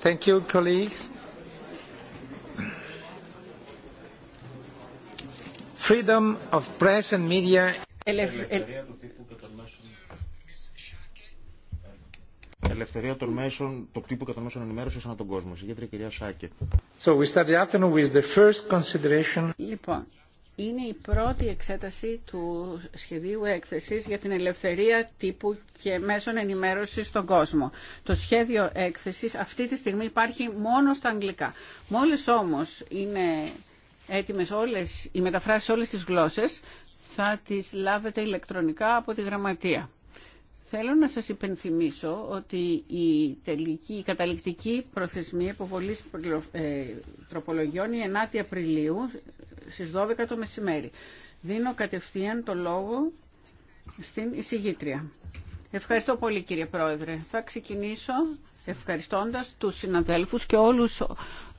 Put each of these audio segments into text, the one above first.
Thank you, colleagues. Freedom of press and media. Ελευθερία των μέσων, το τύπου και των μέσων ενημέρωση ανά τον κόσμο. Συγγέντρια κυρία Σάκη. So we start the afternoon with the first consideration. Λοιπόν, είναι η πρώτη εξέταση του σχεδίου έκθεσης για την ελευθερία τύπου και μέσων ενημέρωσης στον κόσμο. Το σχέδιο έκθεσης αυτή τη στιγμή υπάρχει μόνο στα αγγλικά. Μόλις όμως είναι έτοιμες όλες οι μεταφράσεις όλες τις γλώσσες, θα τις λάβετε ηλεκτρονικά από τη γραμματεία. Θέλω να σας υπενθυμίσω ότι η, τελική, η καταληκτική ε, υποβολής τροπολογιών είναι Απριλίου στις 12 το μεσημέρι. Δίνω κατευθείαν το λόγο στην εισηγήτρια. Ευχαριστώ πολύ κύριε Πρόεδρε. Θα ξεκινήσω ευχαριστώντας τους συναδέλφους και όλους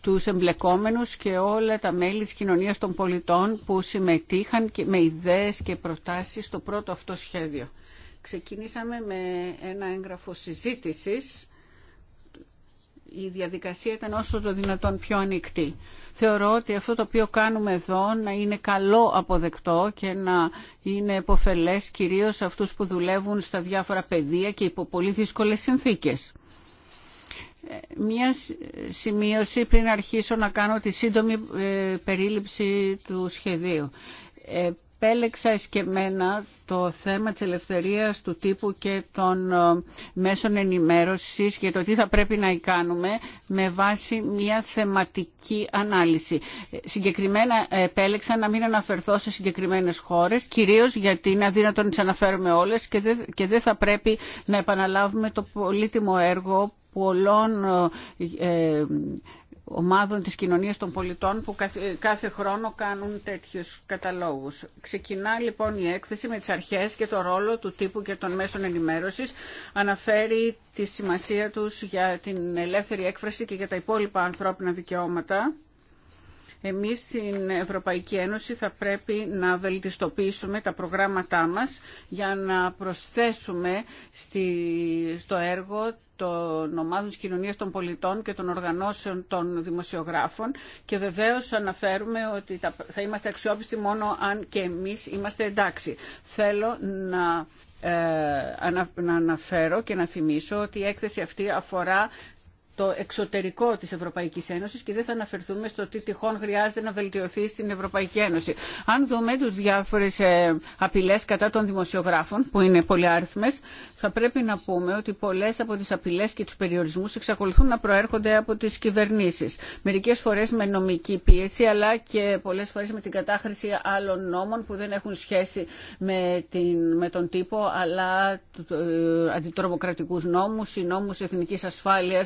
τους εμπλεκόμενους και όλα τα μέλη της κοινωνίας των πολιτών που συμμετείχαν με ιδέες και προτάσεις στο πρώτο αυτό σχέδιο. Ξεκινήσαμε με ένα έγγραφο συζήτησης. Η διαδικασία ήταν όσο το δυνατόν πιο ανοιχτή. Θεωρώ ότι αυτό το οποίο κάνουμε εδώ να είναι καλό αποδεκτό και να είναι εποφελές κυρίως αυτούς που δουλεύουν στα διάφορα πεδία και υπό πολύ δύσκολες συνθήκες. Μια σημείωση πριν αρχίσω να κάνω τη σύντομη ε, περίληψη του σχεδίου ε, επέλεξα εσκεμένα το θέμα της ελευθερίας του τύπου και των ε, μέσων ενημέρωσης για το τι θα πρέπει να κάνουμε με βάση μια θεματική ανάλυση. Ε, συγκεκριμένα επέλεξα να μην αναφερθώ σε συγκεκριμένες χώρες, κυρίως γιατί είναι αδύνατο να τις αναφέρουμε όλες και δεν θα πρέπει να επαναλάβουμε το πολύτιμο έργο πολλών ε, ομάδων της κοινωνίας των πολιτών που κάθε χρόνο κάνουν τέτοιους καταλόγους. Ξεκινά λοιπόν η έκθεση με τις αρχές και το ρόλο του τύπου και των μέσων ενημέρωσης. Αναφέρει τη σημασία τους για την ελεύθερη έκφραση και για τα υπόλοιπα ανθρώπινα δικαιώματα εμείς στην Ευρωπαϊκή Ένωση θα πρέπει να βελτιστοποιήσουμε τα προγράμματά μας για να προσθέσουμε στη, στο έργο των ομάδων της κοινωνίας των πολιτών και των οργανώσεων των δημοσιογράφων και βεβαίως αναφέρουμε ότι θα είμαστε αξιόπιστοι μόνο αν και εμείς είμαστε εντάξει. Θέλω να, ε, να αναφέρω και να θυμίσω ότι η έκθεση αυτή αφορά το εξωτερικό τη Ευρωπαϊκή Ένωση και δεν θα αναφερθούμε στο τι τυχόν χρειάζεται να βελτιωθεί στην Ευρωπαϊκή Ένωση. Αν δούμε τους διάφορε απειλέ κατά των δημοσιογράφων, που είναι πολυάριθμες, θα πρέπει να πούμε ότι πολλέ από τι απειλέ και του περιορισμού εξακολουθούν να προέρχονται από τι κυβερνήσει. Μερικέ φορέ με νομική πίεση, αλλά και πολλέ φορέ με την κατάχρηση άλλων νόμων που δεν έχουν σχέση με, την, με τον τύπο, αλλά ε, αντιτρομοκρατικού νόμου ή νόμους εθνική ασφάλεια.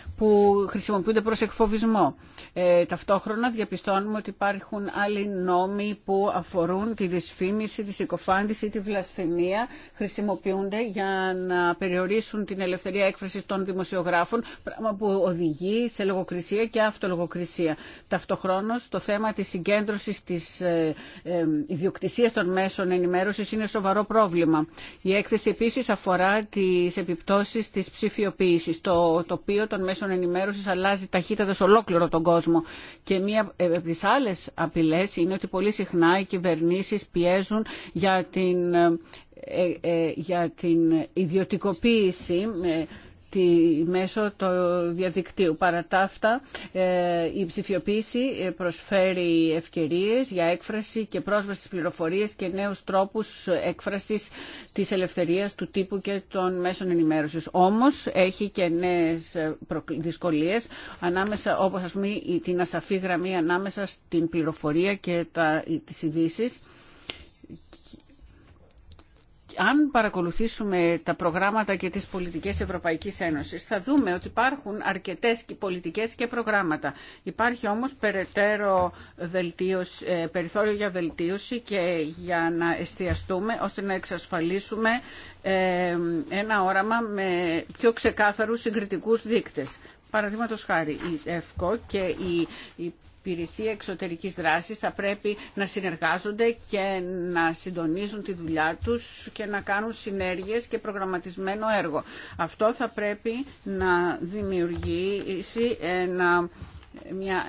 που χρησιμοποιούνται προς εκφοβισμό. Ε, ταυτόχρονα διαπιστώνουμε ότι υπάρχουν άλλοι νόμοι που αφορούν τη δυσφήμιση, τη συκοφάντηση ή τη βλασφημία. Χρησιμοποιούνται για να περιορίσουν την ελευθερία έκφραση των δημοσιογράφων, πράγμα που οδηγεί σε λογοκρισία και αυτολογοκρισία. Ταυτοχρόνως το θέμα της συγκέντρωσης της ε, ε ιδιοκτησίας των μέσων ενημέρωσης είναι σοβαρό πρόβλημα. Η έκθεση επίση αφορά τις επιπτώσεις τη ψηφιοποίηση, το τοπίο των μέσων Ενημέρωση ενημέρωσης αλλάζει ταχύτατα σε ολόκληρο τον κόσμο. Και μία από τι άλλε απειλέ είναι ότι πολύ συχνά οι κυβερνήσει πιέζουν για την, ε, ε, για την ιδιωτικοποίηση τη, μέσω του διαδικτύου. Παρά τα ε, η ψηφιοποίηση ε, προσφέρει ευκαιρίες για έκφραση και πρόσβαση στις πληροφορίες και νέους τρόπους έκφρασης της ελευθερίας του τύπου και των μέσων ενημέρωσης. Όμως, έχει και νέες ε, δυσκολίες, ανάμεσα, όπως ας πούμε την ασαφή γραμμή ανάμεσα στην πληροφορία και τα, τις ειδήσει αν παρακολουθήσουμε τα προγράμματα και τις πολιτικές Ευρωπαϊκής Ένωσης, θα δούμε ότι υπάρχουν αρκετές πολιτικές και προγράμματα. Υπάρχει όμως περαιτέρω βελτίωση, ε, περιθώριο για βελτίωση και για να εστιαστούμε ώστε να εξασφαλίσουμε ε, ένα όραμα με πιο ξεκάθαρους συγκριτικούς δείκτες. Παραδείγματο χάρη, η ΕΦΚΟ και η, υπηρεσία εξωτερικής δράσης θα πρέπει να συνεργάζονται και να συντονίζουν τη δουλειά τους και να κάνουν συνέργειες και προγραμματισμένο έργο. Αυτό θα πρέπει να δημιουργήσει ένα, μια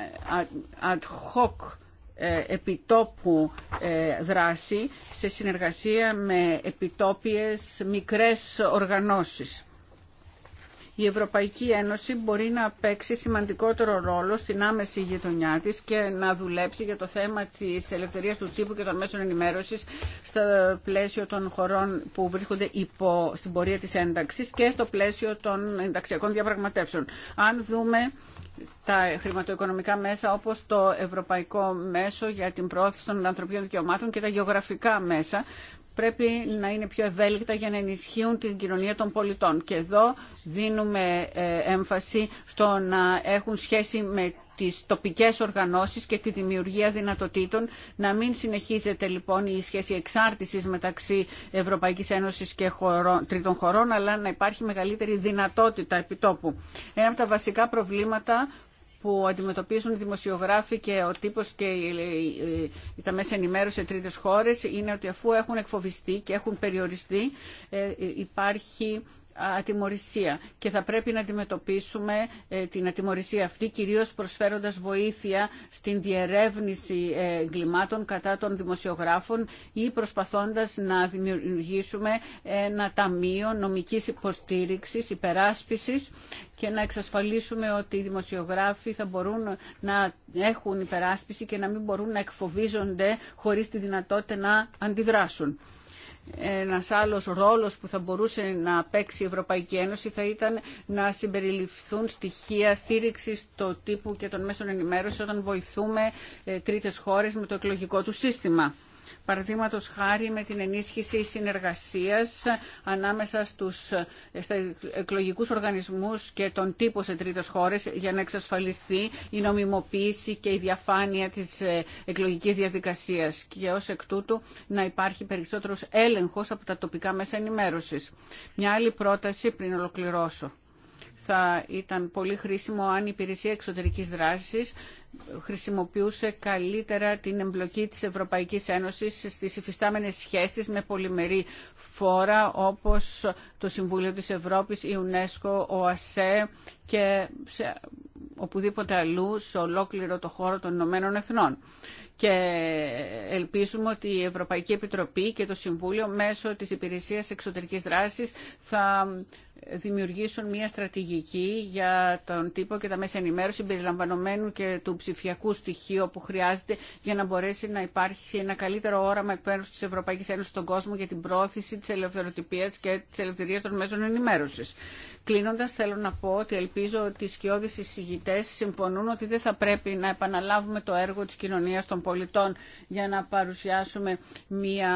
ad hoc ε, επιτόπου ε, δράση σε συνεργασία με επιτόπιες μικρές οργανώσεις η Ευρωπαϊκή Ένωση μπορεί να παίξει σημαντικότερο ρόλο στην άμεση γειτονιά της και να δουλέψει για το θέμα της ελευθερίας του τύπου και των μέσων ενημέρωσης στο πλαίσιο των χωρών που βρίσκονται υπό στην πορεία της ένταξης και στο πλαίσιο των ενταξιακών διαπραγματεύσεων. Αν δούμε τα χρηματοοικονομικά μέσα όπως το Ευρωπαϊκό Μέσο για την Πρόθεση των Ανθρωπιών Δικαιωμάτων και τα γεωγραφικά μέσα πρέπει να είναι πιο ευέλικτα για να ενισχύουν την κοινωνία των πολιτών. Και εδώ δίνουμε ε, έμφαση στο να έχουν σχέση με τις τοπικές οργανώσεις και τη δημιουργία δυνατοτήτων. Να μην συνεχίζεται λοιπόν η σχέση εξάρτησης μεταξύ Ευρωπαϊκής Ένωσης και τρίτων χωρών, αλλά να υπάρχει μεγαλύτερη δυνατότητα επιτόπου. Ένα από τα βασικά προβλήματα που αντιμετωπίζουν οι δημοσιογράφοι και ο τύπος και τα μέσα ενημέρωση σε τρίτες χώρες είναι ότι αφού έχουν εκφοβιστεί και έχουν περιοριστεί ε, ε, υπάρχει ατιμορρησία και θα πρέπει να αντιμετωπίσουμε ε, την ατιμορρησία αυτή κυρίως προσφέροντας βοήθεια στην διερεύνηση ε, εγκλημάτων κατά των δημοσιογράφων ή προσπαθώντας να δημιουργήσουμε ένα ταμείο νομικής υποστήριξης, υπεράσπισης και να εξασφαλίσουμε ότι οι δημοσιογράφοι θα μπορούν να έχουν υπεράσπιση και να μην μπορούν να εκφοβίζονται χωρίς τη δυνατότητα να αντιδράσουν ένας άλλος ρόλος που θα μπορούσε να παίξει η Ευρωπαϊκή Ένωση θα ήταν να συμπεριληφθούν στοιχεία στήριξης το τύπου και των μέσων ενημέρωση όταν βοηθούμε ε, τρίτες χώρες με το εκλογικό του σύστημα παραδείγματο χάρη με την ενίσχυση συνεργασίας ανάμεσα στους εκλογικούς οργανισμούς και τον τύπο σε τρίτε χώρε για να εξασφαλιστεί η νομιμοποίηση και η διαφάνεια της ε, εκλογικής διαδικασίας και ω εκ τούτου να υπάρχει περισσότερος έλεγχος από τα τοπικά μέσα ενημέρωση. Μια άλλη πρόταση πριν ολοκληρώσω θα ήταν πολύ χρήσιμο αν η υπηρεσία εξωτερικής δράσης χρησιμοποιούσε καλύτερα την εμπλοκή της Ευρωπαϊκής Ένωσης στις υφιστάμενες σχέσεις με πολυμερή φόρα όπως το Συμβούλιο της Ευρώπης, η UNESCO, ο ΑΣΕ και σε οπουδήποτε αλλού σε ολόκληρο το χώρο των Ηνωμένων Εθνών. Και ελπίζουμε ότι η Ευρωπαϊκή Επιτροπή και το Συμβούλιο μέσω της Υπηρεσίας Εξωτερικής Δράσης θα δημιουργήσουν μια στρατηγική για τον τύπο και τα μέσα ενημέρωση περιλαμβανωμένου και του ψηφιακού στοιχείου που χρειάζεται για να μπορέσει να υπάρχει ένα καλύτερο όραμα εκ τη Ευρωπαϊκή Ένωση στον κόσμο για την πρόθεση τη ελευθεροτυπία και τη ελευθερία των μέσων ενημέρωση. Κλείνοντα, θέλω να πω ότι ελπίζω ότι οι σκιώδει εισηγητέ συμφωνούν ότι δεν θα πρέπει να επαναλάβουμε το έργο τη κοινωνία των πολιτών για να παρουσιάσουμε μια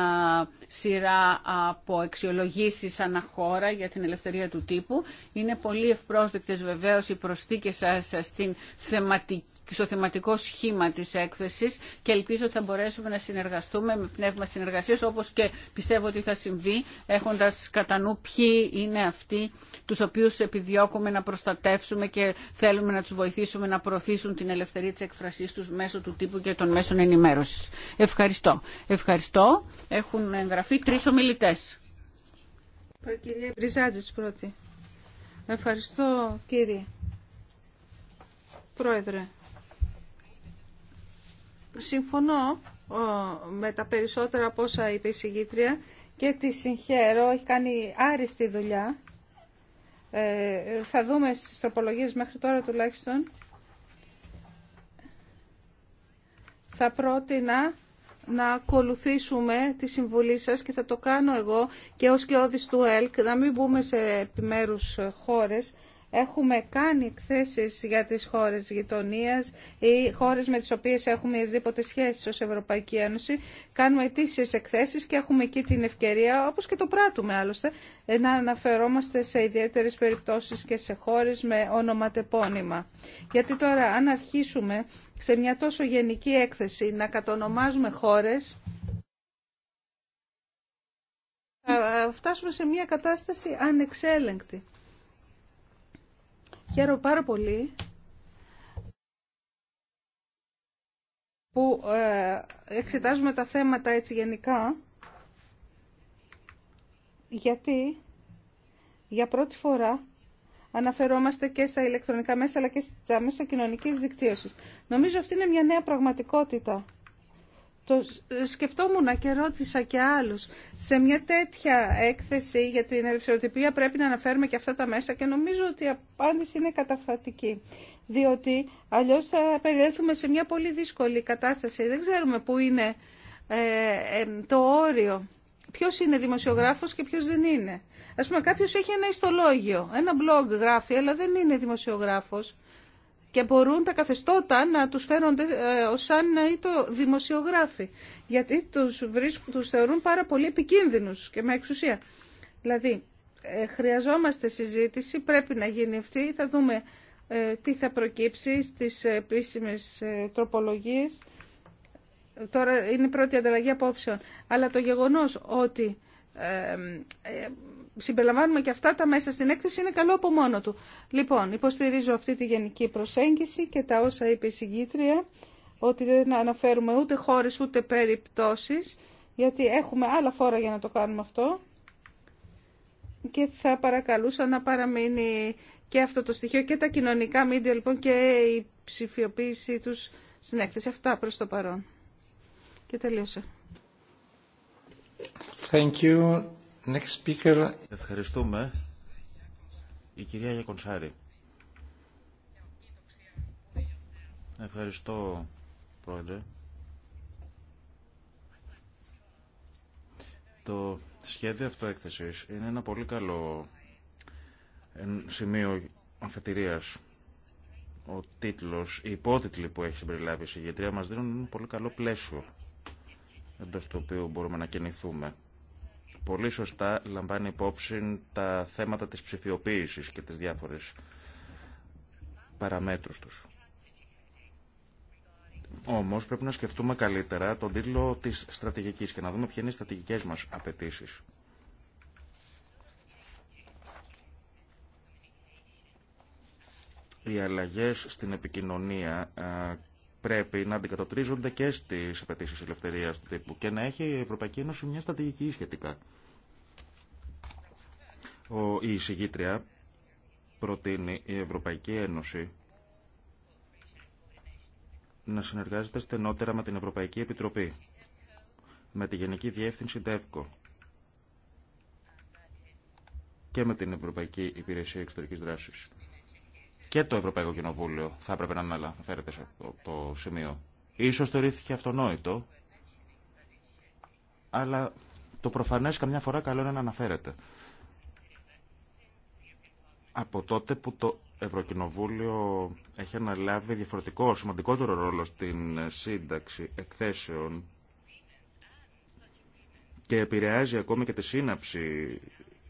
σειρά από αξιολογήσει αναχώρα για την ελευθερία του του Είναι πολύ ευπρόσδεκτες βεβαίως οι προσθήκες σας στην θεματική στο θεματικό σχήμα της έκθεσης και ελπίζω ότι θα μπορέσουμε να συνεργαστούμε με πνεύμα συνεργασίας όπως και πιστεύω ότι θα συμβεί έχοντας κατά νου ποιοι είναι αυτοί τους οποίους επιδιώκουμε να προστατεύσουμε και θέλουμε να τους βοηθήσουμε να προωθήσουν την ελευθερία της εκφρασής τους μέσω του τύπου και των μέσων ενημέρωσης. Ευχαριστώ. Ευχαριστώ. Έχουν εγγραφεί τρεις ομιλητές. Κυρία πρώτη. Ευχαριστώ κύριε. Πρόεδρε. Συμφωνώ με τα περισσότερα από όσα είπε η συγγήτρια και τη συγχαίρω. Έχει κάνει άριστη δουλειά. Ε, θα δούμε στις τροπολογίες μέχρι τώρα τουλάχιστον. Θα πρότεινα να ακολουθήσουμε τη συμβουλή σας και θα το κάνω εγώ και ως και του ΕΛΚ, να μην μπούμε σε επιμέρους χώρες Έχουμε κάνει εκθέσεις για τις χώρες γειτονίας ή χώρες με τις οποίες έχουμε εσδήποτε σχέσεις ως Ευρωπαϊκή Ένωση. Κάνουμε αιτήσει εκθέσεις και έχουμε εκεί την ευκαιρία, όπως και το πράττουμε άλλωστε, να αναφερόμαστε σε ιδιαίτερες περιπτώσεις και σε χώρες με ονοματεπώνυμα. Γιατί τώρα αν αρχίσουμε σε μια τόσο γενική έκθεση να κατονομάζουμε χώρες, θα φτάσουμε σε μια κατάσταση ανεξέλεγκτη. Χαίρομαι πάρα πολύ που ε, εξετάζουμε τα θέματα έτσι γενικά, γιατί για πρώτη φορά αναφερόμαστε και στα ηλεκτρονικά μέσα αλλά και στα μέσα κοινωνικής δικτύωσης. Νομίζω αυτή είναι μια νέα πραγματικότητα το σκεφτόμουν και ρώτησα και άλλους. Σε μια τέτοια έκθεση για την ελευθεροτυπία πρέπει να αναφέρουμε και αυτά τα μέσα και νομίζω ότι η απάντηση είναι καταφατική. Διότι αλλιώς θα περιέλθουμε σε μια πολύ δύσκολη κατάσταση. Δεν ξέρουμε πού είναι ε, ε, το όριο. Ποιος είναι δημοσιογράφος και ποιος δεν είναι. Ας πούμε κάποιος έχει ένα ιστολόγιο, ένα blog γράφει, αλλά δεν είναι δημοσιογράφος και μπορούν τα καθεστώτα να τους φέρονται ε, σαν να ε, ή το δημοσιογράφοι, γιατί τους, βρίσκουν, τους θεωρούν πάρα πολύ επικίνδυνους και με εξουσία. Δηλαδή, ε, χρειαζόμαστε συζήτηση, πρέπει να γίνει αυτή, θα δούμε τι θα προκύψει στις επίσημες τροπολογίες. Τώρα είναι η πρώτη ανταλλαγή απόψεων. Αλλά το γεγονός ότι συμπεριλαμβάνουμε και αυτά τα μέσα στην έκθεση είναι καλό από μόνο του. Λοιπόν, υποστηρίζω αυτή τη γενική προσέγγιση και τα όσα είπε η συγκήτρια, ότι δεν αναφέρουμε ούτε χώρε ούτε περιπτώσεις, γιατί έχουμε άλλα φόρα για να το κάνουμε αυτό και θα παρακαλούσα να παραμείνει και αυτό το στοιχείο και τα κοινωνικά μίντια λοιπόν και η ψηφιοποίησή τους στην έκθεση. Αυτά προς το παρόν. Και τελείωσα. Thank you. Ευχαριστούμε. Η κυρία Γιακονσάρη. Ευχαριστώ, Πρόεδρε. Το σχέδιο αυτό είναι ένα πολύ καλό σημείο αφετηρίας. Ο τίτλος, οι υπότιτλοι που έχει συμπεριλάβει η συγγετρία μας δίνουν ένα πολύ καλό πλαίσιο εντός του οποίου μπορούμε να κινηθούμε πολύ σωστά λαμβάνει υπόψη τα θέματα της ψηφιοποίησης και τις διάφορες παραμέτρους τους. Όμως πρέπει να σκεφτούμε καλύτερα τον τίτλο της στρατηγικής και να δούμε ποιες είναι οι στρατηγικές μας απαιτήσεις. Οι αλλαγές στην επικοινωνία πρέπει να αντικατοπτρίζονται και στι απαιτήσει ελευθερία του τύπου και να έχει η Ευρωπαϊκή Ένωση μια στρατηγική σχετικά. Ο, η εισηγήτρια προτείνει η Ευρωπαϊκή Ένωση να συνεργάζεται στενότερα με την Ευρωπαϊκή Επιτροπή, με τη Γενική Διεύθυνση ΔΕΦΚΟ και με την Ευρωπαϊκή Υπηρεσία Εξωτερικής Δράσης και το Ευρωπαϊκό Κοινοβούλιο θα έπρεπε να αναφέρεται σε αυτό το σημείο. Ίσως θεωρήθηκε αυτονόητο, αλλά το προφανές καμιά φορά καλό είναι να αναφέρεται. Από τότε που το Ευρωκοινοβούλιο έχει αναλάβει διαφορετικό, σημαντικότερο ρόλο στην σύνταξη εκθέσεων και επηρεάζει ακόμη και τη σύναψη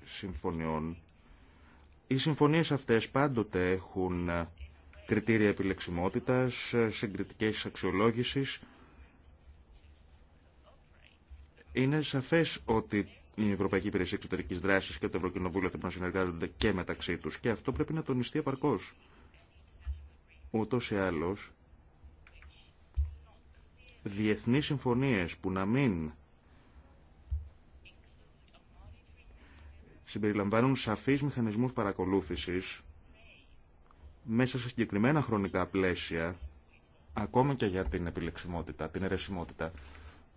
συμφωνιών, οι συμφωνίες αυτές πάντοτε έχουν κριτήρια επιλεξιμότητας, συγκριτικές αξιολόγησης. Είναι σαφές ότι η Ευρωπαϊκή Υπηρεσία Εξωτερική Δράση και το Ευρωκοινοβούλιο θα να συνεργάζονται και μεταξύ του. Και αυτό πρέπει να τονιστεί επαρκώ. Ούτω ή άλλω, διεθνεί συμφωνίε που να μην συμπεριλαμβάνουν σαφείς μηχανισμούς παρακολούθησης μέσα σε συγκεκριμένα χρονικά πλαίσια, ακόμα και για την επιλεξιμότητα, την αιρεσιμότητα,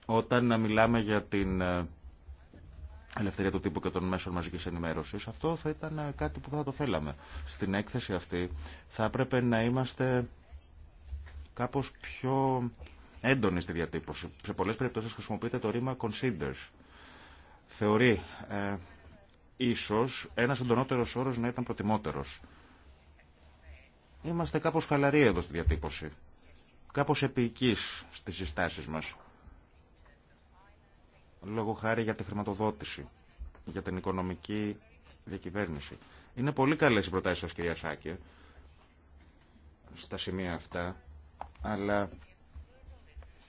όταν να μιλάμε για την ε, ελευθερία του τύπου και των μέσων μαζικής ενημέρωσης, αυτό θα ήταν ε, κάτι που θα το θέλαμε. Στην έκθεση αυτή θα έπρεπε να είμαστε κάπως πιο έντονοι στη διατύπωση. Σε πολλές περιπτώσεις χρησιμοποιείται το ρήμα considers. Θεωρεί, ε, ίσως ένας εντονότερος όρος να ήταν προτιμότερος. Είμαστε κάπως χαλαροί εδώ στη διατύπωση. Κάπως επικείς στις συστάσεις μας. Λόγω χάρη για τη χρηματοδότηση, για την οικονομική διακυβέρνηση. Είναι πολύ καλές οι προτάσεις σας, κυρία Σάκη, στα σημεία αυτά, αλλά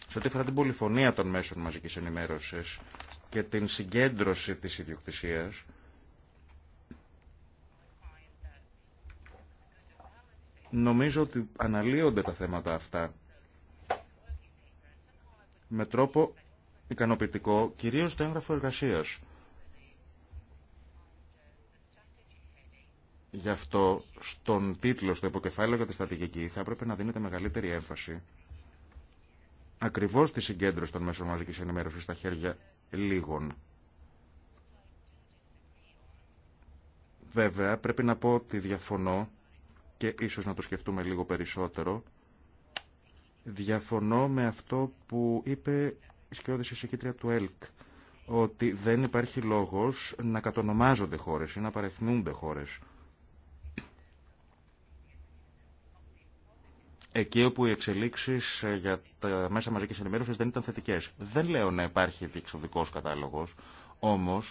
σε ό,τι αφορά την πολυφωνία των μέσων μαζικής ενημέρωσης και την συγκέντρωση της ιδιοκτησίας, Νομίζω ότι αναλύονται τα θέματα αυτά με τρόπο ικανοποιητικό, κυρίως στο έγγραφο εργασίας. Γι' αυτό στον τίτλο, στο υποκεφάλαιο για τη στρατηγική, θα έπρεπε να δίνεται μεγαλύτερη έμφαση ακριβώς τη συγκέντρωση των μέσων μαζικής ενημέρωσης στα χέρια λίγων. Βέβαια, πρέπει να πω ότι διαφωνώ και ίσως να το σκεφτούμε λίγο περισσότερο. Διαφωνώ με αυτό που είπε η σκιώδης συγκήτρια του ΕΛΚ, ότι δεν υπάρχει λόγος να κατονομάζονται χώρες ή να παρεθνούνται χώρες. Εκεί όπου οι εξελίξει ε, για τα μέσα μαζική ενημέρωση δεν ήταν θετικέ. Δεν λέω να υπάρχει διεξοδικό κατάλογο, όμω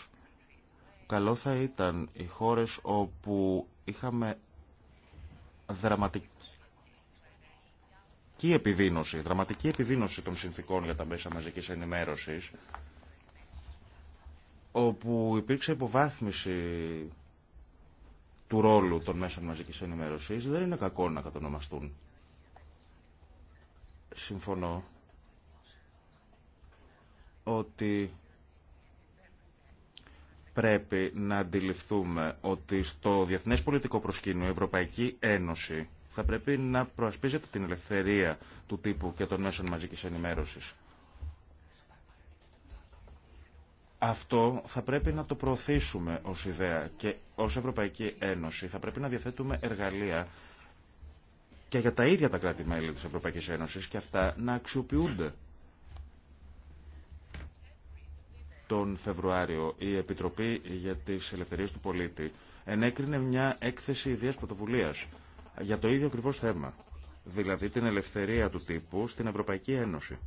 καλό θα ήταν οι χώρε όπου είχαμε δραματική επιδείνωση, δραματική επιδείνωση των συνθήκων για τα μέσα μαζικής ενημέρωσης, όπου υπήρξε υποβάθμιση του ρόλου των μέσων μαζικής ενημέρωσης, δεν είναι κακό να κατονομαστούν. Συμφωνώ ότι πρέπει να αντιληφθούμε ότι στο διεθνές πολιτικό προσκήνιο η Ευρωπαϊκή Ένωση θα πρέπει να προασπίζεται την ελευθερία του τύπου και των μέσων μαζικής ενημέρωσης. Αυτό θα πρέπει να το προωθήσουμε ως ιδέα και ως Ευρωπαϊκή Ένωση θα πρέπει να διαθέτουμε εργαλεία και για τα ίδια τα κράτη-μέλη της Ευρωπαϊκής Ένωσης και αυτά να αξιοποιούνται τον Φεβρουάριο η Επιτροπή για τις Ελευθερίες του Πολίτη ενέκρινε μια έκθεση ιδίας πρωτοβουλία για το ίδιο ακριβώς θέμα, δηλαδή την ελευθερία του τύπου στην Ευρωπαϊκή Ένωση.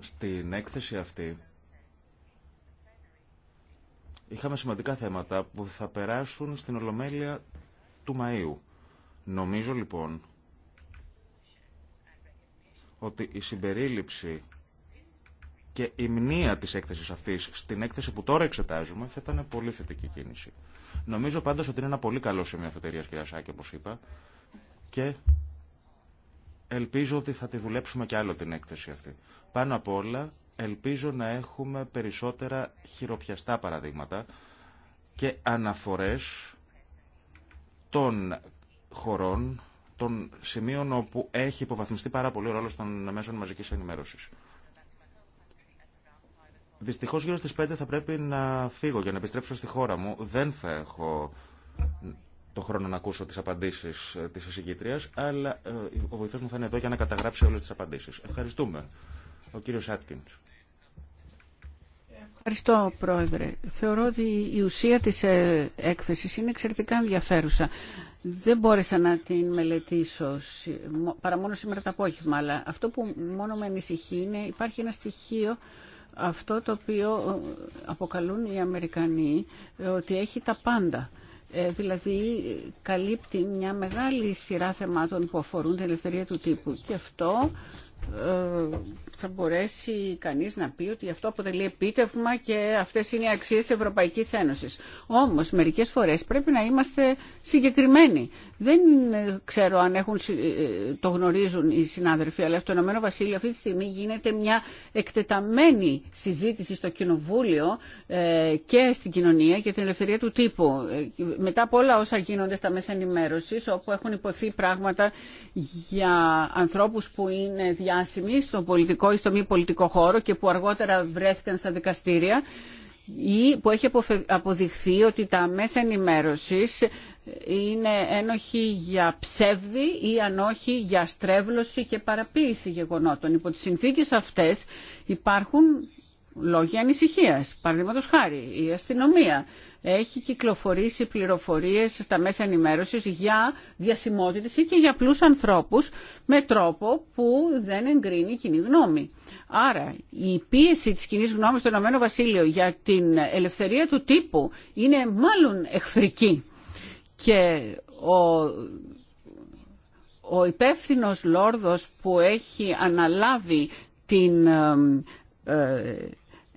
Στην έκθεση αυτή είχαμε σημαντικά θέματα που θα περάσουν στην Ολομέλεια του Μαΐου. Νομίζω λοιπόν ότι η συμπερίληψη και η μνήα της έκθεσης αυτής στην έκθεση που τώρα εξετάζουμε θα ήταν πολύ θετική κίνηση. Νομίζω πάντως ότι είναι ένα πολύ καλό σημείο αφετηρίας κυρία Σάκη όπως είπα και ελπίζω ότι θα τη δουλέψουμε κι άλλο την έκθεση αυτή. Πάνω απ' όλα ελπίζω να έχουμε περισσότερα χειροπιαστά παραδείγματα και αναφορές των χωρών των σημείων όπου έχει υποβαθμιστεί πάρα πολύ ο ρόλος των μέσων μαζικής ενημέρωσης. Δυστυχώ γύρω στις 5 θα πρέπει να φύγω για να επιστρέψω στη χώρα μου. Δεν θα έχω το χρόνο να ακούσω τις απαντήσεις ε, της εισηγήτριας αλλά ε, ο βοηθός μου θα είναι εδώ για να καταγράψει όλες τις απαντήσεις. Ευχαριστούμε. Ο κύριος Άτκιν. Ευχαριστώ, Πρόεδρε. Θεωρώ ότι η ουσία της ε, έκθεσης είναι εξαιρετικά ενδιαφέρουσα. Δεν μπόρεσα να την μελετήσω παρά μόνο σήμερα το απόγευμα, αλλά αυτό που μόνο με ανησυχεί είναι υπάρχει ένα στοιχείο αυτό το οποίο ε, αποκαλούν οι Αμερικανοί ε, ότι έχει τα πάντα. δηλαδή καλύπτει μια μεγάλη σειρά θεμάτων που αφορούν την ελευθερία του τύπου και αυτό ε, θα μπορέσει κανείς να πει ότι αυτό αποτελεί επίτευγμα και αυτές είναι οι αξίες Ευρωπαϊκής Ένωσης. Όμως μερικές φορές πρέπει να είμαστε συγκεκριμένοι. Δεν ξέρω αν έχουν, ε, το γνωρίζουν οι συνάδελφοι, αλλά στο ΕΒ Βασίλειο αυτή τη στιγμή γίνεται μια εκτεταμένη συζήτηση στο Κοινοβούλιο ε, και στην κοινωνία για την ελευθερία του τύπου. Μετά από όλα όσα γίνονται στα μέσα ενημέρωσης, όπου έχουν υποθεί πράγματα για ανθρώπους που είναι διάσημοι στο πολιτικό ή στο μη πολιτικό χώρο και που αργότερα βρέθηκαν στα δικαστήρια ή που έχει αποδειχθεί ότι τα μέσα ενημέρωσης είναι ένοχοι για ψεύδι ή αν όχι για στρέβλωση και παραποίηση γεγονότων. Υπό τις συνθήκες αυτές υπάρχουν λόγια ανησυχία, Παραδείγματο χάρη, η αστυνομία έχει κυκλοφορήσει πληροφορίες στα μέσα ενημέρωσης για ή και για απλού ανθρώπους με τρόπο που δεν εγκρίνει η κοινή γνώμη. Άρα η πίεση της κοινή γνώμη στο Ηνωμένο Βασίλειο για την ελευθερία του τύπου είναι μάλλον εχθρική. Και ο ο υπεύθυνος λόρδος που έχει αναλάβει την ε, ε,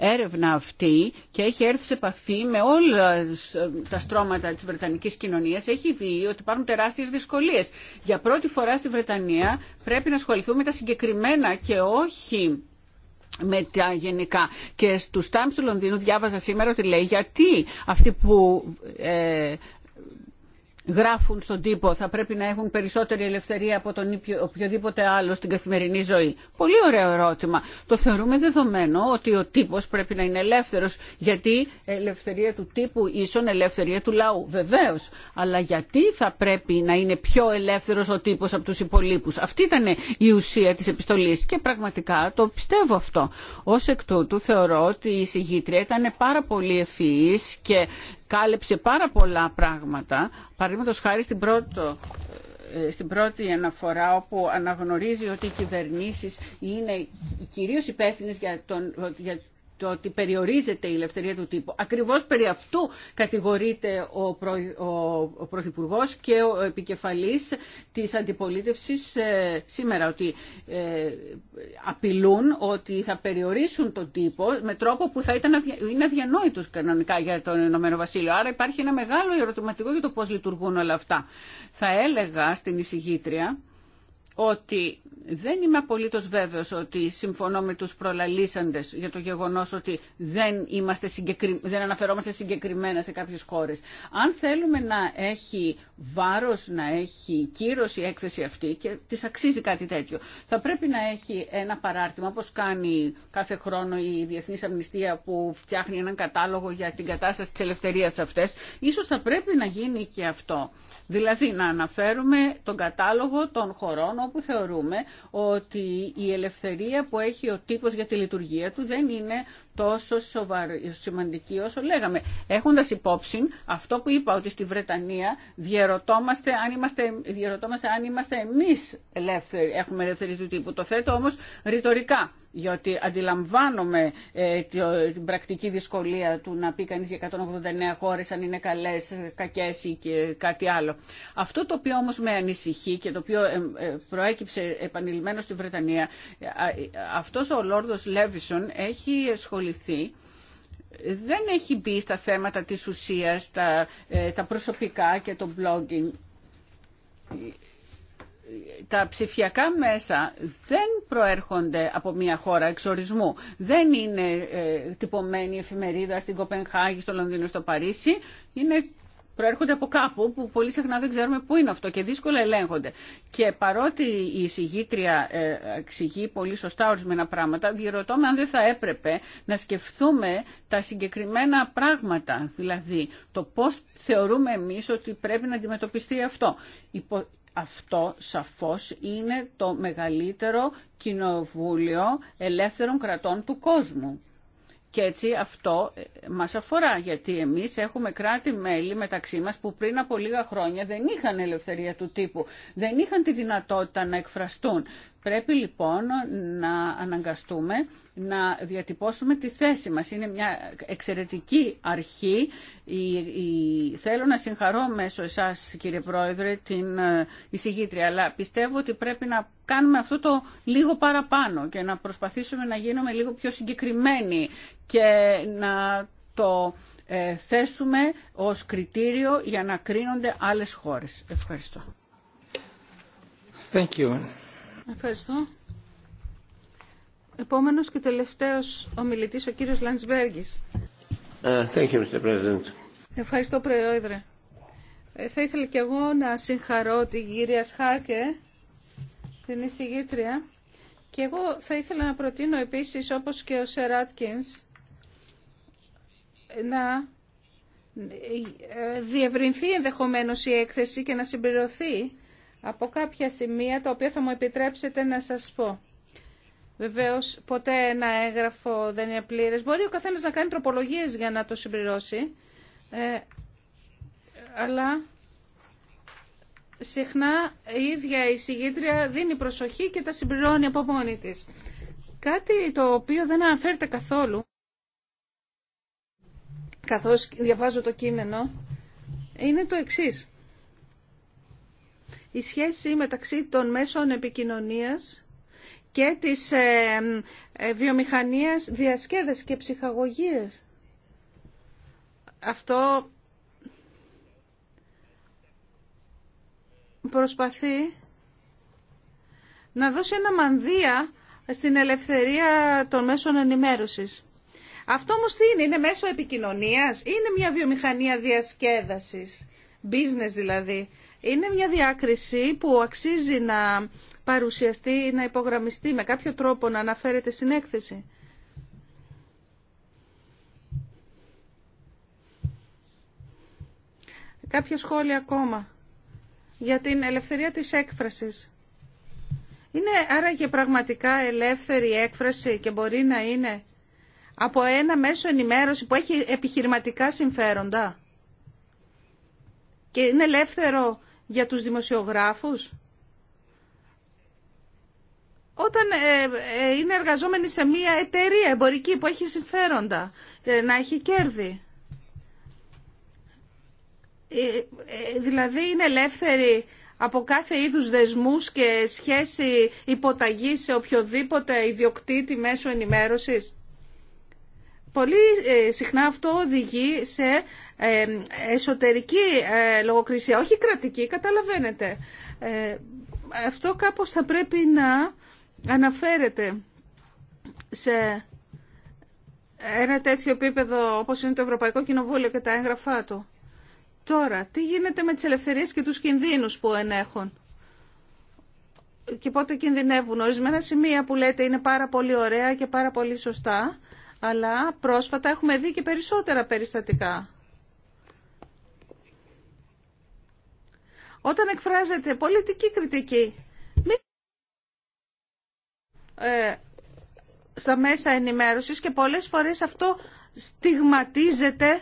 έρευνα αυτή και έχει έρθει σε επαφή με όλα τα στρώματα της Βρετανικής κοινωνίας, έχει δει ότι υπάρχουν τεράστιες δυσκολίες. Για πρώτη φορά στη Βρετανία πρέπει να ασχοληθούμε με τα συγκεκριμένα και όχι με τα γενικά. Και στους Times του Λονδίνου διάβαζα σήμερα ότι λέει γιατί αυτοί που ε, γράφουν στον τύπο θα πρέπει να έχουν περισσότερη ελευθερία από τον οποιοδήποτε άλλο στην καθημερινή ζωή. Πολύ ωραίο ερώτημα. Το θεωρούμε δεδομένο ότι ο τύπος πρέπει να είναι ελεύθερος γιατί ελευθερία του τύπου ίσον ελευθερία του λαού. Βεβαίως. Αλλά γιατί θα πρέπει να είναι πιο ελεύθερος ο τύπος από τους υπολείπους. Αυτή ήταν η ουσία της επιστολής και πραγματικά το πιστεύω αυτό. Ως εκ τούτου θεωρώ ότι η συγγήτρια ήταν πάρα πολύ ευφυής και κάλεψε πάρα πολλά πράγματα. Παραδείγματο χάρη στην, πρώτο, ε, στην πρώτη αναφορά όπου αναγνωρίζει ότι οι κυβερνήσεις είναι κυρίως υπεύθυνες για, τον, για το ότι περιορίζεται η ελευθερία του τύπου. Ακριβώς περί αυτού κατηγορείται ο, προ, ο, Πρωθυπουργό και ο επικεφαλής της αντιπολίτευσης ε, σήμερα, ότι ε, απειλούν ότι θα περιορίσουν τον τύπο με τρόπο που θα ήταν είναι αδιανόητο κανονικά για τον Ηνωμένο Βασίλειο. Άρα υπάρχει ένα μεγάλο ερωτηματικό για το πώ λειτουργούν όλα αυτά. Θα έλεγα στην εισηγήτρια ότι δεν είμαι απολύτως βέβαιος ότι συμφωνώ με τους προλαλήσαντες για το γεγονός ότι δεν, είμαστε συγκεκρι... δεν αναφερόμαστε συγκεκριμένα σε κάποιες χώρες. Αν θέλουμε να έχει βάρος, να έχει κύρωση η έκθεση αυτή και της αξίζει κάτι τέτοιο, θα πρέπει να έχει ένα παράρτημα όπως κάνει κάθε χρόνο η Διεθνής Αμνηστία που φτιάχνει έναν κατάλογο για την κατάσταση της ελευθερίας αυτές. Ίσως θα πρέπει να γίνει και αυτό. Δηλαδή να αναφέρουμε τον κατάλογο των χωρών όπου θεωρούμε ότι η ελευθερία που έχει ο τύπος για τη λειτουργία του δεν είναι τόσο σοβαρή, σημαντική όσο λέγαμε. Έχοντας υπόψη αυτό που είπα ότι στη Βρετανία διαρωτόμαστε αν είμαστε, εμεί αν είμαστε εμείς ελεύθεροι, έχουμε ελεύθερη του τύπου. Το θέτω όμως ρητορικά, γιατί αντιλαμβάνομαι ε, την πρακτική δυσκολία του να πει κανείς για 189 χώρες αν είναι καλές, κακές ή και κάτι άλλο. Αυτό το οποίο όμως με ανησυχεί και το οποίο ε, ε, προέκυψε επανειλημμένο στη Βρετανία, αυτός ο Λόρδος Λέβισον έχει σχολιάσει ασχοληθεί δεν έχει μπει στα θέματα της ουσίας, τα, ε, τα προσωπικά και το blogging. Τα ψηφιακά μέσα δεν προέρχονται από μια χώρα εξορισμού. Δεν είναι ε, τυπωμένη εφημερίδα στην Κοπενχάγη, στο Λονδίνο, στο Παρίσι. Είναι προέρχονται από κάπου που πολύ συχνά δεν ξέρουμε πού είναι αυτό και δύσκολα ελέγχονται. Και παρότι η εισηγήτρια ε, εξηγεί πολύ σωστά ορισμένα πράγματα, διερωτώ με αν δεν θα έπρεπε να σκεφτούμε τα συγκεκριμένα πράγματα, δηλαδή το πώς θεωρούμε εμείς ότι πρέπει να αντιμετωπιστεί αυτό. Αυτό σαφώς είναι το μεγαλύτερο κοινοβούλιο ελεύθερων κρατών του κόσμου. Και έτσι αυτό ε, μας αφορά, γιατί εμείς έχουμε κράτη-μέλη μεταξύ μας που πριν από λίγα χρόνια δεν είχαν ελευθερία του τύπου, δεν είχαν τη δυνατότητα να εκφραστούν, Πρέπει λοιπόν να αναγκαστούμε να διατυπώσουμε τη θέση μας. Είναι μια εξαιρετική αρχή. Θέλω να συγχαρώ μέσω εσάς κύριε Πρόεδρε την ε, εισηγήτρια, αλλά πιστεύω ότι πρέπει να κάνουμε αυτό το λίγο παραπάνω και να προσπαθήσουμε να γίνουμε λίγο πιο συγκεκριμένοι και να το ε, θέσουμε ως κριτήριο για να κρίνονται άλλες χώρες. Ευχαριστώ. Thank Ευχαριστώ. Επόμενος και τελευταίος ομιλητής, ο κύριος Λαντσβέργης. Ε, uh, Ευχαριστώ, Πρόεδρε. Ε, θα ήθελα κι εγώ να συγχαρώ την κυρία Σχάκε, την εισηγήτρια. Και εγώ θα ήθελα να προτείνω επίσης, όπως και ο Σεράτκινς, να ε, διευρυνθεί ενδεχομένως η έκθεση και να συμπληρωθεί από κάποια σημεία τα οποία θα μου επιτρέψετε να σας πω. Βεβαίως, ποτέ ένα έγγραφο δεν είναι πλήρες. Μπορεί ο καθένας να κάνει τροπολογίες για να το συμπληρώσει, ε, αλλά συχνά η ίδια η συγγήτρια δίνει προσοχή και τα συμπληρώνει από μόνη της. Κάτι το οποίο δεν αναφέρεται καθόλου, καθώς διαβάζω το κείμενο, είναι το εξής η σχέση μεταξύ των μέσων επικοινωνίας και της ε, ε, βιομηχανίας διασκέδες και ψυχαγωγίες. Αυτό προσπαθεί να δώσει ένα μανδύα στην ελευθερία των μέσων ενημέρωσης. Αυτό όμως τι είναι, είναι μέσο επικοινωνίας, είναι μια βιομηχανία διασκέδασης, business δηλαδή. Είναι μια διάκριση που αξίζει να παρουσιαστεί ή να υπογραμμιστεί με κάποιο τρόπο να αναφέρεται στην έκθεση. Κάποια σχόλια ακόμα για την ελευθερία της έκφρασης. Είναι άρα και πραγματικά ελεύθερη έκφραση και μπορεί να είναι από ένα μέσο ενημέρωση που έχει επιχειρηματικά συμφέροντα. Και είναι ελεύθερο για τους δημοσιογράφους. Όταν ε, ε, είναι εργαζόμενοι σε μια εταιρεία εμπορική που έχει συμφέροντα, ε, να έχει κέρδη. Δηλαδή είναι ελεύθεροι από κάθε είδους δεσμούς και σχέση υποταγής σε οποιοδήποτε ιδιοκτήτη μέσω ενημέρωσης. Πολύ συχνά αυτό οδηγεί σε ε, εσωτερική ε, λογοκρισία, όχι κρατική, καταλαβαίνετε. Ε, αυτό κάπως θα πρέπει να αναφέρεται σε ένα τέτοιο επίπεδο όπως είναι το Ευρωπαϊκό Κοινοβούλιο και τα έγγραφά του. Τώρα, τι γίνεται με τις ελευθερίες και τους κινδύνους που ενέχουν και πότε κινδυνεύουν. Ορισμένα σημεία που λέτε είναι πάρα πολύ ωραία και πάρα πολύ σωστά, αλλά πρόσφατα έχουμε δει και περισσότερα περιστατικά. Όταν εκφράζεται πολιτική κριτική ε, στα μέσα ενημέρωσης και πολλές φορές αυτό στιγματίζεται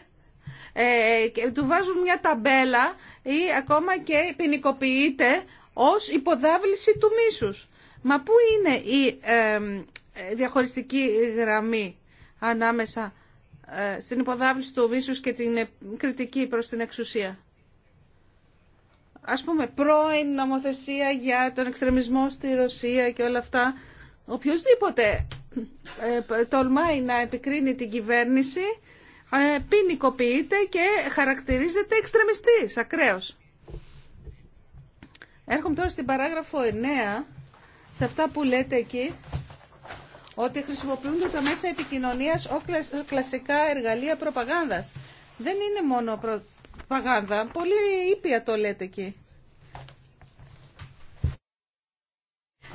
ε, και του βάζουν μια ταμπέλα ή ακόμα και ποινικοποιείται ως υποδάβληση του μίσους. Μα πού είναι η ε, διαχωριστική γραμμή ανάμεσα ε, στην υποδάβληση του μίσους και την κριτική προς την εξουσία ας πούμε πρώην νομοθεσία για τον εξτρεμισμό στη Ρωσία και όλα αυτά, οποιοδήποτε ε, τολμάει να επικρίνει την κυβέρνηση, ε, ποινικοποιείται και χαρακτηρίζεται εξτρεμιστής, ακραίος. Έρχομαι τώρα στην παράγραφο 9, σε αυτά που λέτε εκεί, ότι χρησιμοποιούνται τα μέσα επικοινωνίας ως κλασικά εργαλεία προπαγάνδας. Δεν είναι μόνο Πολύ ήπια το λέτε εκεί.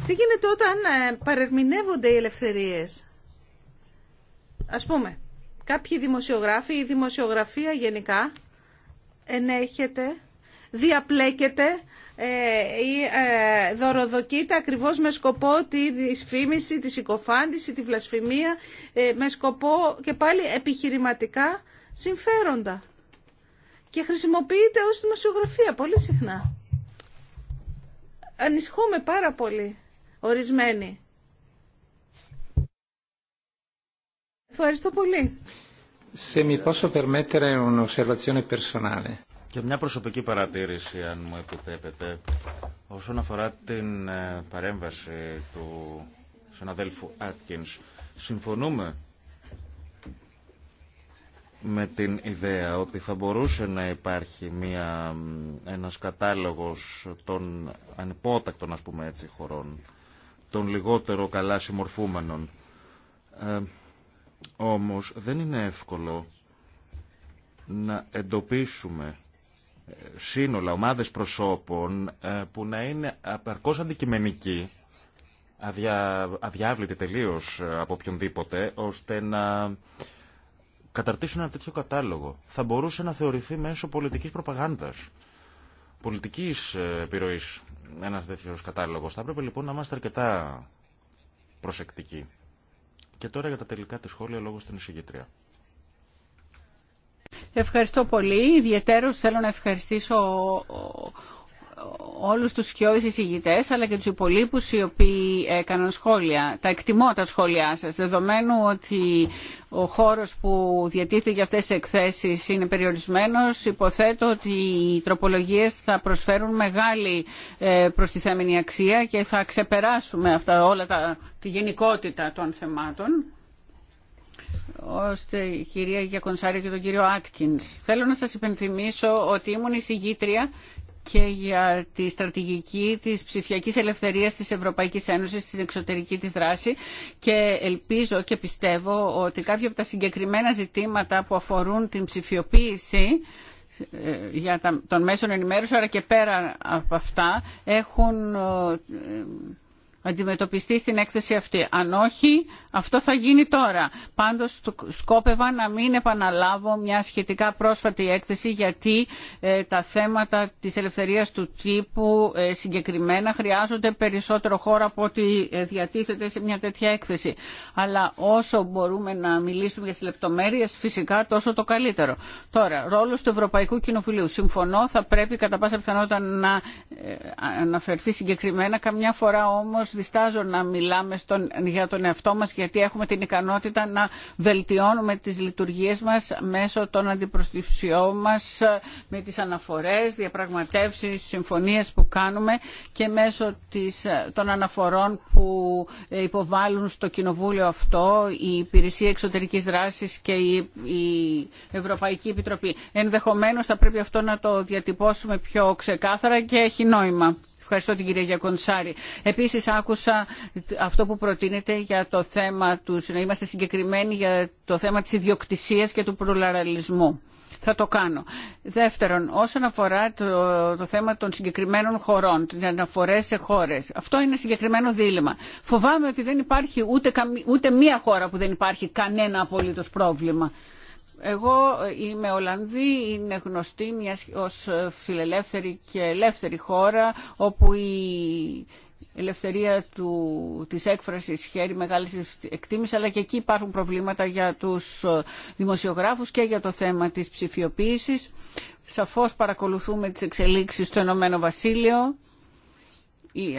Τι γίνεται όταν ε, παρερμηνεύονται οι ελευθερίες. Ας πούμε, κάποιοι δημοσιογράφοι ή δημοσιογραφία γενικά ενέχεται, διαπλέκεται ε, ή ε, δωροδοκείται ακριβώς με σκοπό τη δυσφήμιση, τη συκοφάντηση, τη βλασφημία, ε, με σκοπό και πάλι επιχειρηματικά συμφέροντα και χρησιμοποιείται ως δημοσιογραφία πολύ συχνά. Ανισχούμε πάρα πολύ ορισμένοι. Ευχαριστώ πολύ. Σε mi posso permettere personale. Και μια προσωπική παρατήρηση, αν μου επιτρέπετε, όσον αφορά την ε, παρέμβαση του συναδέλφου Άτκινς. Συμφωνούμε με την ιδέα ότι θα μπορούσε να υπάρχει μια, ένας κατάλογος των ανυπότακτων ας πούμε έτσι χωρών, των λιγότερο καλά συμμορφούμενων. Ε, όμως δεν είναι εύκολο να εντοπίσουμε ε, σύνολα, ομάδες προσώπων ε, που να είναι απαρκώς αντικειμενικοί, αδια, αδιάβλητοι τελείως από οποιονδήποτε, ώστε να καταρτήσουν ένα τέτοιο κατάλογο θα μπορούσε να θεωρηθεί μέσω πολιτικής προπαγάνδας, πολιτικής ε, επιρροής ένας τέτοιος κατάλογος. Θα έπρεπε λοιπόν να είμαστε αρκετά προσεκτικοί. Και τώρα για τα τελικά τη σχόλια λόγω στην εισηγήτρια. Ευχαριστώ πολύ. Ιδιαίτερως θέλω να ευχαριστήσω όλους τους σκιώδεις εισηγητές αλλά και τους υπολείπους οι οποίοι έκαναν σχόλια. Τα εκτιμώ τα σχόλιά σας, δεδομένου ότι ο χώρος που διατίθεται για αυτές τις εκθέσεις είναι περιορισμένος. Υποθέτω ότι οι τροπολογίες θα προσφέρουν μεγάλη ε, προστιθέμενη αξία και θα ξεπεράσουμε αυτά όλα τα, τη γενικότητα των θεμάτων ώστε η κυρία Γιακονσάρη και τον κύριο Άτκινς. Θέλω να σας υπενθυμίσω ότι ήμουν εισηγήτρια και για τη στρατηγική της ψηφιακής ελευθερίας της Ευρωπαϊκής Ένωσης στην εξωτερική της δράση και ελπίζω και πιστεύω ότι κάποια από τα συγκεκριμένα ζητήματα που αφορούν την ψηφιοποίηση ε, για τον μέσον μέσων ενημέρωση, αλλά και πέρα από αυτά έχουν ε, αντιμετωπιστεί στην έκθεση αυτή. Αν όχι, αυτό θα γίνει τώρα. Πάντως σκόπευα να μην επαναλάβω μια σχετικά πρόσφατη έκθεση γιατί ε, τα θέματα της ελευθερίας του τύπου ε, συγκεκριμένα χρειάζονται περισσότερο χώρο από ό,τι ε, διατίθεται σε μια τέτοια έκθεση. Αλλά όσο μπορούμε να μιλήσουμε για τις λεπτομέρειες φυσικά τόσο το καλύτερο. Τώρα, ρόλος του Ευρωπαϊκού Κοινοβουλίου. Συμφωνώ, θα πρέπει κατά πάσα πιθανότητα να ε, αναφερθεί συγκεκριμένα. Καμιά φορά όμως διστάζω να μιλάμε στον, για τον εαυτό μας γιατί έχουμε την ικανότητα να βελτιώνουμε τις λειτουργίες μας μέσω των αντιπροστιψιών μας με τις αναφορές, διαπραγματεύσεις, συμφωνίες που κάνουμε και μέσω της, των αναφορών που υποβάλλουν στο Κοινοβούλιο αυτό η Υπηρεσία Εξωτερικής Δράσης και η, η Ευρωπαϊκή Επιτροπή. Ενδεχομένως θα πρέπει αυτό να το διατυπώσουμε πιο ξεκάθαρα και έχει νόημα. Ευχαριστώ την κυρία Γιακονσάρη. Επίσης άκουσα αυτό που προτείνετε για το θέμα του, να είμαστε συγκεκριμένοι για το θέμα της ιδιοκτησίας και του προλαραλισμού. Θα το κάνω. Δεύτερον, όσον αφορά το, το θέμα των συγκεκριμένων χωρών, την αναφορέ σε χώρε, αυτό είναι συγκεκριμένο δίλημα. Φοβάμαι ότι δεν υπάρχει ούτε, ούτε μία χώρα που δεν υπάρχει κανένα απολύτω πρόβλημα. Εγώ είμαι Ολλανδή, είναι γνωστή μια ως φιλελεύθερη και ελεύθερη χώρα όπου η ελευθερία του, της έκφρασης χαίρει μεγάλη εκτίμηση αλλά και εκεί υπάρχουν προβλήματα για τους δημοσιογράφους και για το θέμα της ψηφιοποίησης. Σαφώς παρακολουθούμε τις εξελίξεις στο Ενωμένο Βασίλειο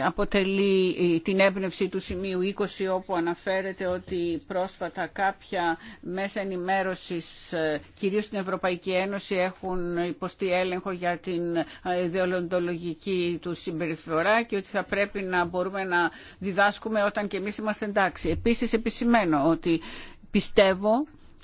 αποτελεί την έμπνευση του σημείου 20 όπου αναφέρεται ότι πρόσφατα κάποια μέσα ενημέρωσης ε, κυρίως στην Ευρωπαϊκή Ένωση έχουν υποστεί έλεγχο για την ε, ιδεολογική του συμπεριφορά και ότι θα πρέπει να μπορούμε να διδάσκουμε όταν και εμείς είμαστε εντάξει. Επίσης επισημαίνω ότι πιστεύω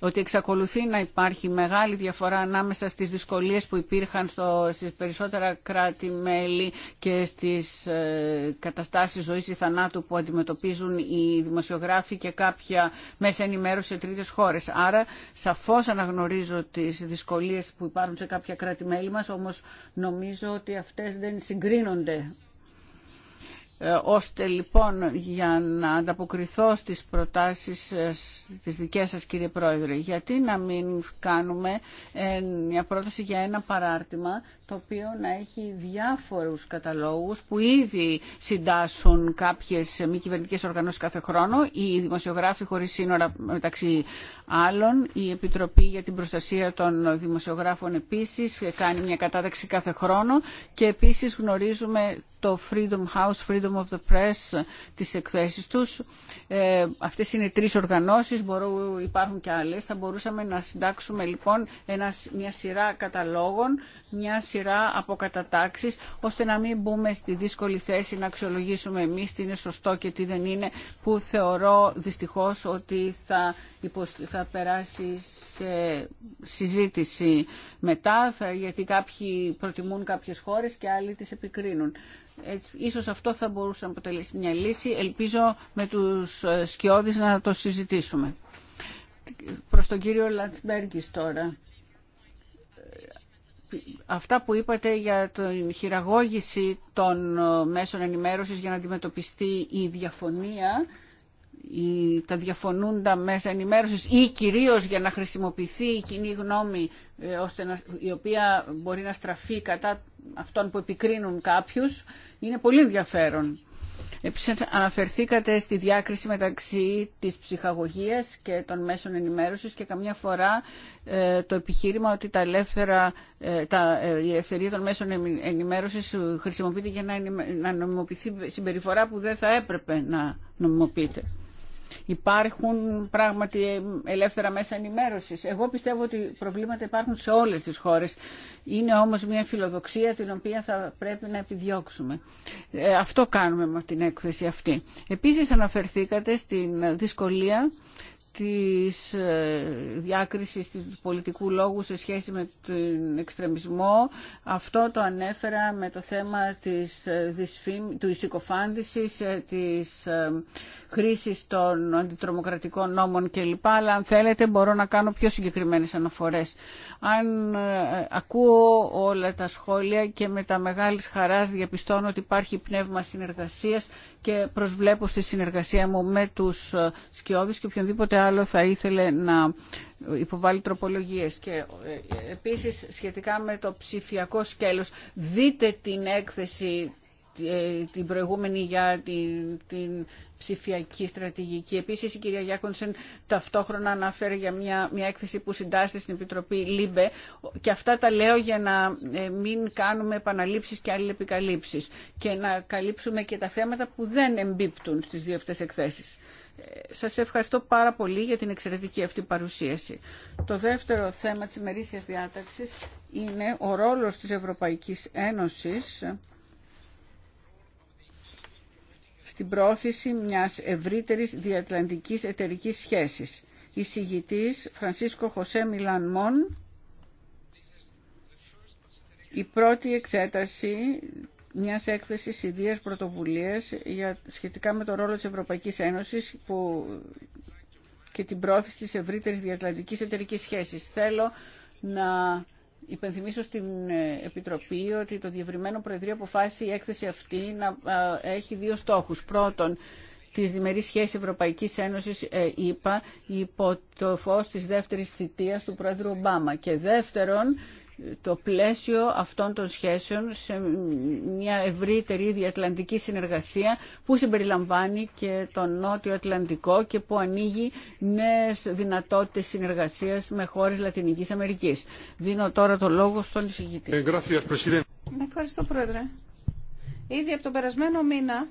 ότι εξακολουθεί να υπάρχει μεγάλη διαφορά ανάμεσα στις δυσκολίες που υπήρχαν στο, στις περισσότερα κράτη-μέλη και στις ε, καταστάσεις ζωής ή θανάτου που αντιμετωπίζουν οι δημοσιογράφοι και κάποια μέσα ενημέρωση σε τρίτες χώρες. Άρα σαφώς αναγνωρίζω τις δυσκολίες που υπάρχουν σε κάποια κράτη-μέλη μας, όμως νομίζω ότι αυτές δεν συγκρίνονται ε, ώστε λοιπόν για να ανταποκριθώ στις προτάσεις ε, της δικές σας κύριε Πρόεδρε γιατί να μην κάνουμε ε, μια πρόταση για ένα παράρτημα το οποίο να έχει διάφορους καταλόγους που ήδη συντάσσουν κάποιες μη κυβερνητικές οργανώσεις κάθε χρόνο, οι δημοσιογράφοι χωρίς σύνορα μεταξύ άλλων, η Επιτροπή για την Προστασία των Δημοσιογράφων επίσης κάνει μια κατάταξη κάθε χρόνο και επίσης γνωρίζουμε το Freedom House, Freedom of the Press, τις εκθέσεις τους. Ε, αυτές είναι τρεις οργανώσεις, υπάρχουν και άλλες. Θα μπορούσαμε να συντάξουμε λοιπόν ένα, μια σειρά καταλόγων, μια σειρά από κατατάξεις ώστε να μην μπούμε στη δύσκολη θέση να αξιολογήσουμε εμείς τι είναι σωστό και τι δεν είναι που θεωρώ δυστυχώς ότι θα, θα περάσει σε συζήτηση μετά θα, γιατί κάποιοι προτιμούν κάποιες χώρες και άλλοι τις επικρίνουν. Έτσι, ίσως αυτό θα μπορούσε να αποτελέσει μια λύση. Ελπίζω με τους ε, σκιώδεις να το συζητήσουμε. Προ τον κύριο Λατσμπέργκης τώρα αυτά που είπατε για την χειραγώγηση των ε, μέσων ενημέρωσης για να αντιμετωπιστεί η διαφωνία, η, τα διαφωνούντα μέσα ενημέρωσης ή κυρίως για να χρησιμοποιηθεί η κοινή γνώμη ε, ώστε η οποία μπορεί να στραφεί κατά αυτών που επικρίνουν κάποιους, είναι πολύ ενδιαφέρον. Επίσης αναφερθήκατε στη διάκριση μεταξύ της ψυχαγωγίας και των μέσων ενημέρωσης και καμιά φορά ε, το επιχείρημα ότι τα ελεύθερα, ε, τα, ε, η ελευθερία των μέσων ενημέρωσης χρησιμοποιείται για να, να νομιμοποιηθεί συμπεριφορά που δεν θα έπρεπε να νομιμοποιείται. Υπάρχουν πράγματι ελεύθερα μέσα ενημέρωσης. Εγώ πιστεύω ότι προβλήματα υπάρχουν σε όλες τις χώρες. Είναι όμως μια φιλοδοξία την οποία θα πρέπει να επιδιώξουμε. Ε, αυτό κάνουμε με την έκθεση αυτή. Επίσης αναφερθήκατε στην δυσκολία της ε, διάκρισης του πολιτικού λόγου σε σχέση με τον εξτρεμισμό. Αυτό το ανέφερα με το θέμα της, ε, του εισηκοφάντησης, ε, της χρήσης των αντιτρομοκρατικών νόμων κλπ. Αλλά αν θέλετε μπορώ να κάνω πιο συγκεκριμένες αναφορές αν ε, ακούω όλα τα σχόλια και με τα μεγάλης χαράς διαπιστώνω ότι υπάρχει πνεύμα συνεργασίας και προσβλέπω στη συνεργασία μου με τους ε, σκιώδεις και οποιονδήποτε άλλο θα ήθελε να υποβάλει τροπολογίες. Και ε, επίσης σχετικά με το ψηφιακό σκέλος, δείτε την έκθεση ε, την προηγούμενη για την, την ψηφιακή στρατηγική. Επίσης η κυρία Γιάκονσεν ταυτόχρονα αναφέρει για μια, μια έκθεση που συντάσσεται στην Επιτροπή ΛΥΜΠΕ και αυτά τα λέω για να ε, μην κάνουμε επαναλήψεις και επικαλύψεις και να καλύψουμε και τα θέματα που δεν εμπίπτουν στις δύο αυτές εκθέσεις. Ε, σας ευχαριστώ πάρα πολύ για την εξαιρετική αυτή παρουσίαση. Το δεύτερο θέμα της ημερήσιας διάταξης είναι ο ρόλος της Ευρωπαϊκής Ένωσης στην πρόθεση μιας ευρύτερης διατλαντικής εταιρικής σχέσης. συγητής, Φρανσίσκο Χωσέ Μιλάν Μον, η πρώτη εξέταση μιας έκθεσης ιδίας πρωτοβουλίες για, σχετικά με το ρόλο της Ευρωπαϊκής Ένωσης που, και την πρόθεση της ευρύτερης διατλαντικής εταιρικής σχέσης. Θέλω να υπενθυμίσω στην ε, Επιτροπή ότι το Διευρυμένο Προεδρείο αποφάσισε η έκθεση αυτή να ε, έχει δύο στόχους. Πρώτον, της διμερείς σχέσης Ευρωπαϊκής Ένωσης είπα ΕΕ, υπό το φως της δεύτερης θητείας του Πρόεδρου Ομπάμα και δεύτερον το πλαίσιο αυτών των σχέσεων σε μια ευρύτερη διατλαντική συνεργασία που συμπεριλαμβάνει και τον Νότιο Ατλαντικό και που ανοίγει νέες δυνατότητες συνεργασίας με χώρες Λατινικής Αμερικής. Δίνω τώρα το λόγο στον εισηγητή. Ε, Ευχαριστώ Πρόεδρε. Ήδη από τον περασμένο μήνα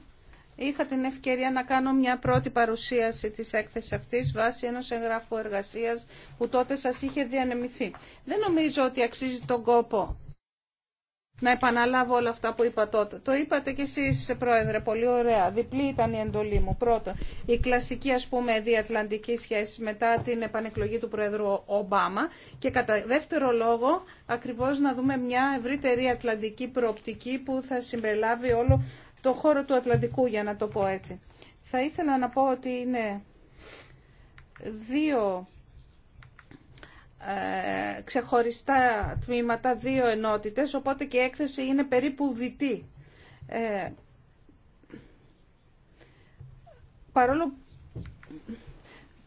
Είχα την ευκαιρία να κάνω μια πρώτη παρουσίαση της έκθεσης αυτής βάσει ενός εγγράφου εργασίας που τότε σας είχε διανεμηθεί. Δεν νομίζω ότι αξίζει τον κόπο να επαναλάβω όλα αυτά που είπα τότε. Το είπατε κι εσείς, Πρόεδρε, πολύ ωραία. Διπλή ήταν η εντολή μου. Πρώτον, η κλασική, ας πούμε, διατλαντική σχέση μετά την επανεκλογή του Πρόεδρου Ομπάμα και κατά δεύτερο λόγο, ακριβώς να δούμε μια ευρύτερη ατλαντική προοπτική που θα συμπεριλάβει όλο το χώρο του Ατλαντικού, για να το πω έτσι. Θα ήθελα να πω ότι είναι δύο ε, ξεχωριστά τμήματα, δύο ενότητες, οπότε και η έκθεση είναι περίπου δυτή. Ε, παρόλο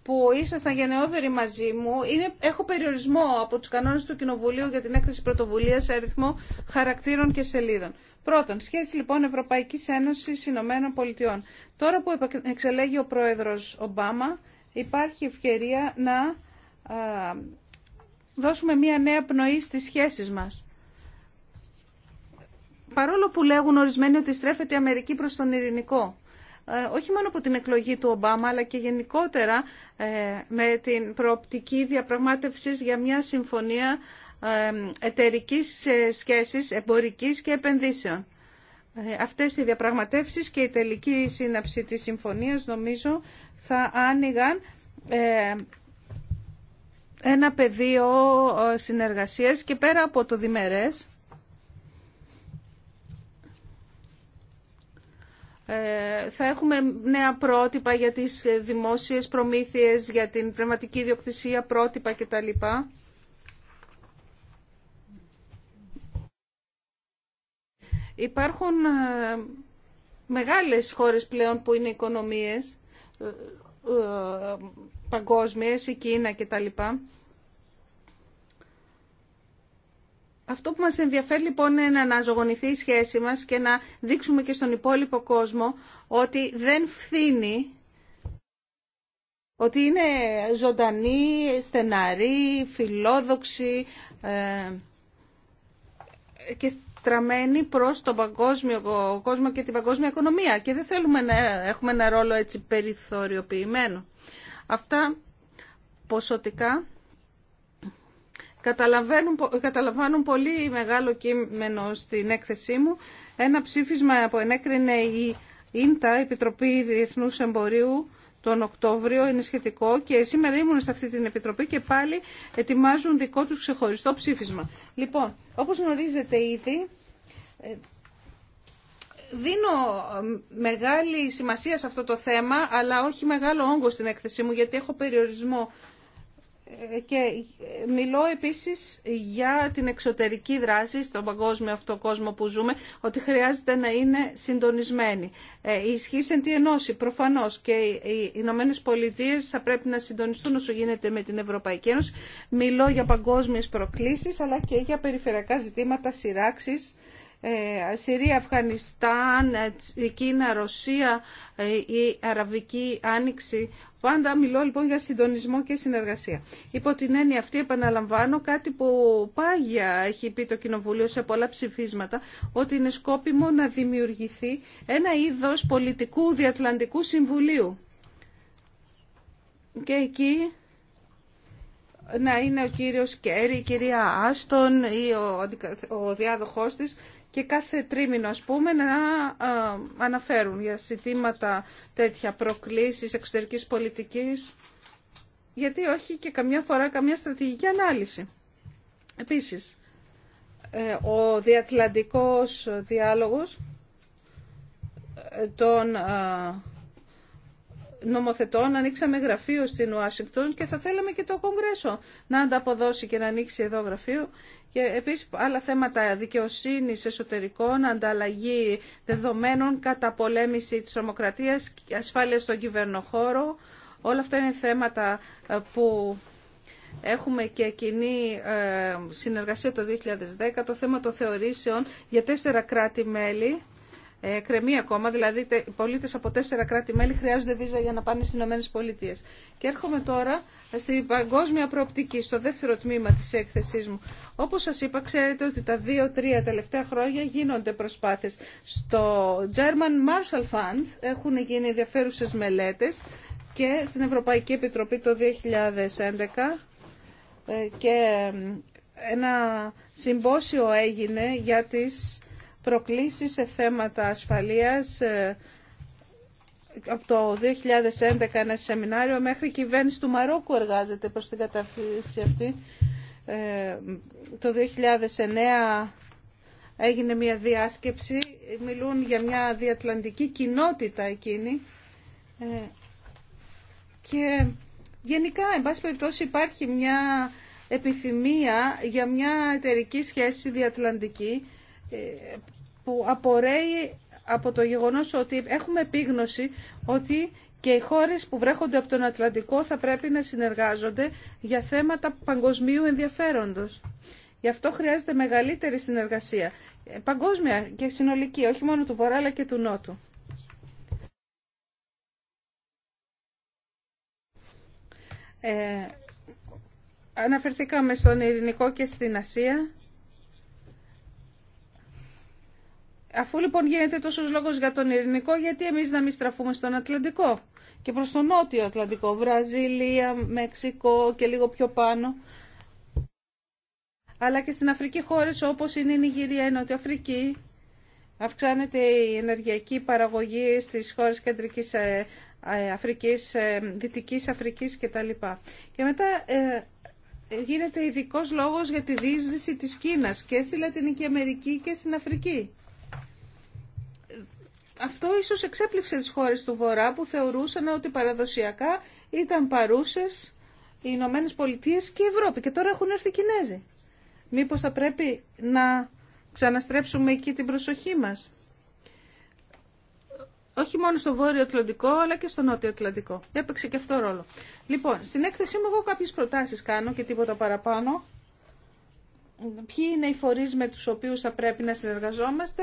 που ήσασταν γενναιόδοροι μαζί μου. Είναι, έχω περιορισμό από τους κανόνες του Κοινοβουλίου για την έκθεση πρωτοβουλίας σε αριθμό χαρακτήρων και σελίδων. Πρώτον, σχέση λοιπόν Ευρωπαϊκής Ένωσης Ηνωμένων Πολιτειών. Τώρα που εξελέγει ο πρόεδρος Ομπάμα, υπάρχει ευκαιρία να α, δώσουμε μια νέα πνοή στις σχέσεις μας. Παρόλο που λέγουν ορισμένοι ότι στρέφεται η Αμερική προς τον ειρηνικό ε, όχι μόνο από την εκλογή του Ομπάμα, αλλά και γενικότερα ε, με την προοπτική διαπραγμάτευσης για μια συμφωνία ε, εταιρικής σχέσης, εμπορικής και επενδύσεων. Αυτές οι διαπραγματεύσεις και η τελική σύναψη της συμφωνίας νομίζω θα άνοιγαν ένα πεδίο συνεργασίας και πέρα από το διμερές Ε, θα έχουμε νέα πρότυπα για τις δημόσιες προμήθειες, για την πνευματική ιδιοκτησία, πρότυπα κτλ. Υπάρχουν ε, μεγάλες χώρες πλέον που είναι οικονομίες ε, παγκόσμιες, η Κίνα κτλ. Αυτό που μας ενδιαφέρει λοιπόν είναι να αναζωογονηθεί η σχέση μας και να δείξουμε και στον υπόλοιπο κόσμο ότι δεν φθήνει, ότι είναι ζωντανή, στεναρή, φιλόδοξη ε, και στραμμένη προς τον παγκόσμιο κόσμο και την παγκόσμια οικονομία και δεν θέλουμε να έχουμε ένα ρόλο έτσι περιθωριοποιημένο. Αυτά ποσοτικά Καταλαβαίνουν, καταλαμβάνουν πολύ μεγάλο κείμενο στην έκθεσή μου. Ένα ψήφισμα που ενέκρινε η ΙΝΤΑ, η Επιτροπή Διεθνού Εμπορίου, τον Οκτώβριο, είναι σχετικό και σήμερα ήμουν σε αυτή την Επιτροπή και πάλι ετοιμάζουν δικό τους ξεχωριστό ψήφισμα. Λοιπόν, όπως γνωρίζετε ήδη, ε, δίνω ε, μεγάλη σημασία σε αυτό το θέμα, αλλά όχι μεγάλο όγκο στην έκθεσή μου, γιατί έχω περιορισμό και μιλώ επίσης για την εξωτερική δράση στον παγκόσμιο αυτό κόσμο που ζούμε, ότι χρειάζεται να είναι συντονισμένη. Ε, η εν τι ενώση, προφανώς, και οι Ηνωμένε Πολιτείε θα πρέπει να συντονιστούν όσο γίνεται με την Ευρωπαϊκή Ένωση. Μιλώ για παγκόσμιες προκλήσεις, αλλά και για περιφερειακά ζητήματα σειράξης ε, Συρία, Αφγανιστάν, ε, Κίνα, Ρωσία, ε, η Αραβική Άνοιξη. Πάντα μιλώ λοιπόν για συντονισμό και συνεργασία. Υπό την έννοια αυτή επαναλαμβάνω κάτι που πάγια έχει πει το Κοινοβούλιο σε πολλά ψηφίσματα, ότι είναι σκόπιμο να δημιουργηθεί ένα είδος πολιτικού διατλαντικού συμβουλίου. Και εκεί να είναι ο κύριος Κέρι, η κυρία Άστον ή ο, ο διάδοχός της και κάθε τρίμηνο ας πούμε να ε, αναφέρουν για ζητήματα τέτοια προκλήσεις εξωτερικής πολιτικής γιατί όχι και καμιά φορά καμιά στρατηγική ανάλυση. Επίσης, ε, ο διατλαντικός διάλογος ε, των νομοθετών ανοίξαμε γραφείο στην Ουάσιγκτον και θα θέλαμε και το Κογκρέσο να ανταποδώσει και να ανοίξει εδώ γραφείο. Και επίσης άλλα θέματα δικαιοσύνης εσωτερικών, ανταλλαγή δεδομένων, καταπολέμηση της ομοκρατίας, ασφάλεια στον κυβερνοχώρο. Όλα αυτά είναι θέματα ε, που έχουμε και κοινή ε, συνεργασία το 2010, το θέμα των θεωρήσεων για τέσσερα κράτη-μέλη ε, κρεμεί ακόμα, δηλαδή οι πολίτες από τέσσερα κράτη-μέλη χρειάζονται βίζα για να πάνε στις Ηνωμένες Πολιτείες. Και έρχομαι τώρα στην παγκόσμια προοπτική, στο δεύτερο τμήμα της έκθεσής μου. Όπως σας είπα, ξέρετε ότι τα δύο-τρία τελευταία χρόνια γίνονται προσπάθειες. Στο German Marshall Fund έχουν γίνει ενδιαφέρουσε μελέτες και στην Ευρωπαϊκή Επιτροπή το 2011 ε, και ένα συμπόσιο έγινε για τις προκλήσεις σε θέματα ασφαλείας ε, από το 2011 ένα σεμινάριο μέχρι η κυβέρνηση του Μαρόκου εργάζεται προς την κατάσταση αυτή. Ε, το 2009 έγινε μια διάσκεψη, μιλούν για μια διατλαντική κοινότητα εκείνη ε, και γενικά, εν πάση περιπτώσει, υπάρχει μια επιθυμία για μια εταιρική σχέση διατλαντική που απορρέει από το γεγονός ότι έχουμε επίγνωση ότι και οι χώρες που βρέχονται από τον Ατλαντικό θα πρέπει να συνεργάζονται για θέματα παγκοσμίου ενδιαφέροντος. Γι' αυτό χρειάζεται μεγαλύτερη συνεργασία, παγκόσμια και συνολική, όχι μόνο του Βορρά αλλά και του Νότου. Ε, αναφερθήκαμε στον Ειρηνικό και στην Ασία. Αφού λοιπόν γίνεται τόσο λόγο για τον Ειρηνικό, γιατί εμεί να μην στραφούμε στον Ατλαντικό και προ τον Νότιο Ατλαντικό, Βραζιλία, Μεξικό και λίγο πιο πάνω. Αλλά και στην Αφρική χώρε όπω είναι η Νιγηρία, η Νότια Αφρική, αυξάνεται η ενεργειακή παραγωγή στι χώρε κεντρική ε, ε, Αφρικής, ε, Δυτικής Αφρικής κτλ. Και μετά γίνεται ειδικό λόγος για τη δίσδυση της Κίνας και στη Λατινική Αμερική και στην Αφρική. Αυτό ίσως εξέπληξε τις χώρες του Βορρά που θεωρούσαν ότι παραδοσιακά ήταν παρούσες οι Ηνωμένε Πολιτείε και η Ευρώπη και τώρα έχουν έρθει οι Κινέζοι. Μήπως θα πρέπει να ξαναστρέψουμε εκεί την προσοχή μας. Όχι μόνο στο Βόρειο Ατλαντικό, αλλά και στο Νότιο Ατλαντικό. Έπαιξε και αυτό ρόλο. Λοιπόν, στην έκθεσή μου εγώ κάποιες προτάσεις κάνω και τίποτα παραπάνω ποιοι είναι οι φορείς με τους οποίους θα πρέπει να συνεργαζόμαστε.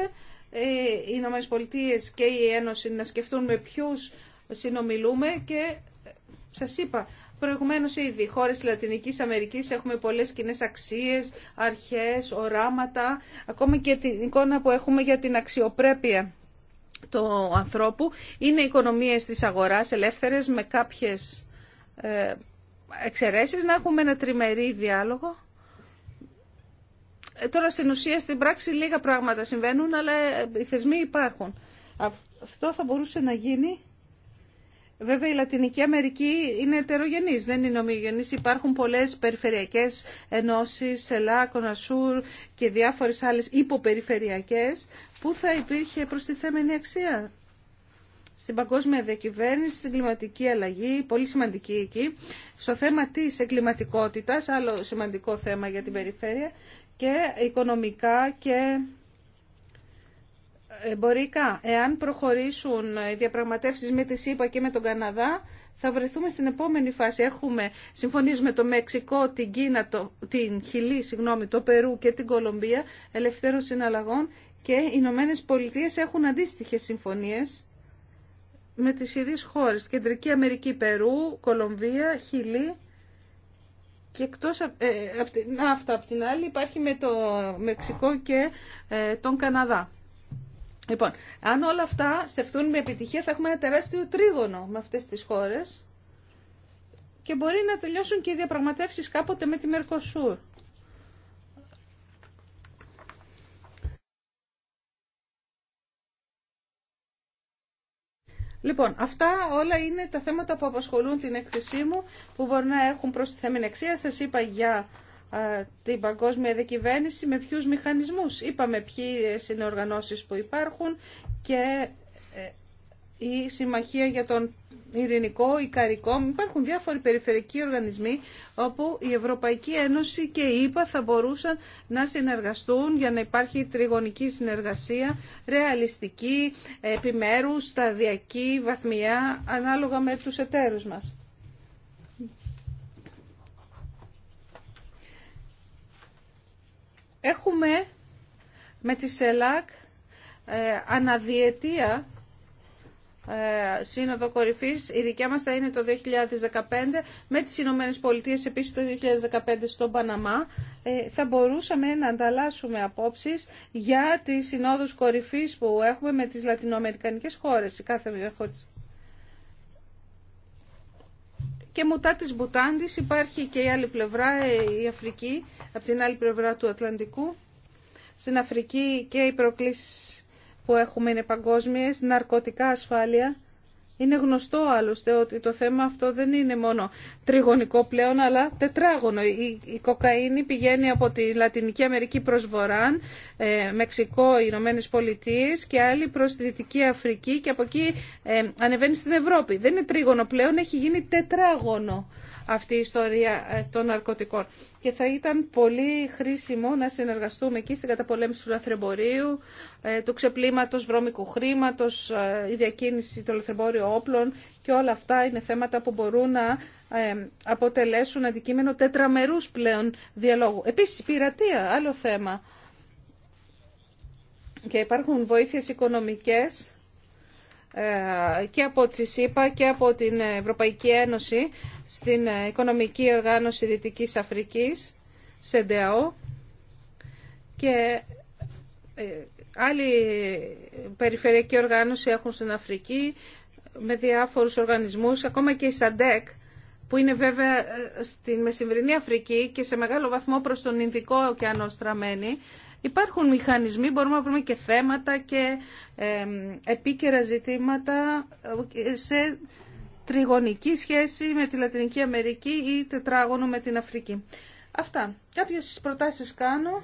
Ε, οι Ηνωμένες Πολιτείες και η Ένωση να σκεφτούν με ποιους συνομιλούμε και ε, σας είπα προηγουμένως ήδη χώρες της Λατινικής Αμερικής έχουμε πολλές κοινέ αξίες, αρχές, οράματα, ακόμα και την εικόνα που έχουμε για την αξιοπρέπεια του ανθρώπου. Είναι οικονομίες της αγοράς ελεύθερες με κάποιες ε, εξαιρέσεις να έχουμε ένα τριμερή διάλογο Τώρα στην ουσία, στην πράξη λίγα πράγματα συμβαίνουν, αλλά ε, οι θεσμοί υπάρχουν. Αυτό θα μπορούσε να γίνει. Βέβαια η Λατινική Αμερική είναι ετερογενής, δεν είναι ομοιογενής. Υπάρχουν πολλές περιφερειακές ενώσεις, ΣΕΛΑ, Κονασούρ και διάφορες άλλες υποπεριφερειακές που θα υπήρχε προστιθέμενη αξία στην παγκόσμια διακυβέρνηση, στην κλιματική αλλαγή, πολύ σημαντική εκεί, στο θέμα της εγκληματικότητας, άλλο σημαντικό θέμα για την περιφέρεια, και οικονομικά και εμπορικά. Εάν προχωρήσουν οι διαπραγματεύσεις με τη ΣΥΠΑ και με τον Καναδά, θα βρεθούμε στην επόμενη φάση. Έχουμε συμφωνίες με το Μεξικό, την Κίνα, την Χιλή, συγγνώμη, το Περού και την Κολομβία, ελευθέρων συναλλαγών και οι Ηνωμένε Πολιτείε έχουν αντίστοιχες συμφωνίες με τις ίδιες χώρε. Κεντρική Αμερική, Περού, Κολομβία, Χιλή και εκτός ε, από την, αυτά, απ' την άλλη υπάρχει με το Μεξικό και ε, τον Καναδά. Λοιπόν, αν όλα αυτά στεφτούν με επιτυχία θα έχουμε ένα τεράστιο τρίγωνο με αυτές τις χώρες και μπορεί να τελειώσουν και οι διαπραγματεύσεις κάποτε με τη Μερκοσούρ. Λοιπόν, αυτά όλα είναι τα θέματα που απασχολούν την έκθεσή μου, που μπορεί να έχουν τη αξία. Σας είπα για την παγκόσμια διακυβέρνηση, με ποιους μηχανισμούς. Είπαμε ποιες είναι οργανώσεις που υπάρχουν και ε, η Συμμαχία για τον Ειρηνικό, Καρικό. Υπάρχουν διάφοροι περιφερειακοί οργανισμοί όπου η Ευρωπαϊκή Ένωση και η ΕΠΑ θα μπορούσαν να συνεργαστούν για να υπάρχει τριγωνική συνεργασία, ρεαλιστική, επιμέρους, σταδιακή, βαθμιά, ανάλογα με τους εταίρους μας. Έχουμε με τη ΣΕΛΑΚ ε, αναδιετία ε, Σύνοδο Κορυφής. Η δικιά μας θα είναι το 2015 με τις Ηνωμένες Πολιτείες επίσης το 2015 στον Παναμά. Ε, θα μπορούσαμε να ανταλλάσσουμε απόψεις για τις Συνόδους Κορυφής που έχουμε με τις Λατινοαμερικανικές χώρες, κάθε Και μουτά της Μπουτάντης υπάρχει και η άλλη πλευρά, ε, η Αφρική, από την άλλη πλευρά του Ατλαντικού. Στην Αφρική και οι προκλήσεις που έχουμε είναι παγκόσμιες, ναρκωτικά ασφάλεια είναι γνωστό άλλωστε ότι το θέμα αυτό δεν είναι μόνο τριγωνικό πλέον, αλλά τετράγωνο. Η κοκαίνη πηγαίνει από τη Λατινική Αμερική προς Βορράν, ε, Μεξικό, Ηνωμένε Πολιτείε και άλλη προς τη Δυτική Αφρική και από εκεί ε, ανεβαίνει στην Ευρώπη. Δεν είναι τρίγωνο πλέον, έχει γίνει τετράγωνο αυτή η ιστορία ε, των ναρκωτικών. Και θα ήταν πολύ χρήσιμο να συνεργαστούμε εκεί στην καταπολέμηση του λαθρεμπορίου, του ξεπλήματος βρώμικου χρήματος, η διακίνηση, του λαθρεμπόριου όπλων και όλα αυτά είναι θέματα που μπορούν να αποτελέσουν αντικείμενο τετραμερούς πλέον διαλόγου. Επίσης, πειρατεία, άλλο θέμα. Και υπάρχουν βοήθειες οικονομικές ε, και από τη ΣΥΠΑ και από την Ευρωπαϊκή Ένωση στην Οικονομική Οργάνωση Δυτικής Αφρικής, ΣΕΝΤΕΑΟ, και ε, άλλη περιφερειακή οργάνωση έχουν στην Αφρική με διάφορους οργανισμούς, ακόμα και η ΣΑΝΤΕΚ, που είναι βέβαια ε, στην Μεσημβρινή Αφρική και σε μεγάλο βαθμό προς τον Ινδικό ωκεανό στραμμένη, υπάρχουν μηχανισμοί, μπορούμε να βρούμε και θέματα και ε, επίκαιρα ζητήματα ε, σε τριγωνική σχέση με τη Λατινική Αμερική ή τετράγωνο με την Αφρική. Αυτά. Κάποιες προτάσεις κάνω.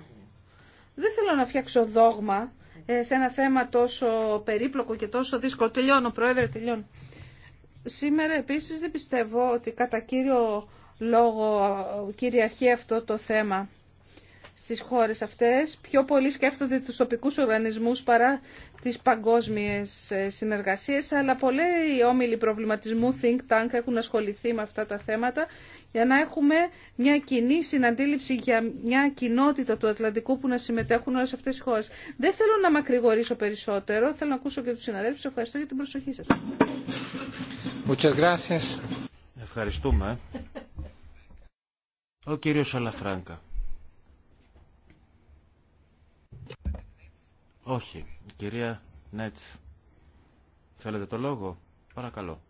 Δεν θέλω να φτιάξω δόγμα ε, σε ένα θέμα τόσο περίπλοκο και τόσο δύσκολο. Τελειώνω, Πρόεδρε, τελειώνω. Σήμερα επίσης δεν πιστεύω ότι κατά κύριο λόγο κυριαρχεί αυτό το θέμα στις χώρες αυτές πιο πολύ σκέφτονται τους τοπικούς οργανισμούς παρά τις παγκόσμιες ε, συνεργασίες αλλά πολλοί όμιλοι προβληματισμού think tank έχουν ασχοληθεί με αυτά τα θέματα για να έχουμε μια κοινή συναντήληψη για μια κοινότητα του Ατλαντικού που να συμμετέχουν όλες αυτές οι χώρες. Δεν θέλω να μακρηγορήσω περισσότερο, θέλω να ακούσω και τους συναδέλφους. Ευχαριστώ για την προσοχή σας. Ευχαριστούμε. Ο κύριος Αλαφράγκα. Όχι. Κυρία Νέτ, θέλετε το λόγο. Παρακαλώ.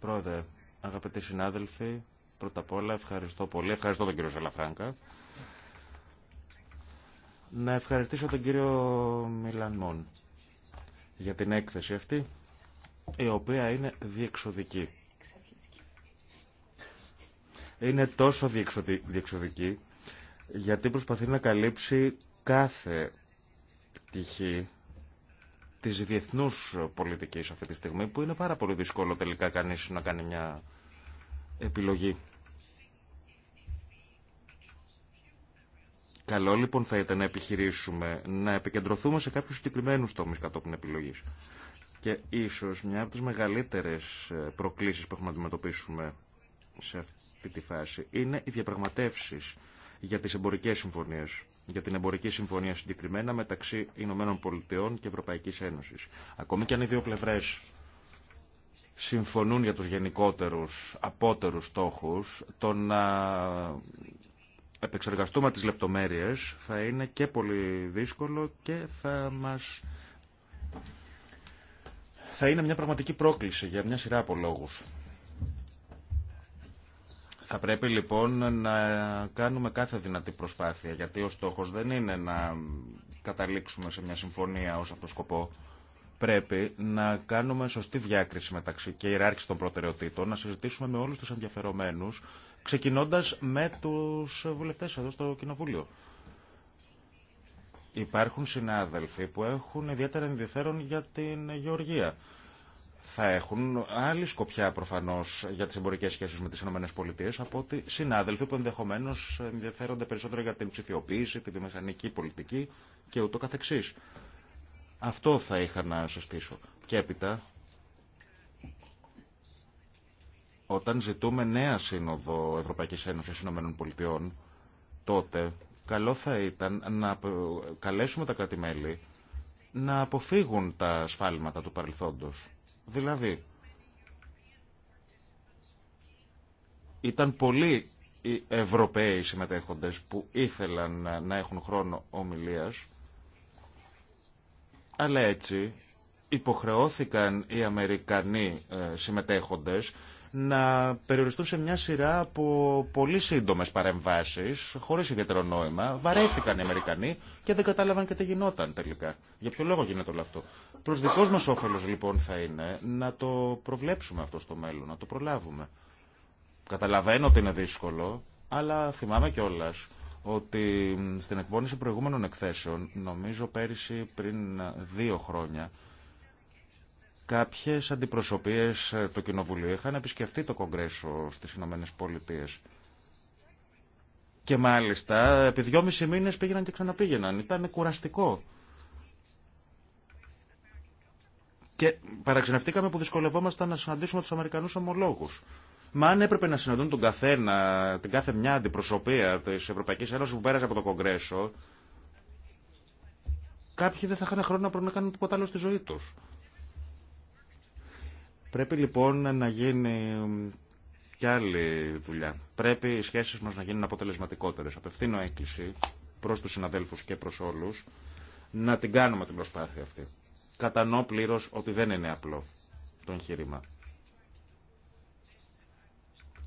Πρόεδρε, αγαπητοί συνάδελφοι, πρώτα απ' όλα ευχαριστώ πολύ. Ευχαριστώ τον κύριο Σαλαφράγκα. Να ευχαριστήσω τον κύριο Μιλανμόν για την έκθεση αυτή, η οποία είναι διεξοδική είναι τόσο διεξοδική γιατί προσπαθεί να καλύψει κάθε πτυχή της διεθνούς πολιτικής αυτή τη στιγμή που είναι πάρα πολύ δύσκολο τελικά κανείς να κάνει μια επιλογή. Καλό λοιπόν θα ήταν να επιχειρήσουμε να επικεντρωθούμε σε κάποιους συγκεκριμένους τομείς κατόπιν επιλογής. Και ίσως μια από τις μεγαλύτερες προκλήσεις που έχουμε να αντιμετωπίσουμε σε αυτή τη φάση είναι οι διαπραγματεύσει για τις εμπορικές συμφωνίες, για την εμπορική συμφωνία συγκεκριμένα μεταξύ Ηνωμένων Πολιτειών και Ευρωπαϊκή Ένωση. Ακόμη και αν οι δύο πλευρές συμφωνούν για τους γενικότερους, απότερου στόχου, το να επεξεργαστούμε τι λεπτομέρειε θα είναι και πολύ δύσκολο και θα μα Θα είναι μια πραγματική πρόκληση για μια σειρά από λόγους. Θα πρέπει λοιπόν να κάνουμε κάθε δυνατή προσπάθεια, γιατί ο στόχος δεν είναι να καταλήξουμε σε μια συμφωνία ως αυτό σκοπό. Πρέπει να κάνουμε σωστή διάκριση μεταξύ και ιεράρχηση των προτεραιοτήτων, να συζητήσουμε με όλους τους ενδιαφερομένους, ξεκινώντας με τους βουλευτές εδώ στο Κοινοβούλιο. Υπάρχουν συνάδελφοι που έχουν ιδιαίτερα ενδιαφέρον για την γεωργία θα έχουν άλλη σκοπιά προφανώ για τι εμπορικέ σχέσει με τι ΗΠΑ από ότι συνάδελφοι που ενδεχομένω ενδιαφέρονται περισσότερο για την ψηφιοποίηση, τη βιομηχανική πολιτική και ούτω καθεξής. Αυτό θα είχα να συστήσω. Και έπειτα, όταν ζητούμε νέα σύνοδο Ευρωπαϊκής Ένωσης Ηνωμένων τότε καλό θα ήταν να καλέσουμε τα κρατημέλη να αποφύγουν τα σφάλματα του παρελθόντος Δηλαδή, ήταν πολλοί οι Ευρωπαίοι συμμετέχοντες που ήθελαν να έχουν χρόνο ομιλίας, αλλά έτσι υποχρεώθηκαν οι Αμερικανοί ε, συμμετέχοντες να περιοριστούν σε μια σειρά από πολύ σύντομε παρεμβάσει, χωρί ιδιαίτερο νόημα. Βαρέθηκαν οι Αμερικανοί και δεν κατάλαβαν και τι γινόταν τελικά. Για ποιο λόγο γίνεται όλο αυτό. Προ δικό μας όφελος λοιπόν θα είναι να το προβλέψουμε αυτό στο μέλλον, να το προλάβουμε. Καταλαβαίνω ότι είναι δύσκολο, αλλά θυμάμαι κιόλα ότι στην εκπόνηση προηγούμενων εκθέσεων, νομίζω πέρυσι πριν δύο χρόνια, κάποιες αντιπροσωπείες του Κοινοβουλίου είχαν επισκεφτεί το Κογκρέσο στις Ηνωμένε Πολιτείε. Και μάλιστα, επί δυόμιση μήνες πήγαιναν και ξαναπήγαιναν. Ήταν κουραστικό. Και παραξενευτήκαμε που δυσκολευόμασταν να συναντήσουμε του Αμερικανού ομολόγου. Μα αν έπρεπε να συναντούν τον καθένα, την κάθε μια αντιπροσωπεία τη Ευρωπαϊκή Ένωση που πέρασε από το Κογκρέσο, κάποιοι δεν θα είχαν χρόνο να κάνουν τίποτα άλλο στη ζωή του. Πρέπει λοιπόν να γίνει κι άλλη δουλειά. Πρέπει οι σχέσει μα να γίνουν αποτελεσματικότερε. Απευθύνω έκκληση προ του συναδέλφου και προ όλου να την κάνουμε την προσπάθεια αυτή. Κατανοώ πλήρω ότι δεν είναι απλό το εγχείρημα.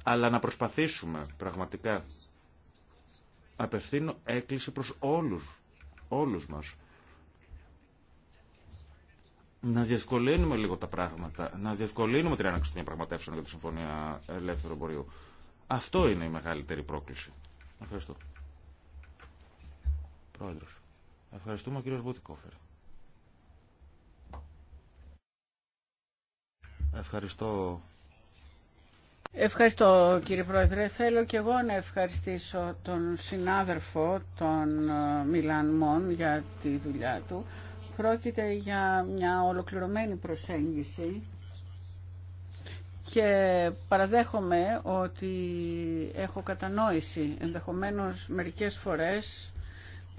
Αλλά να προσπαθήσουμε πραγματικά. Απευθύνω έκκληση προς όλους, όλους μας. Να διευκολύνουμε λίγο τα πράγματα, να διευκολύνουμε την άναξη των διαπραγματεύσεων για τη Συμφωνία Ελεύθερου Μπορείου. Αυτό είναι η μεγαλύτερη πρόκληση. Ευχαριστώ. Πρόεδρος. Ευχαριστούμε ο κύριος Μπουτικόφερ. Ευχαριστώ. Ευχαριστώ κύριε Πρόεδρε. Θέλω και εγώ να ευχαριστήσω τον συνάδελφο, των ε, Μιλάν Μον, για τη δουλειά του. Πρόκειται για μια ολοκληρωμένη προσέγγιση και παραδέχομαι ότι έχω κατανόηση. Ενδεχομένως μερικές φορές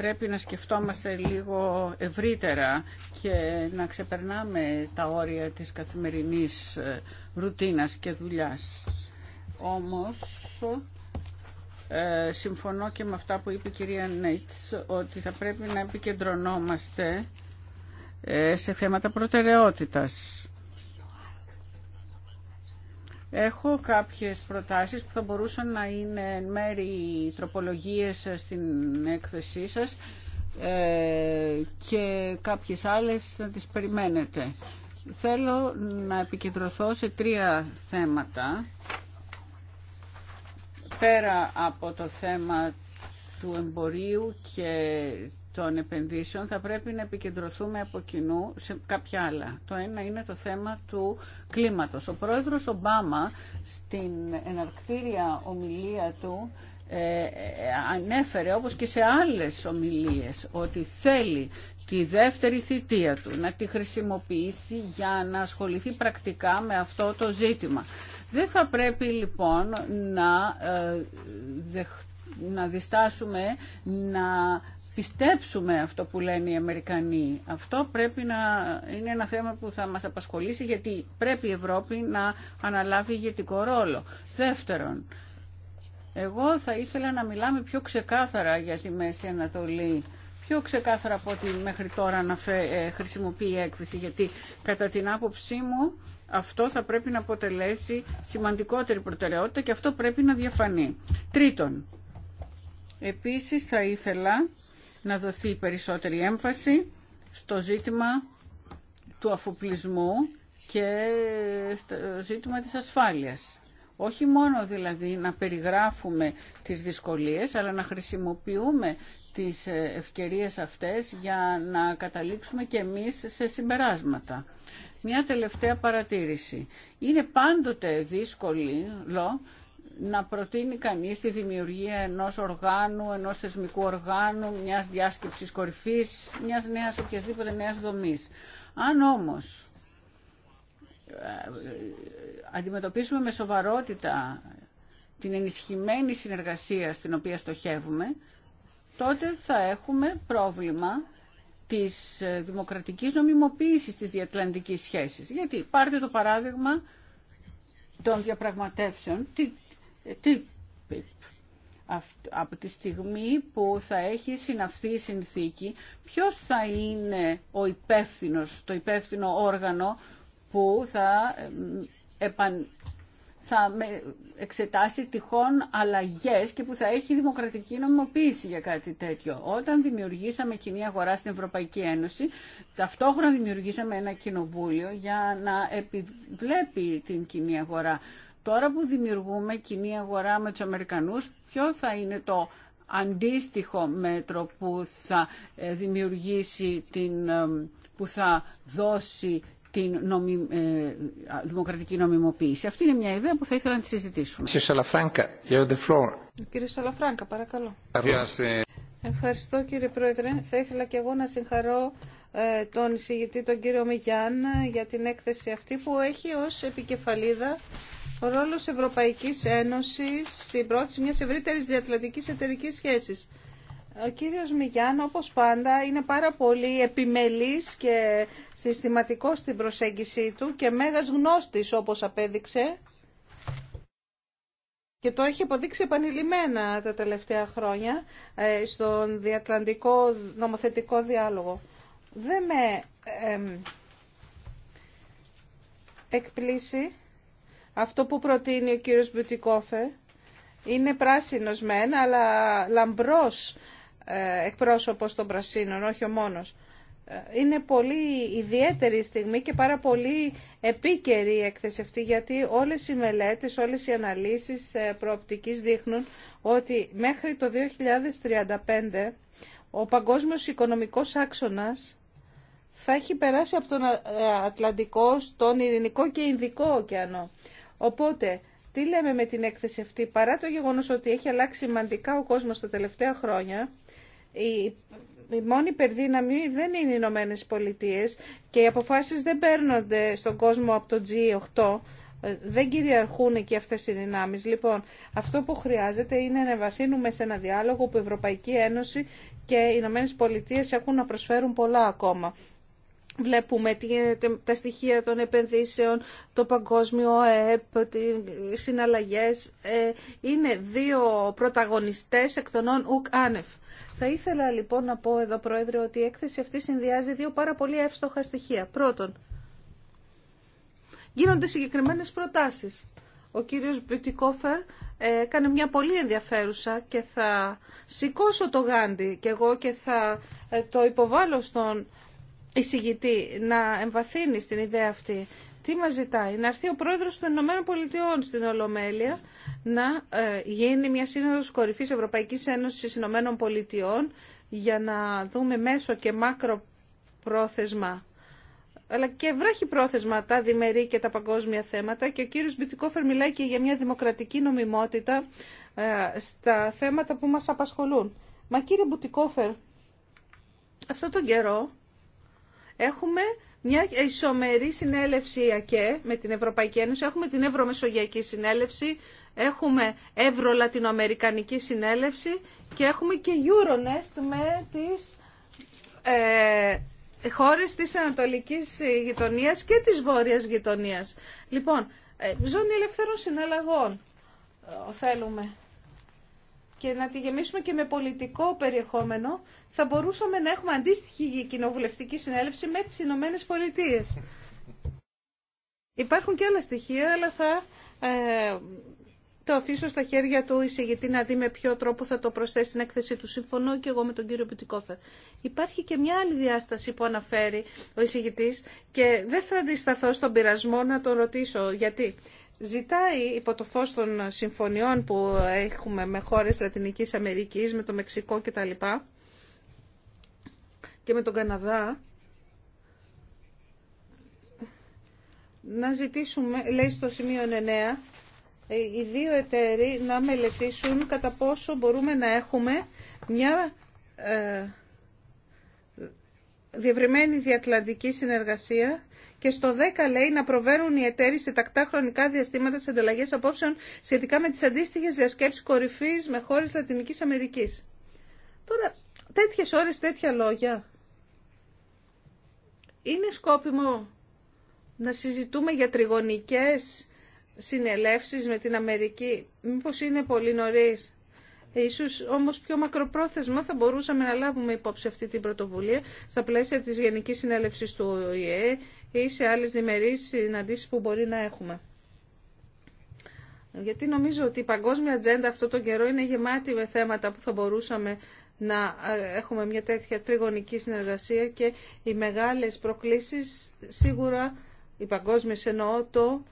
πρέπει να σκεφτόμαστε λίγο ευρύτερα και να ξεπερνάμε τα όρια της καθημερινής ε, ρουτίνας και δουλειάς. Όμως, ε, συμφωνώ και με αυτά που είπε η κυρία Νέιτς, ότι θα πρέπει να επικεντρωνόμαστε ε, σε θέματα προτεραιότητας. Έχω κάποιες προτάσεις που θα μπορούσαν να είναι μέρη τροπολογίες στην έκθεσή σας ε, και κάποιες άλλες να τις περιμένετε. Θέλω να επικεντρωθώ σε τρία θέματα. Πέρα από το θέμα του εμπορίου και των επενδύσεων θα πρέπει να επικεντρωθούμε από κοινού σε κάποια άλλα. Το ένα είναι το θέμα του κλίματος. Ο πρόεδρος Ομπάμα στην εναρκτήρια ομιλία του ε, ε, ανέφερε όπως και σε άλλες ομιλίες ότι θέλει τη δεύτερη θητεία του να τη χρησιμοποιήσει για να ασχοληθεί πρακτικά με αυτό το ζήτημα. Δεν θα πρέπει λοιπόν να, ε, να διστάσουμε να πιστέψουμε αυτό που λένε οι Αμερικανοί. Αυτό πρέπει να είναι ένα θέμα που θα μας απασχολήσει γιατί πρέπει η Ευρώπη να αναλάβει ηγετικό ρόλο. Δεύτερον, εγώ θα ήθελα να μιλάμε πιο ξεκάθαρα για τη Μέση Ανατολή πιο ξεκάθαρα από ό,τι μέχρι τώρα να ε, χρησιμοποιεί η έκθεση, γιατί κατά την άποψή μου αυτό θα πρέπει να αποτελέσει σημαντικότερη προτεραιότητα και αυτό πρέπει να διαφανεί. Τρίτον, επίσης θα ήθελα να δοθεί περισσότερη έμφαση στο ζήτημα του αφοπλισμού και στο ζήτημα της ασφάλειας. Όχι μόνο δηλαδή να περιγράφουμε τις δυσκολίες, αλλά να χρησιμοποιούμε τις ευκαιρίες αυτές για να καταλήξουμε και εμείς σε συμπεράσματα. Μια τελευταία παρατήρηση. Είναι πάντοτε δύσκολη, λο να προτείνει κανείς τη δημιουργία ενός οργάνου, ενός θεσμικού οργάνου, μιας διάσκεψης κορυφής, μιας νέας οποιασδήποτε νέας δομής. Αν όμως ε, αντιμετωπίσουμε με σοβαρότητα την ενισχυμένη συνεργασία στην οποία στοχεύουμε, τότε θα έχουμε πρόβλημα της ε, δημοκρατικής νομιμοποίησης της διατλαντικής σχέσης. Γιατί πάρτε το παράδειγμα των διαπραγματεύσεων από τη στιγμή που θα έχει συναυθεί η συνθήκη, ποιος θα είναι ο υπεύθυνος, το υπεύθυνο όργανο που θα, επαν, θα εξετάσει τυχόν αλλαγές και που θα έχει δημοκρατική νομιμοποίηση για κάτι τέτοιο. Όταν δημιουργήσαμε κοινή αγορά στην Ευρωπαϊκή Ένωση, ταυτόχρονα δημιουργήσαμε ένα κοινοβούλιο για να επιβλέπει την κοινή αγορά. Τώρα που δημιουργούμε κοινή αγορά με τους Αμερικανούς, ποιο θα είναι το αντίστοιχο μέτρο που θα ε, δημιουργήσει την, ε, που θα δώσει την νομι, ε, δημοκρατική νομιμοποίηση. Αυτή είναι μια ιδέα που θα ήθελα να τη συζητήσουμε. Κύριε Σαλαφράγκα, Κύριε παρακαλώ. Ευχαριστώ κύριε Πρόεδρε. Θα ήθελα και εγώ να συγχαρώ τον εισηγητή τον κύριο Μιγιάν για την έκθεση αυτή που έχει ως επικεφαλίδα ο ρόλο Ευρωπαϊκής Ένωσης στην πρόθεση μια ευρύτερη διατλαντικής εταιρική σχέση. Ο κύριος Μιγιάν, όπως πάντα, είναι πάρα πολύ επιμελής και συστηματικός στην προσέγγιση του και μέγας γνώστης, όπως απέδειξε. Και το έχει αποδείξει επανειλημμένα τα τελευταία χρόνια ε, στον διατλαντικό νομοθετικό διάλογο. Δεν με ε, εκπλήσει αυτό που προτείνει ο κύριος Μπουτικόφερ είναι πράσινος μεν, αλλά λαμπρός ε, εκπρόσωπος των πρασίνων, όχι ο μόνος. Ε, είναι πολύ ιδιαίτερη στιγμή και πάρα πολύ επίκαιρη η έκθεση γιατί όλες οι μελέτες, όλες οι αναλύσεις ε, προοπτικής δείχνουν ότι μέχρι το 2035 ο παγκόσμιος οικονομικός άξονας θα έχει περάσει από τον Ατλαντικό στον Ειρηνικό και Ινδικό ωκεανό. Οπότε, τι λέμε με την έκθεση αυτή, παρά το γεγονός ότι έχει αλλάξει σημαντικά ο κόσμος τα τελευταία χρόνια, η, η μόνη υπερδύναμη δεν είναι οι Ηνωμένε Πολιτείε και οι αποφάσεις δεν παίρνονται στον κόσμο από το G8, ε, δεν κυριαρχούν εκεί αυτές οι δυνάμεις. Λοιπόν, αυτό που χρειάζεται είναι να βαθύνουμε σε ένα διάλογο που η Ευρωπαϊκή Ένωση και οι Ηνωμένε Πολιτείε έχουν να προσφέρουν πολλά ακόμα. Βλέπουμε τα στοιχεία των επενδύσεων, το παγκόσμιο ΑΕΠ, τις συναλλαγές. Ε, είναι δύο πρωταγωνιστές εκ των ΟΚ άνευ. Θα ήθελα λοιπόν να πω εδώ, Πρόεδρε, ότι η έκθεση αυτή συνδυάζει δύο πάρα πολύ εύστοχα στοιχεία. Πρώτον, γίνονται συγκεκριμένες προτάσεις. Ο κύριος Μπιουτικόφερ ε, έκανε μια πολύ ενδιαφέρουσα και θα σηκώσω το γάντι και εγώ και θα ε, το υποβάλω στον εισηγητή να εμβαθύνει στην ιδέα αυτή. Τι μας ζητάει, να έρθει ο πρόεδρος των Ηνωμένων Πολιτειών στην Ολομέλεια να ε, γίνει μια σύνοδος κορυφής Ευρωπαϊκής Ένωσης Ηνωμένων Πολιτειών για να δούμε μέσο και μάκρο πρόθεσμα αλλά και βράχει πρόθεσμα τα διμερεί και τα παγκόσμια θέματα και ο κύριος Μπιτικόφερ μιλάει και για μια δημοκρατική νομιμότητα ε, στα θέματα που μας απασχολούν. Μα κύριε Μπουτικόφερ, αυτό τον καιρό Έχουμε μια ισομερή συνέλευση ΑΚΕ με την Ευρωπαϊκή Ένωση, έχουμε την Ευρωμεσογειακή Συνέλευση, έχουμε Ευρωλατινοαμερικανική Συνέλευση και έχουμε και Euronest με τις ε, χώρες της Ανατολικής Γειτονίας και της Βόρειας Γειτονίας. Λοιπόν, ε, ζώνη ελευθερών συναλλαγών ε, θέλουμε και να τη γεμίσουμε και με πολιτικό περιεχόμενο, θα μπορούσαμε να έχουμε αντίστοιχη κοινοβουλευτική συνέλευση με τις Ηνωμένε Πολιτείε. Υπάρχουν και άλλα στοιχεία, αλλά θα ε, το αφήσω στα χέρια του εισηγητή να δει με ποιο τρόπο θα το προσθέσει στην έκθεση του. Συμφωνώ και εγώ με τον κύριο Πιτικόφερ. Υπάρχει και μια άλλη διάσταση που αναφέρει ο εισηγητή και δεν θα αντισταθώ στον πειρασμό να το ρωτήσω γιατί ζητάει υπό το φως των συμφωνιών που έχουμε με χώρες Λατινικής Αμερικής, με το Μεξικό κτλ. και με τον Καναδά, να ζητήσουμε, λέει στο σημείο 9, οι δύο εταίροι να μελετήσουν κατά πόσο μπορούμε να έχουμε μια ε, διευρυμένη διατλαντική συνεργασία και στο 10 λέει να προβαίνουν οι εταίροι σε τακτά χρονικά διαστήματα σε ανταλλαγέ απόψεων σχετικά με τι αντίστοιχε διασκέψει κορυφή με χώρε Λατινική Αμερική. Τώρα, τέτοιε ώρε, τέτοια λόγια. Είναι σκόπιμο να συζητούμε για τριγωνικές συνελεύσεις με την Αμερική. Μήπως είναι πολύ νωρίς. Ίσως όμως πιο μακροπρόθεσμα θα μπορούσαμε να λάβουμε υπόψη αυτή την πρωτοβουλία στα πλαίσια της Γενικής Συνέλευσης του ΟΗΕ ή σε άλλες διμερείς συναντήσεις που μπορεί να έχουμε. Γιατί νομίζω ότι η παγκόσμια ατζέντα αυτό τον καιρό είναι γεμάτη με θέματα που θα μπορούσαμε να ε, έχουμε μια τέτοια τριγωνική συνεργασία και οι μεγάλες προκλήσεις σίγουρα οι παγκόσμιες εννοώ το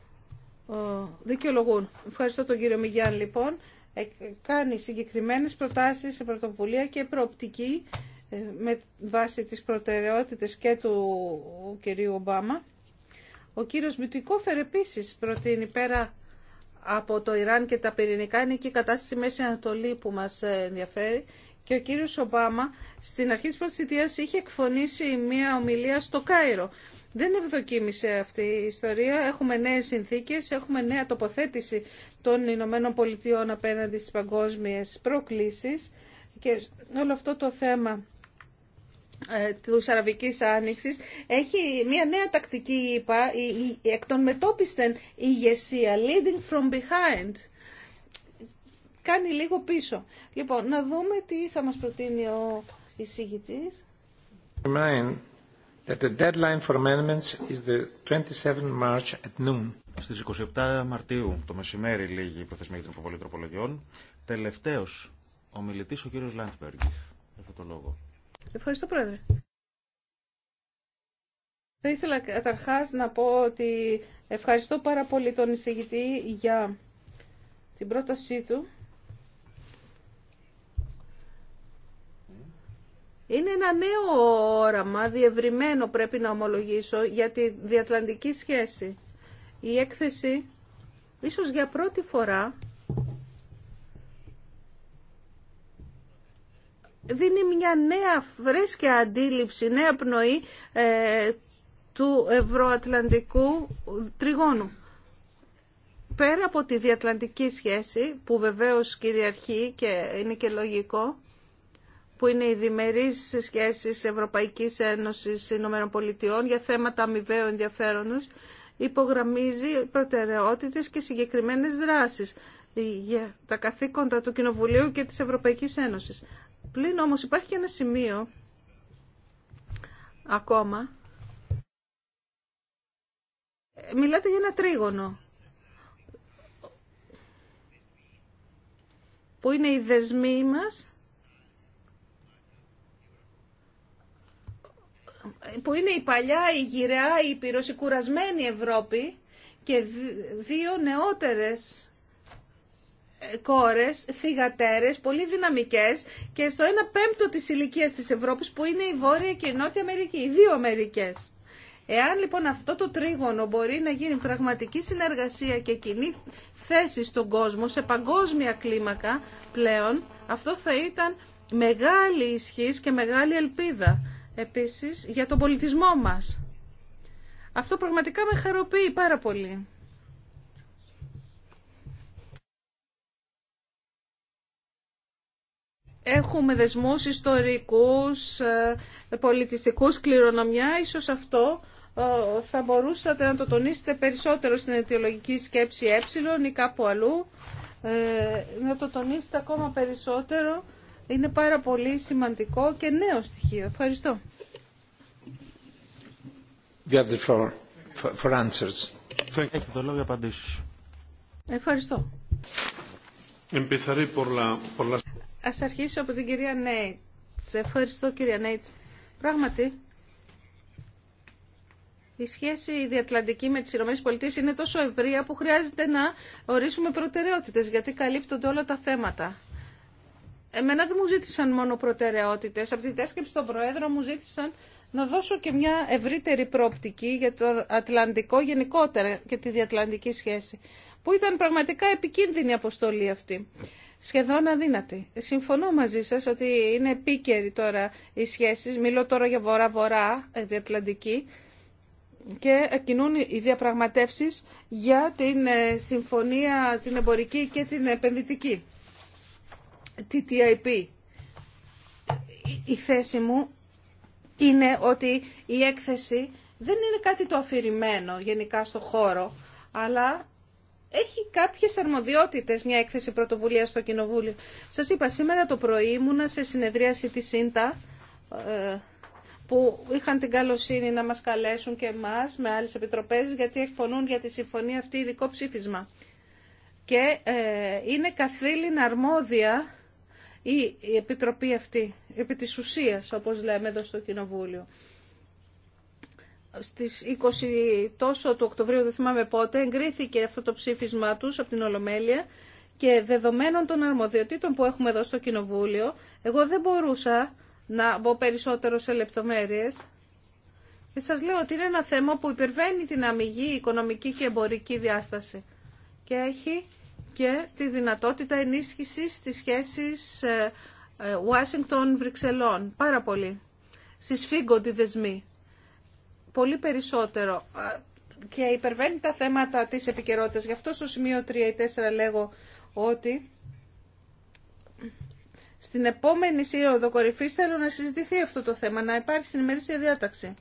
ε, δικαιολογούν. Ευχαριστώ τον κύριο Μιγιάν λοιπόν. Ε, κάνει συγκεκριμένες προτάσεις σε πρωτοβουλία και προοπτική ε, με βάση τις προτεραιότητες και του κυρίου Ομπάμα. Ο κύριος Μπιτικόφερ επίσης προτείνει πέρα από το Ιράν και τα πυρηνικά είναι και η κατάσταση Μέση Ανατολή που μας ε, ενδιαφέρει και ο κύριος Ομπάμα στην αρχή της πρώτης είχε εκφωνήσει μια ομιλία στο Κάιρο δεν ευδοκίμησε αυτή η ιστορία. Έχουμε νέες συνθήκες, έχουμε νέα τοποθέτηση των Ηνωμένων Πολιτειών απέναντι στις παγκόσμιες προκλήσεις και όλο αυτό το θέμα ε, του Αραβικής Άνοιξης έχει μια νέα τακτική είπα, η, εκ των μετόπιστεν ηγεσία leading from behind κάνει λίγο πίσω λοιπόν να δούμε τι θα μας προτείνει ο εισηγητής that the deadline for amendments is the 27 March at noon. Στις 27 Μαρτίου το μεσημέρι λίγη η προθεσμία για την υποβολή τροπολογιών. Τελευταίος ο μιλητής ο κύριος Λάνθμπεργκ. Έχω το λόγο. Ευχαριστώ Πρόεδρε. Θα ήθελα καταρχάς να πω ότι ευχαριστώ πάρα πολύ τον εισηγητή για την πρότασή του Είναι ένα νέο όραμα, διευρυμένο πρέπει να ομολογήσω, για τη διατλαντική σχέση. Η έκθεση, ίσως για πρώτη φορά, δίνει μια νέα φρέσκια αντίληψη, νέα πνοή ε, του ευρωατλαντικού τριγώνου. Πέρα από τη διατλαντική σχέση, που βεβαίως κυριαρχεί και είναι και λογικό, που είναι οι διμερείς σχέσεις Ευρωπαϊκής Ένωσης Ηνωμένων Πολιτειών για θέματα αμοιβαίου ενδιαφέροντος, υπογραμμίζει προτεραιότητες και συγκεκριμένες δράσεις για τα καθήκοντα του Κοινοβουλίου και της Ευρωπαϊκής Ένωσης. Πλην όμως υπάρχει και ένα σημείο ακόμα. Μιλάτε για ένα τρίγωνο που είναι οι δεσμοί μας που είναι η παλιά, η γυραιά, η πυρος, η κουρασμένη Ευρώπη και δύο νεότερες ε, κόρες, θυγατέρες, πολύ δυναμικές και στο ένα πέμπτο της ηλικίας της Ευρώπης που είναι η Βόρεια και η Νότια Αμερική, οι δύο Αμερικές. Εάν λοιπόν αυτό το τρίγωνο μπορεί να γίνει πραγματική συνεργασία και κοινή θέση στον κόσμο σε παγκόσμια κλίμακα πλέον, αυτό θα ήταν μεγάλη ισχύς και μεγάλη ελπίδα επίσης για τον πολιτισμό μας. Αυτό πραγματικά με χαροποιεί πάρα πολύ. Έχουμε δεσμούς ιστορικούς, ε, πολιτιστικούς, κληρονομιά. Ίσως αυτό ε, θα μπορούσατε να το τονίσετε περισσότερο στην αιτιολογική σκέψη ε ή κάπου αλλού. Ε, να το τονίσετε ακόμα περισσότερο είναι πάρα πολύ σημαντικό και νέο στοιχείο. Ευχαριστώ. for answers. Ευχαριστώ. Ας αρχίσω από την κυρία Νέιτς. Ευχαριστώ κυρία Νέιτς. Πράγματι, η σχέση διατλαντική με τις ΗΠΑ είναι τόσο ευρεία που χρειάζεται να ορίσουμε προτεραιότητες γιατί καλύπτονται όλα τα θέματα. Εμένα δεν μου ζήτησαν μόνο προτεραιότητε. Από την τέσκεψη των Προέδρων μου ζήτησαν να δώσω και μια ευρύτερη προοπτική για το Ατλαντικό γενικότερα και τη διατλαντική σχέση, που ήταν πραγματικά επικίνδυνη αποστολή αυτή. Σχεδόν αδύνατη. Συμφωνώ μαζί σα ότι είναι επίκαιρη τώρα οι σχέσεις. Μιλώ τώρα για βορρά-βορρά, ε, διατλαντική, και κινούν οι διαπραγματεύσεις για την ε, συμφωνία την εμπορική και την επενδυτική. TTIP. Η θέση μου είναι ότι η έκθεση δεν είναι κάτι το αφηρημένο γενικά στο χώρο, αλλά έχει κάποιες αρμοδιότητες μια έκθεση πρωτοβουλία στο Κοινοβούλιο. Σας είπα, σήμερα το πρωί ήμουνα σε συνεδρίαση της ΣΥΝΤΑ, ε, που είχαν την καλοσύνη να μας καλέσουν και εμάς με άλλες επιτροπές, γιατί εκφωνούν για τη συμφωνία αυτή ειδικό ψήφισμα. Και ε, είναι καθήλυνα αρμόδια ή η Επιτροπή αυτή, επί της ουσίας, όπως λέμε εδώ στο Κοινοβούλιο. Στις 20 τόσο του Οκτωβρίου, δεν θυμάμαι πότε, εγκρίθηκε αυτό το ψήφισμα τους από την Ολομέλεια και δεδομένων των αρμοδιοτήτων που έχουμε εδώ στο Κοινοβούλιο, εγώ δεν μπορούσα να μπω περισσότερο σε λεπτομέρειες. Και σας λέω ότι είναι ένα θέμα που υπερβαίνει την αμυγή οικονομική και εμπορική διάσταση και έχει και τη δυνατότητα ενίσχυσης της σχέσης ε, ε, Ουάσιγκτον-Βρυξελών. Πάρα πολύ. Συσφίγγονται οι δεσμοί. Πολύ περισσότερο. Και υπερβαίνει τα θέματα της επικαιρότητα. Γι' αυτό στο σημείο 3 ή 4 λέγω ότι στην επόμενη σύνοδο κορυφή θέλω να συζητηθεί αυτό το θέμα, να υπάρχει στην διάταξη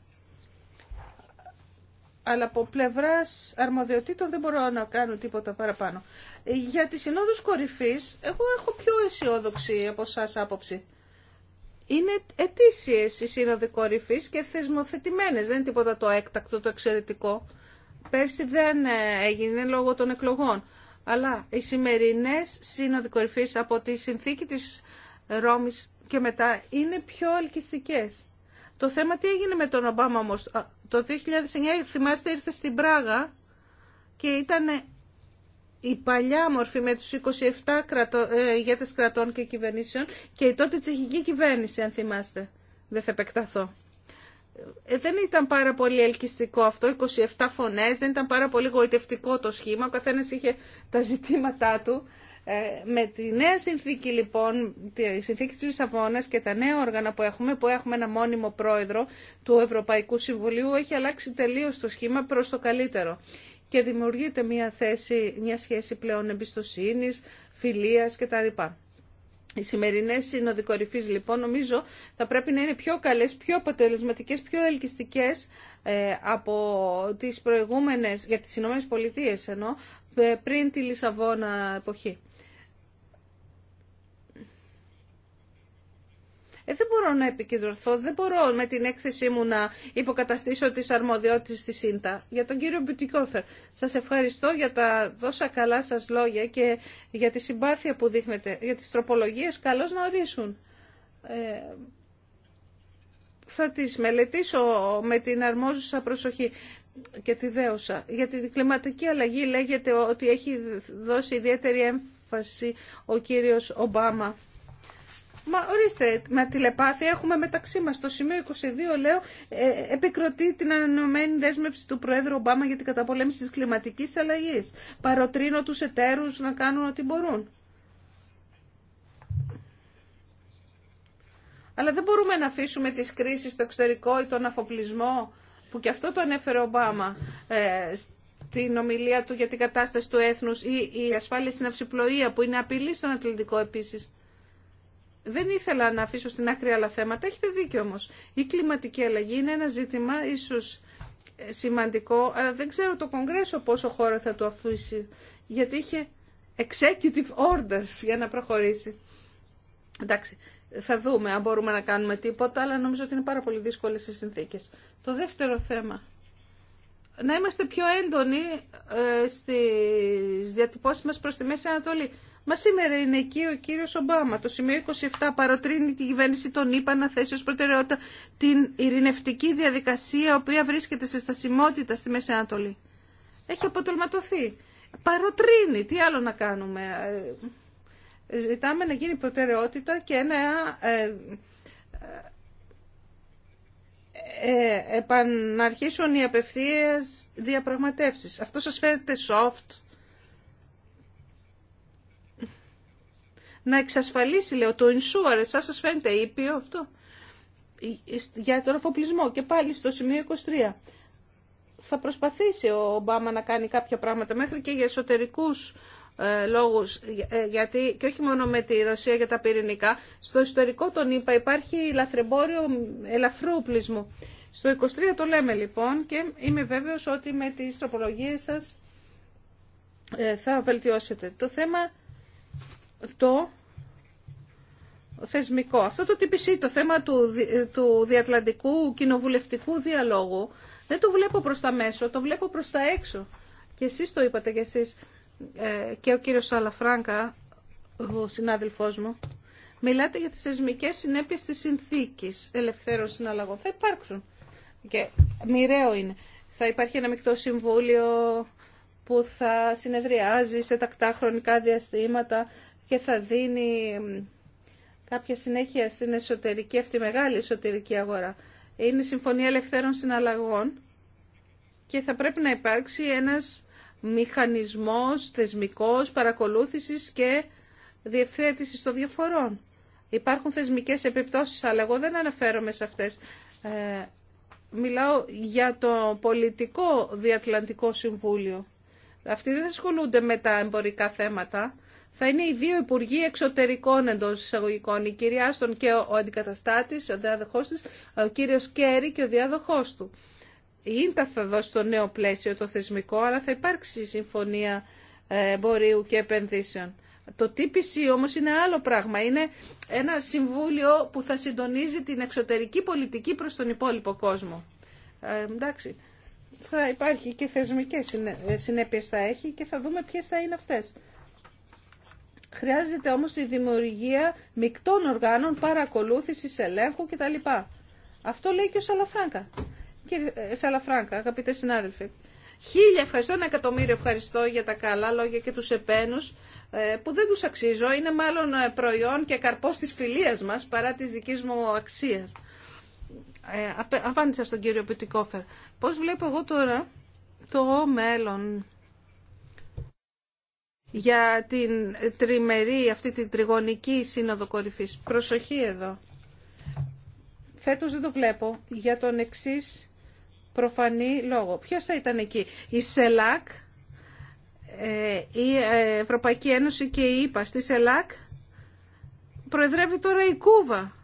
αλλά από πλευρά αρμοδιοτήτων δεν μπορώ να κάνω τίποτα παραπάνω. Για τις συνόδου κορυφής, εγώ έχω πιο αισιόδοξη από εσά άποψη. Είναι ετήσιε οι σύνοδοι κορυφή και θεσμοθετημένε. Δεν είναι τίποτα το έκτακτο, το εξαιρετικό. Πέρσι δεν ε, έγινε λόγω των εκλογών. Αλλά οι σημερινέ σύνοδοι κορυφή από τη συνθήκη τη Ρώμη και μετά είναι πιο ελκυστικέ. Το θέμα τι έγινε με τον Ομπάμα όμω. Το 2009 θυμάστε ήρθε στην Πράγα και ήταν η παλιά μορφή με τους 27 κρατο, ε, ηγέτες κρατών και κυβερνήσεων και η τότε τσεχική κυβέρνηση αν θυμάστε. Δεν θα επεκταθώ. Ε, δεν ήταν πάρα πολύ ελκυστικό αυτό, 27 φωνές, δεν ήταν πάρα πολύ γοητευτικό το σχήμα, ο καθένας είχε τα ζητήματά του, ε, με τη νέα συνθήκη λοιπόν, τη συνθήκη της Λισαβόνας και τα νέα όργανα που έχουμε, που έχουμε ένα μόνιμο πρόεδρο του Ευρωπαϊκού Συμβουλίου, έχει αλλάξει τελείως το σχήμα προς το καλύτερο. Και δημιουργείται μια, θέση, μια σχέση πλέον εμπιστοσύνης, φιλίας κτλ. Οι σημερινέ συνοδικορυφεί λοιπόν νομίζω θα πρέπει να είναι πιο καλέ, πιο αποτελεσματικέ, πιο ελκυστικέ ε, από τι προηγούμενε, για τι ΗΠΑ ενώ πριν τη Λισαβόνα εποχή. Ε, δεν μπορώ να επικεντρωθώ, δεν μπορώ με την έκθεσή μου να υποκαταστήσω τις αρμοδιότητες της ΣΥΝΤΑ. Για τον κύριο Μπιουτικόφερ, σας ευχαριστώ για τα δώσα καλά σας λόγια και για τη συμπάθεια που δείχνετε, για τις τροπολογίες καλώς να ορίσουν. Ε, θα τις μελετήσω με την αρμόζουσα προσοχή και τη δέωσα. Για την κλιματική αλλαγή λέγεται ότι έχει δώσει ιδιαίτερη έμφαση ο κύριος Ομπάμα Μα ορίστε, με τηλεπάθεια έχουμε μεταξύ μας. Το σημείο 22, λέω, ε, επικροτεί την ανανεωμένη δέσμευση του Προέδρου Ομπάμα για την καταπολέμηση της κλιματικής αλλαγής. Παροτρύνω τους εταίρους να κάνουν ό,τι μπορούν. Αλλά δεν μπορούμε να αφήσουμε τις κρίσεις στο εξωτερικό ή τον αφοπλισμό, που και αυτό το ανέφερε ο Ομπάμα, ε, στην ομιλία του για την κατάσταση του έθνους ή η ασφάλεια στην αυσιπλοεία, που είναι απειλή στον Ατλαντικό επίσης δεν ήθελα να αφήσω στην άκρη άλλα θέματα, έχετε δίκιο όμως. Η κλιματική αλλαγή είναι ένα ζήτημα ίσως ε, σημαντικό, αλλά δεν ξέρω το Κογκρέσο πόσο χώρο θα του αφήσει, γιατί είχε executive orders για να προχωρήσει. Εντάξει, θα δούμε αν μπορούμε να κάνουμε τίποτα, αλλά νομίζω ότι είναι πάρα πολύ δύσκολες οι συνθήκες. Το δεύτερο θέμα. Να είμαστε πιο έντονοι ε, στις διατυπώσεις μας προς τη Μέση Ανατολή. Μα σήμερα είναι εκεί ο κύριος Ομπάμα. Το σημείο 27 παροτρύνει την κυβέρνηση των ΗΠΑ να θέσει ως προτεραιότητα την ειρηνευτική διαδικασία, η οποία βρίσκεται σε στασιμότητα στη Μέση Ανατολή. Έχει αποτελματωθεί. Παροτρύνει. Τι άλλο να κάνουμε. Ε, ζητάμε να γίνει προτεραιότητα και ένα ε, ε, επαναρχίσουν οι απευθείας διαπραγματεύσεις. Αυτό σας φαίνεται soft. να εξασφαλίσει, λέω, το insurance, σας σας φαίνεται ήπιο αυτό, για τον αφοπλισμό και πάλι στο σημείο 23. Θα προσπαθήσει ο Ομπάμα να κάνει κάποια πράγματα μέχρι και για εσωτερικούς ε, λόγους, ε, γιατί και όχι μόνο με τη Ρωσία για τα πυρηνικά, στο ιστορικό τον είπα υπάρχει λαθρεμπόριο ελαφρού πλεισμού. Στο 23 το λέμε λοιπόν και είμαι βέβαιος ότι με τις τροπολογίες σας ε, θα βελτιώσετε. Το θέμα το θεσμικό. Αυτό το TPC, το θέμα του, του διατλαντικού κοινοβουλευτικού διαλόγου, δεν το βλέπω προς τα μέσο, το βλέπω προς τα έξω. Και εσείς το είπατε και εσείς ε, και ο κύριος Σαλαφράγκα, ο συνάδελφός μου, μιλάτε για τις θεσμικές συνέπειες της συνθήκης ελευθερωση συναλλαγών. Θα υπάρξουν. Και μοιραίο είναι. Θα υπάρχει ένα μεικτό συμβούλιο που θα συνεδριάζει σε τακτά χρονικά διαστήματα και θα δίνει κάποια συνέχεια στην εσωτερική, αυτή μεγάλη εσωτερική αγορά. Είναι Συμφωνία Ελευθέρων Συναλλαγών και θα πρέπει να υπάρξει ένας μηχανισμός θεσμικός παρακολούθησης και διευθέτησης των διαφορών. Υπάρχουν θεσμικές επιπτώσεις, αλλά εγώ δεν αναφέρομαι σε αυτές. Ε, μιλάω για το πολιτικό διατλαντικό συμβούλιο. Αυτοί δεν ασχολούνται με τα εμπορικά θέματα, θα είναι οι δύο Υπουργοί Εξωτερικών εντό εισαγωγικών, η κυρία Άστον και ο αντικαταστάτη, ο διάδοχός τη, ο κύριο Κέρι και ο διάδοχο του. Η θα δώσει το νέο πλαίσιο, το θεσμικό, αλλά θα υπάρξει συμφωνία ε, εμπορίου και επενδύσεων. Το TPC όμως είναι άλλο πράγμα. Είναι ένα συμβούλιο που θα συντονίζει την εξωτερική πολιτική προς τον υπόλοιπο κόσμο. Ε, εντάξει, θα υπάρχει και θεσμικές ε, συνέπειες θα έχει και θα δούμε ποιες θα είναι αυτές. Χρειάζεται όμως η δημιουργία μεικτών οργάνων παρακολούθησης, ελέγχου κτλ. Αυτό λέει και ο Σαλαφράγκα. Κύριε Σαλαφράγκα, αγαπητέ συνάδελφοι, χίλια ευχαριστώ, ένα εκατομμύριο ευχαριστώ για τα καλά λόγια και τους επένους ε, που δεν τους αξίζω, είναι μάλλον ε, προϊόν και καρπός της φιλίας μας παρά της δικής μου αξίας. Ε, απάντησα στον κύριο Πιτικόφερ. Πώς βλέπω εγώ τώρα το μέλλον για την τριμερή, αυτή την τριγωνική σύνοδο κορυφής. Προσοχή εδώ. Φέτος δεν το βλέπω για τον εξής προφανή λόγο. Ποιος θα ήταν εκεί, η ΣΕΛΑΚ, ε, η ε, Ευρωπαϊκή Ένωση και η ΕΠΑ στη ΣΕΛΑΚ, προεδρεύει τώρα η Κούβα.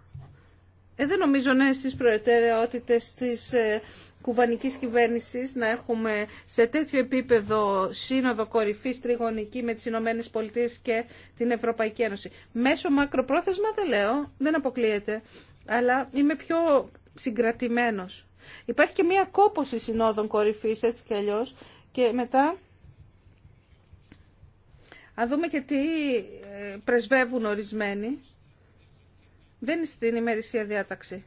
Ε, δεν νομίζω να είναι στις προτεραιότητες της ε, κουβανικής κυβέρνησης να έχουμε σε τέτοιο επίπεδο σύνοδο κορυφής τριγωνική με τις Ηνωμένες Πολιτείες και την Ευρωπαϊκή Ένωση. Μέσω μακροπρόθεσμα δεν λέω, δεν αποκλείεται, αλλά είμαι πιο συγκρατημένος. Υπάρχει και μία κόπωση συνόδων κορυφής έτσι και αλλιώς και μετά... Αν δούμε και τι ε, πρεσβεύουν ορισμένοι, δεν είναι στην ημερησία διάταξη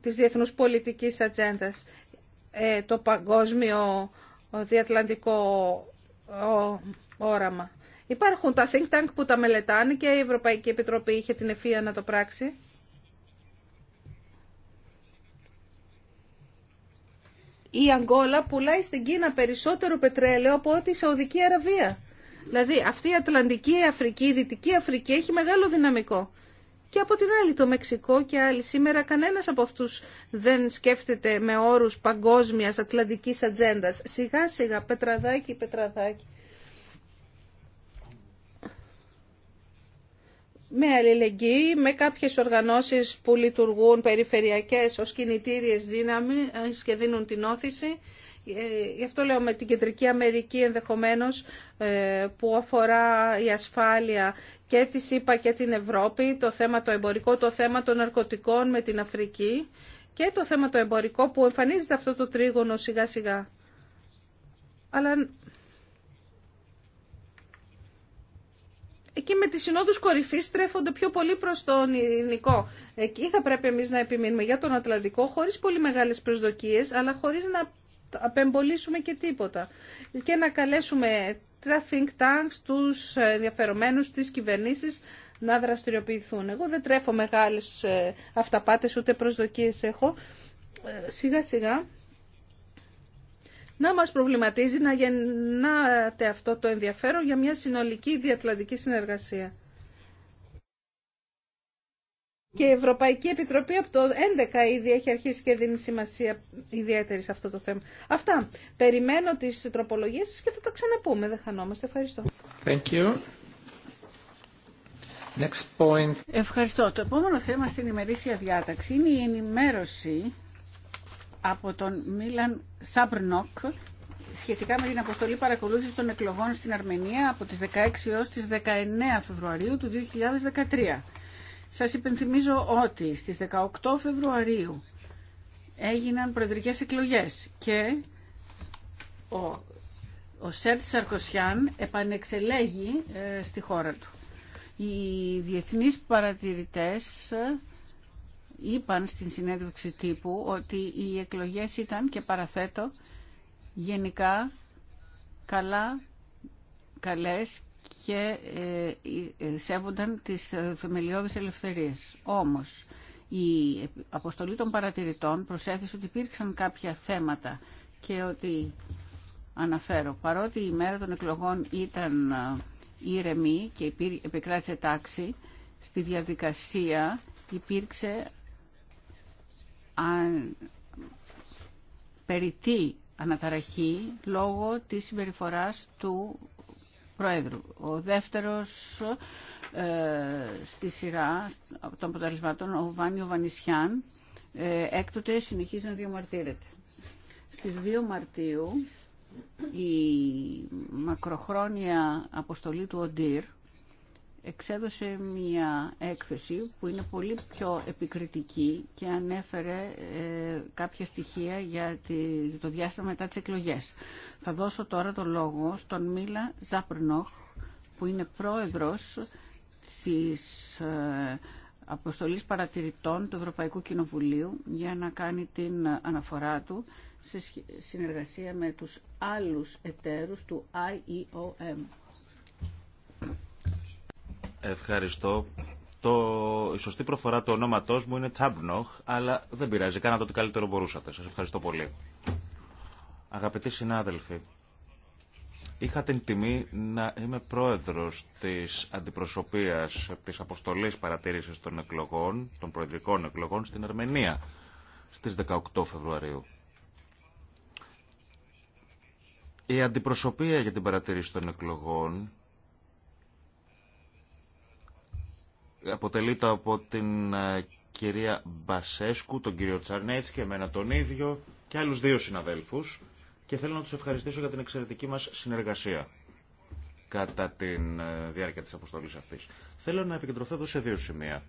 της διεθνούς πολιτικής ατζέντα. Ε, το παγκόσμιο διατλαντικό όραμα. Υπάρχουν τα think tank που τα μελετάνε και η Ευρωπαϊκή Επιτροπή είχε την ευφία να το πράξει. Η Αγκόλα πουλάει στην Κίνα περισσότερο πετρέλαιο από ό,τι η Σαουδική Αραβία. Δηλαδή αυτή η Ατλαντική Αφρική, η Δυτική Αφρική έχει μεγάλο δυναμικό. Και από την άλλη το Μεξικό και άλλοι σήμερα κανένας από αυτούς δεν σκέφτεται με όρους παγκόσμιας ατλαντικής ατζέντα. Σιγά σιγά, πετραδάκι, πετραδάκι. Με αλληλεγγύη, με κάποιες οργανώσεις που λειτουργούν περιφερειακές ως κινητήριες δύναμη και δίνουν την όθηση. Ε, γι' αυτό λέω με την Κεντρική Αμερική ενδεχομένως ε, που αφορά η ασφάλεια και τη ΣΥΠΑ και την Ευρώπη, το θέμα το εμπορικό, το θέμα των ναρκωτικών με την Αφρική και το θέμα το εμπορικό που εμφανίζεται αυτό το τρίγωνο σιγά σιγά. Αλλά εκεί με τις συνόδους κορυφής στρέφονται πιο πολύ προς τον ελληνικό. Εκεί θα πρέπει εμείς να επιμείνουμε για τον Ατλαντικό χωρίς πολύ μεγάλες προσδοκίες αλλά χωρίς να απεμπολίσουμε και τίποτα και να καλέσουμε τα think tanks, τους ε, ενδιαφερομένους, τις κυβερνήσεις να δραστηριοποιηθούν. Εγώ δεν τρέφω μεγάλες ε, αυταπάτες ούτε προσδοκίες έχω. Ε, σιγά σιγά να μας προβληματίζει να γεννάτε αυτό το ενδιαφέρον για μια συνολική διατλαντική συνεργασία. Και η Ευρωπαϊκή Επιτροπή από το 2011 ήδη έχει αρχίσει και δίνει σημασία ιδιαίτερη σε αυτό το θέμα. Αυτά. Περιμένω τι τροπολογίε σα και θα τα ξαναπούμε. Δεν χανόμαστε. Ευχαριστώ. Thank you. Next point. Ευχαριστώ. Το επόμενο θέμα στην ημερήσια διάταξη είναι η ενημέρωση από τον Μίλαν Σαμπρνόκ σχετικά με την αποστολή παρακολούθησης των εκλογών στην Αρμενία από τις 16 έως τις 19 Φεβρουαρίου του 2013. Σας υπενθυμίζω ότι στις 18 Φεβρουαρίου έγιναν προεδρικές εκλογές και ο, ο Σέρτ Σαρκοσιάν επανεξελέγει ε, στη χώρα του. Οι διεθνείς παρατηρητές ε, είπαν στην συνέντευξη τύπου ότι οι εκλογές ήταν και παραθέτω γενικά καλά, καλές και ε, ε, σέβονταν τις ε, θεμελιώδεις ελευθερίες. Όμως, η αποστολή των παρατηρητών προσέθεσε ότι υπήρξαν κάποια θέματα και ότι, αναφέρω, παρότι η μέρα των εκλογών ήταν ήρεμη και επικράτησε τάξη, στη διαδικασία υπήρξε αν... περιττή αναταραχή λόγω της συμπεριφοράς του Προέδρου. Ο δεύτερος ε, στη σειρά των αποτελεσματών, ο Βάνιο Βανισιάν, ε, έκτοτε συνεχίζει να διαμαρτύρεται. Στις 2 Μαρτίου η μακροχρόνια αποστολή του ΟΝΤΙΡ εξέδωσε μια έκθεση που είναι πολύ πιο επικριτική και ανέφερε ε, κάποια στοιχεία για το διάστημα μετά τις εκλογές. Θα δώσω τώρα το λόγο στον Μίλα Ζάπρνοχ που είναι πρόεδρος της ε, Αποστολής Παρατηρητών του Ευρωπαϊκού Κοινοβουλίου για να κάνει την αναφορά του σε συνεργασία με τους άλλους εταίρους του IEOM. Ευχαριστώ. Το, η σωστή προφορά του ονόματό μου είναι Τσάμπνοχ, αλλά δεν πειράζει. Κάνατε ό,τι καλύτερο μπορούσατε. Σα ευχαριστώ πολύ. Αγαπητοί συνάδελφοι, είχα την τιμή να είμαι πρόεδρο τη αντιπροσωπείας τη αποστολή παρατήρησης των εκλογών, των προεδρικών εκλογών στην Αρμενία στις 18 Φεβρουαρίου. Η αντιπροσωπεία για την παρατήρηση των εκλογών αποτελείται από την ε, κυρία Μπασέσκου, τον κύριο Τσαρνέτς και εμένα τον ίδιο και άλλους δύο συναδέλφους και θέλω να τους ευχαριστήσω για την εξαιρετική μας συνεργασία κατά τη ε, διάρκεια της αποστολής αυτής. Θέλω να επικεντρωθώ εδώ σε δύο σημεία.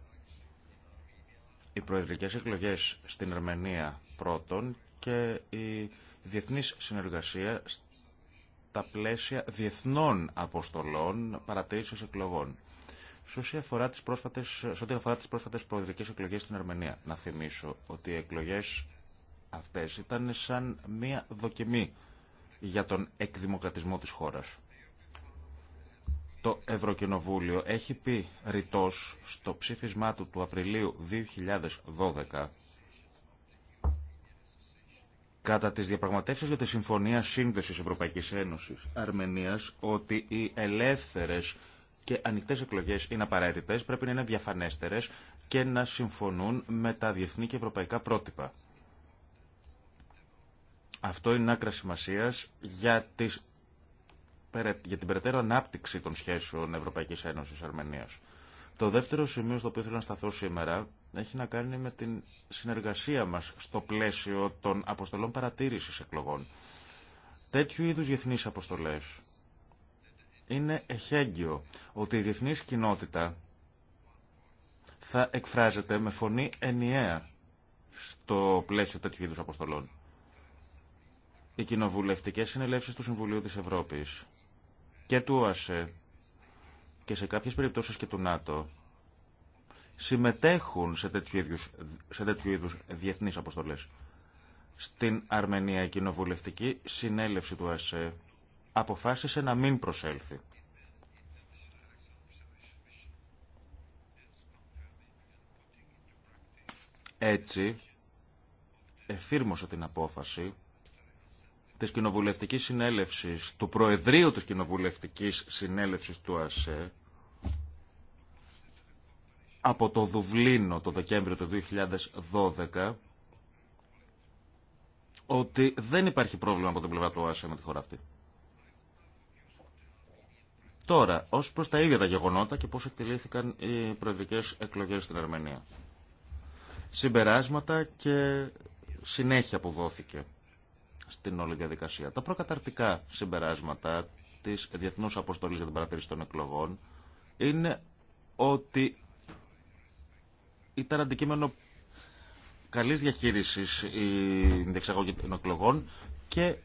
Οι προεδρικές εκλογές στην Ερμενία πρώτον και η διεθνής συνεργασία στα πλαίσια διεθνών αποστολών παρατήρησης εκλογών. Σε ό,τι αφορά τι πρόσφατε προεδρικέ εκλογέ στην Αρμενία, να θυμίσω ότι οι εκλογέ αυτέ ήταν σαν μία δοκιμή για τον εκδημοκρατισμό της χώρας. Το Ευρωκοινοβούλιο έχει πει ρητός στο ψήφισμά του του Απριλίου 2012 κατά τις διαπραγματεύσεις για τη Συμφωνία Σύνδεσης Ευρωπαϊκής Ένωσης Αρμενίας ότι οι ελεύθερες και ανοιχτέ εκλογέ είναι απαραίτητε, πρέπει να είναι διαφανέστερε και να συμφωνούν με τα διεθνή και ευρωπαϊκά πρότυπα. Αυτό είναι άκρα σημασία για, την περαιτέρω ανάπτυξη των σχέσεων Ευρωπαϊκή Ένωση-Αρμενία. Το δεύτερο σημείο στο οποίο θέλω να σταθώ σήμερα έχει να κάνει με την συνεργασία μα στο πλαίσιο των αποστολών παρατήρηση εκλογών. Τέτοιου είδου διεθνεί αποστολέ είναι εχέγγυο ότι η διεθνής κοινότητα θα εκφράζεται με φωνή ενιαία στο πλαίσιο τέτοιου είδους αποστολών. Οι κοινοβουλευτικές συνελεύσεις του Συμβουλίου της Ευρώπης και του ΟΑΣΕ και σε κάποιες περιπτώσεις και του ΝΑΤΟ συμμετέχουν σε τέτοιου είδους, σε τέτοιου είδους διεθνείς αποστολές. Στην Αρμενία η κοινοβουλευτική συνέλευση του ΑΣΕ αποφάσισε να μην προσέλθει. Έτσι, εφήρμοσε την απόφαση της Κοινοβουλευτικής Συνέλευσης, του Προεδρείου της Κοινοβουλευτικής Συνέλευσης του ΑΣΕ, από το Δουβλίνο το Δεκέμβριο του 2012, ότι δεν υπάρχει πρόβλημα από την πλευρά του ΑΣΕ με τη χώρα αυτή. Τώρα, ω προ τα ίδια τα γεγονότα και πώ εκτελήθηκαν οι προεδρικέ εκλογέ στην Αρμενία. Συμπεράσματα και συνέχεια που δόθηκε στην όλη διαδικασία. Τα προκαταρτικά συμπεράσματα τη Διεθνού Αποστολή για την Παρατήρηση των Εκλογών είναι ότι ήταν αντικείμενο καλής διαχείρισης η διεξαγωγή των εκλογών και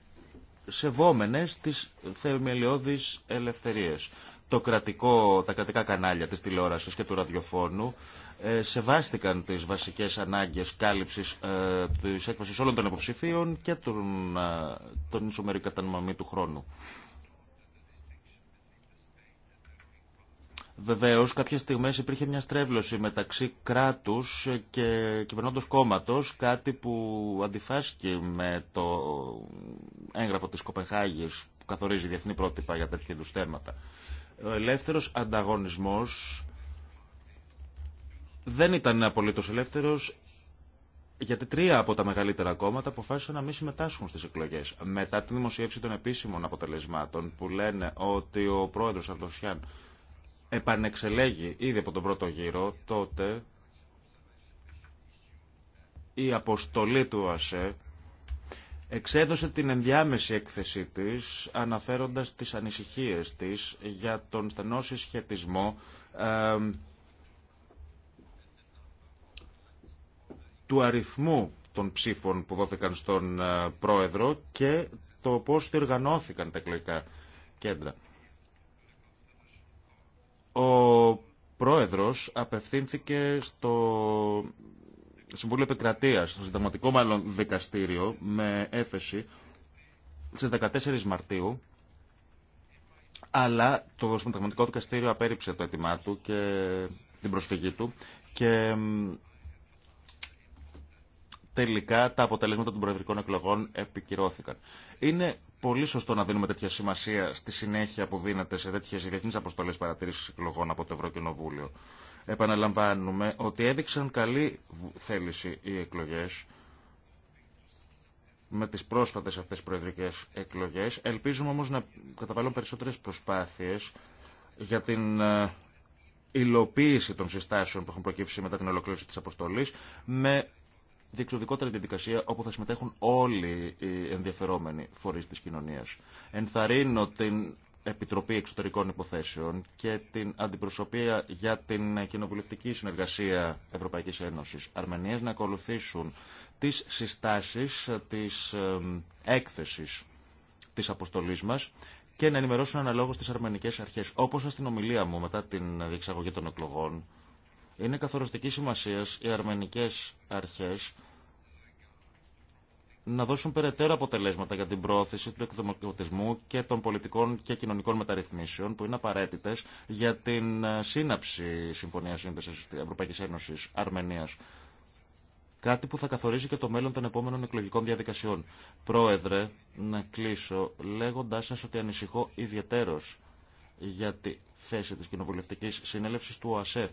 σεβόμενες της θεμελιώδεις ελευθερίες. Το κρατικό, τα κρατικά κανάλια της τηλεόρασης και του ραδιοφώνου ε, σεβάστηκαν τις βασικές ανάγκες κάλυψης ε, της έκφρασης όλων των υποψηφίων και των ε, τον ισομερή του χρόνου. Βεβαίω, κάποιε στιγμέ υπήρχε μια στρέβλωση μεταξύ κράτου και κυβερνώντο κόμματο, κάτι που αντιφάσκει με το έγγραφο τη Κοπεχάγη που καθορίζει διεθνή πρότυπα για τέτοιου είδου θέματα. Ο ελεύθερο ανταγωνισμό δεν ήταν απολύτω ελεύθερο γιατί τρία από τα μεγαλύτερα κόμματα αποφάσισαν να μην συμμετάσχουν στι εκλογέ, Μετά τη δημοσίευση των επίσημων αποτελεσμάτων που λένε ότι ο πρόεδρο Αρδοσιάν επανεξελέγει ήδη από τον πρώτο γύρο, τότε η αποστολή του ΑΣΕ εξέδωσε την ενδιάμεση έκθεσή της αναφέροντας τις ανησυχίες της για τον στενό συσχετισμό του αριθμού των ψήφων που δόθηκαν στον ε, πρόεδρο και το πώς διοργανώθηκαν τα εκλογικά κέντρα. Ο πρόεδρος απευθύνθηκε στο Συμβούλιο Επικρατείας, στο συνταγματικό μάλλον δικαστήριο, με έφεση στις 14 Μαρτίου, αλλά το συνταγματικό δικαστήριο απέρριψε το αίτημά του και την προσφυγή του και τελικά τα αποτελέσματα των προεδρικών εκλογών επικυρώθηκαν. Είναι πολύ σωστό να δίνουμε τέτοια σημασία στη συνέχεια που δίνεται σε τέτοιε διεθνεί αποστολέ παρατηρήσει εκλογών από το Ευρωκοινοβούλιο. Επαναλαμβάνουμε ότι έδειξαν καλή θέληση οι εκλογέ με τις πρόσφατες αυτές προεδρικές εκλογές. Ελπίζουμε όμως να καταβάλουν περισσότερες προσπάθειες για την ε, υλοποίηση των συστάσεων που έχουν προκύψει μετά την ολοκλήρωση της αποστολής με διεξοδικότερη διαδικασία όπου θα συμμετέχουν όλοι οι ενδιαφερόμενοι φορεί τη κοινωνία. Ενθαρρύνω την Επιτροπή Εξωτερικών Υποθέσεων και την Αντιπροσωπεία για την Κοινοβουλευτική Συνεργασία Ευρωπαϊκή Ένωση. Αρμενία να ακολουθήσουν τις συστάσεις της έκθεση τη αποστολή μα και να ενημερώσουν αναλόγω τις αρμενικές αρχές. Όπως στην ομιλία μου μετά την διεξαγωγή των εκλογών, είναι καθοριστική σημασία οι αρμενικές αρχές να δώσουν περαιτέρω αποτελέσματα για την πρόθεση του εκδημοκρατισμού και των πολιτικών και κοινωνικών μεταρρυθμίσεων που είναι απαραίτητε για την ε, σύναψη Συμφωνία Σύνδεση Ευρωπαϊκή Ένωση Αρμενία. Κάτι που θα καθορίζει και το μέλλον των επόμενων εκλογικών διαδικασιών. Πρόεδρε, να κλείσω λέγοντά σα ότι ανησυχώ ιδιαίτερω για τη θέση τη κοινοβουλευτική συνέλευση του ΟΑΣΕ.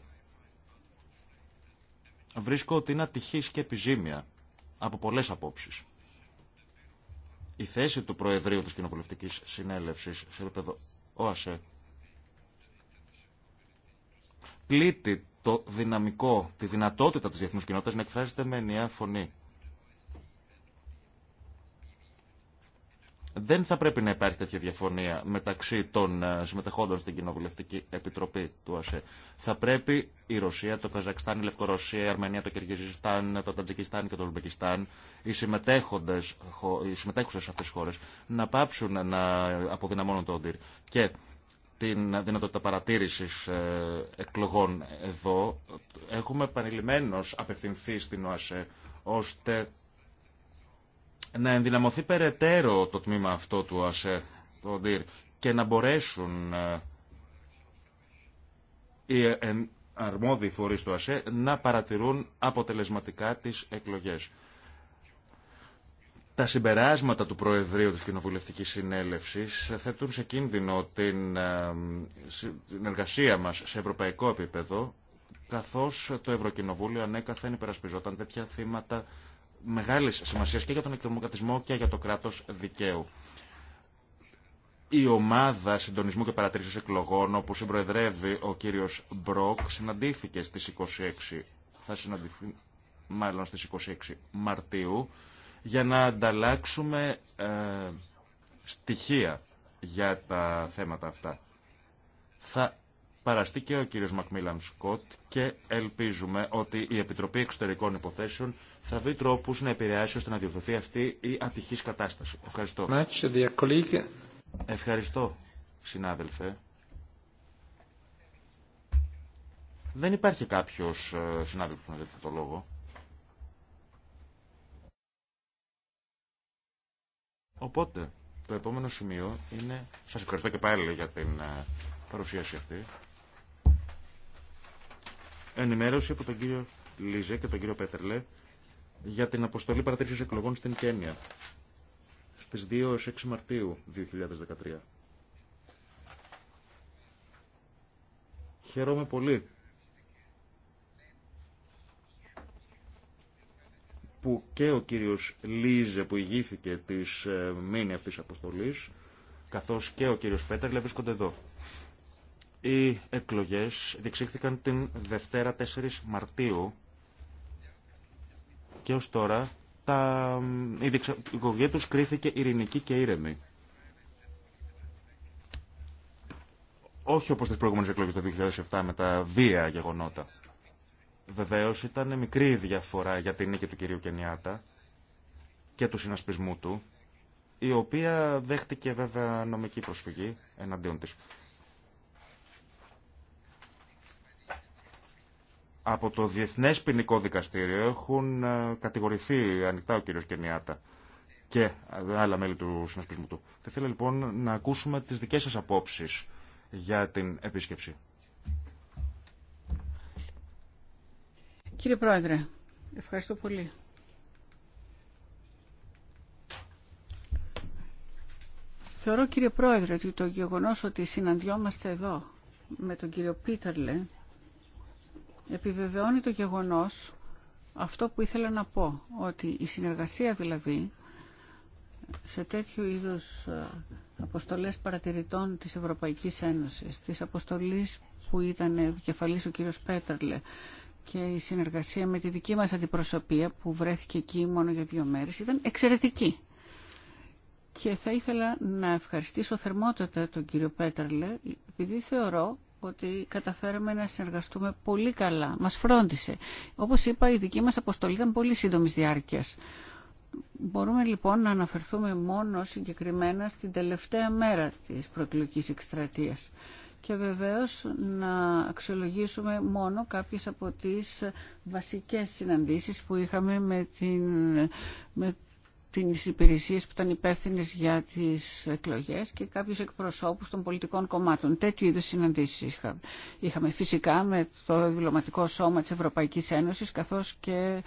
Βρίσκω ότι είναι ατυχής και επιζήμια από πολλές απόψεις η θέση του Προεδρείου της Κοινοβουλευτικής Συνέλευσης σε επίπεδο ΟΑΣΕ πλήττει το δυναμικό, τη δυνατότητα της διεθνούς κοινότητας να εκφράζεται με ενιαία φωνή. δεν θα πρέπει να υπάρχει τέτοια διαφωνία μεταξύ των ε, συμμετεχόντων στην Κοινοβουλευτική Επιτροπή του ΑΣΕ. Θα πρέπει η Ρωσία, το Καζακστάν, η Λευκορωσία, η Αρμενία, το Κυργιζιστάν, το Τατζικιστάν και το Ουσμπεκιστάν, οι, συμμετέχοντες, οι συμμετέχουσες αυτές τις χώρες, να πάψουν να αποδυναμώνουν το ΟΝΤΙΡ. Και την δυνατότητα παρατήρησης ε, εκλογών εδώ, έχουμε επανειλημμένως απευθυνθεί στην ΟΑΣΕ ώστε να ενδυναμωθεί περαιτέρω το τμήμα αυτό του ΑΣΕ, το δύρ και να μπορέσουν ε, οι αρμόδιοι φορείς του ΑΣΕ να παρατηρούν αποτελεσματικά τις εκλογές. Τα συμπεράσματα του Προεδρείου της Κοινοβουλευτικής Συνέλευσης θέτουν σε κίνδυνο την ε, εργασία μας σε ευρωπαϊκό επίπεδο, καθώς το Ευρωκοινοβούλιο ανέκαθεν υπερασπιζόταν τέτοια θύματα μεγάλη σημασία και για τον εκδημοκρατισμό και για το κράτος δικαίου. Η ομάδα συντονισμού και παρατηρήση εκλογών, όπου συμπροεδρεύει ο κύριος Μπροκ, συναντήθηκε στις 26, θα συναντηθεί μάλλον στις 26 Μαρτίου, για να ανταλλάξουμε ε, στοιχεία για τα θέματα αυτά. Θα παραστεί και ο κύριος Μακμίλαν Σκοτ και ελπίζουμε ότι η Επιτροπή Εξωτερικών Υποθέσεων θα βρει τρόπους να επηρεάσει ώστε να διορθωθεί αυτή η ατυχής κατάσταση. Ευχαριστώ. Ευχαριστώ, συνάδελφε. Δεν υπάρχει κάποιος ε, συνάδελφος να δέχεται το λόγο. Οπότε, το επόμενο σημείο είναι... Σας ευχαριστώ και πάλι για την ε, παρουσίαση αυτή ενημέρωση από τον κύριο Λίζε και τον κύριο Πέτερλε για την αποστολή παρατήρησης εκλογών στην Κένια στις 2 6 Μαρτίου 2013. Χαίρομαι πολύ που και ο κύριος Λίζε που ηγήθηκε της ε, μήνυ αυτής αποστολής καθώς και ο κύριος Πέτερλε βρίσκονται εδώ. Οι εκλογές διεξήχθηκαν την Δευτέρα 4 Μαρτίου και ως τώρα τα... η διεξαγωγή τους κρίθηκε ειρηνική και ήρεμη. Όχι όπως τις προηγούμενες εκλογές το 2007 με τα βία γεγονότα. Βεβαίως ήταν μικρή η διαφορά για την νίκη του κυρίου Κενιάτα και του συνασπισμού του, η οποία δέχτηκε βέβαια νομική προσφυγή εναντίον της. από το Διεθνές Ποινικό Δικαστήριο έχουν ε, κατηγορηθεί ανοιχτά ο κύριος Κενιάτα και άλλα μέλη του συνασπισμού του. Θα ήθελα λοιπόν να ακούσουμε τις δικές σας απόψεις για την επίσκεψη. Κύριε Πρόεδρε, ευχαριστώ πολύ. Θεωρώ κύριε Πρόεδρε ότι το γεγονός ότι συναντιόμαστε εδώ με τον κύριο Πίτερλε επιβεβαιώνει το γεγονός αυτό που ήθελα να πω, ότι η συνεργασία δηλαδή σε τέτοιου είδους ε, αποστολές παρατηρητών της Ευρωπαϊκής Ένωσης, της αποστολής που ήταν κεφαλής ο κύριος Πέτερλε και η συνεργασία με τη δική μας αντιπροσωπεία που βρέθηκε εκεί μόνο για δύο μέρες ήταν εξαιρετική. Και θα ήθελα να ευχαριστήσω θερμότατα τον κύριο Πέτερλε επειδή θεωρώ ότι καταφέραμε να συνεργαστούμε πολύ καλά. Μας φρόντισε. Όπως είπα, η δική μας αποστολή ήταν πολύ σύντομη διάρκεια. Μπορούμε λοιπόν να αναφερθούμε μόνο συγκεκριμένα στην τελευταία μέρα της προεκλογικής εκστρατείας και βεβαίως να αξιολογήσουμε μόνο κάποιες από τις βασικές συναντήσεις που είχαμε με, την, με τις υπηρεσίες που ήταν υπεύθυνε για τις εκλογές και κάποιους εκπροσώπους των πολιτικών κομμάτων. Τέτοιου είδους συναντήσεις είχα. είχαμε φυσικά με το διπλωματικό Σώμα της Ευρωπαϊκής Ένωσης καθώς και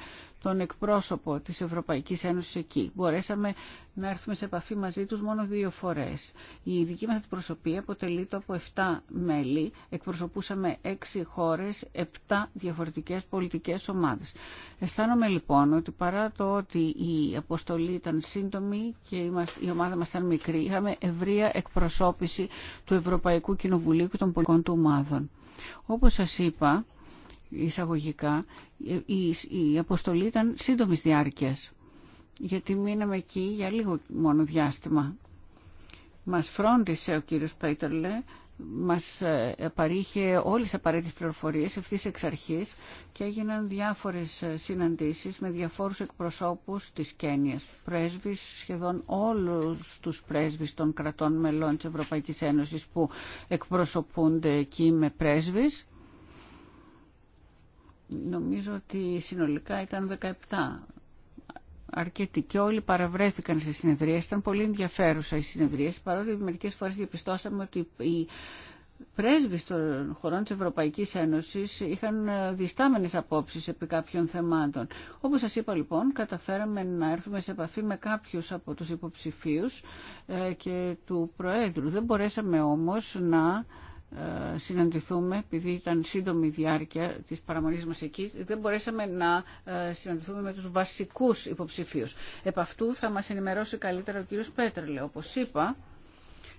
τον εκπρόσωπο της Ευρωπαϊκής Ένωσης εκεί. Μπορέσαμε να έρθουμε σε επαφή μαζί τους μόνο δύο φορές. Η δική μας αντιπροσωπεία αποτελείται από 7 μέλη. Εκπροσωπούσαμε 6 χώρες, 7 διαφορετικές πολιτικές ομάδες. Αισθάνομαι λοιπόν ότι παρά το ότι η αποστολή ήταν σύντομη και η ομάδα μας ήταν μικρή, είχαμε ευρεία εκπροσώπηση του Ευρωπαϊκού Κοινοβουλίου και των πολιτικών του ομάδων. Όπως σας είπα, εισαγωγικά, η αποστολή ήταν σύντομης διάρκειας, γιατί μείναμε εκεί για λίγο μόνο διάστημα. Μας φρόντισε ο κύριος Πέιτερλε, μας ε, παρήχε όλες τις απαραίτητες πληροφορίες ευθύς εξ αρχής και έγιναν διάφορες ε, συναντήσεις με διαφόρους εκπροσώπους της Κένιας. Πρέσβεις, σχεδόν όλους τους πρέσβεις των κρατών μελών της Ευρωπαϊκής Ένωσης που εκπροσωπούνται εκεί με πρέσβεις νομίζω ότι συνολικά ήταν 17 αρκετοί και όλοι παραβρέθηκαν σε συνεδρίες. Ήταν πολύ ενδιαφέρουσα οι συνεδρίες, παρότι μερικές φορές διαπιστώσαμε ότι οι πρέσβεις των χωρών της Ευρωπαϊκής Ένωσης είχαν ε, διστάμενες απόψεις επί κάποιων θεμάτων. Όπως σας είπα λοιπόν, καταφέραμε να έρθουμε σε επαφή με κάποιους από τους υποψηφίους ε, και του Προέδρου. Δεν μπορέσαμε όμως να ε, συναντηθούμε, επειδή ήταν σύντομη η διάρκεια της παραμονής μας εκεί, δεν μπορέσαμε να ε, συναντηθούμε με τους βασικούς υποψηφίους. Επ' αυτού θα μας ενημερώσει καλύτερα ο κύριος Πέτρελε. Όπως είπα,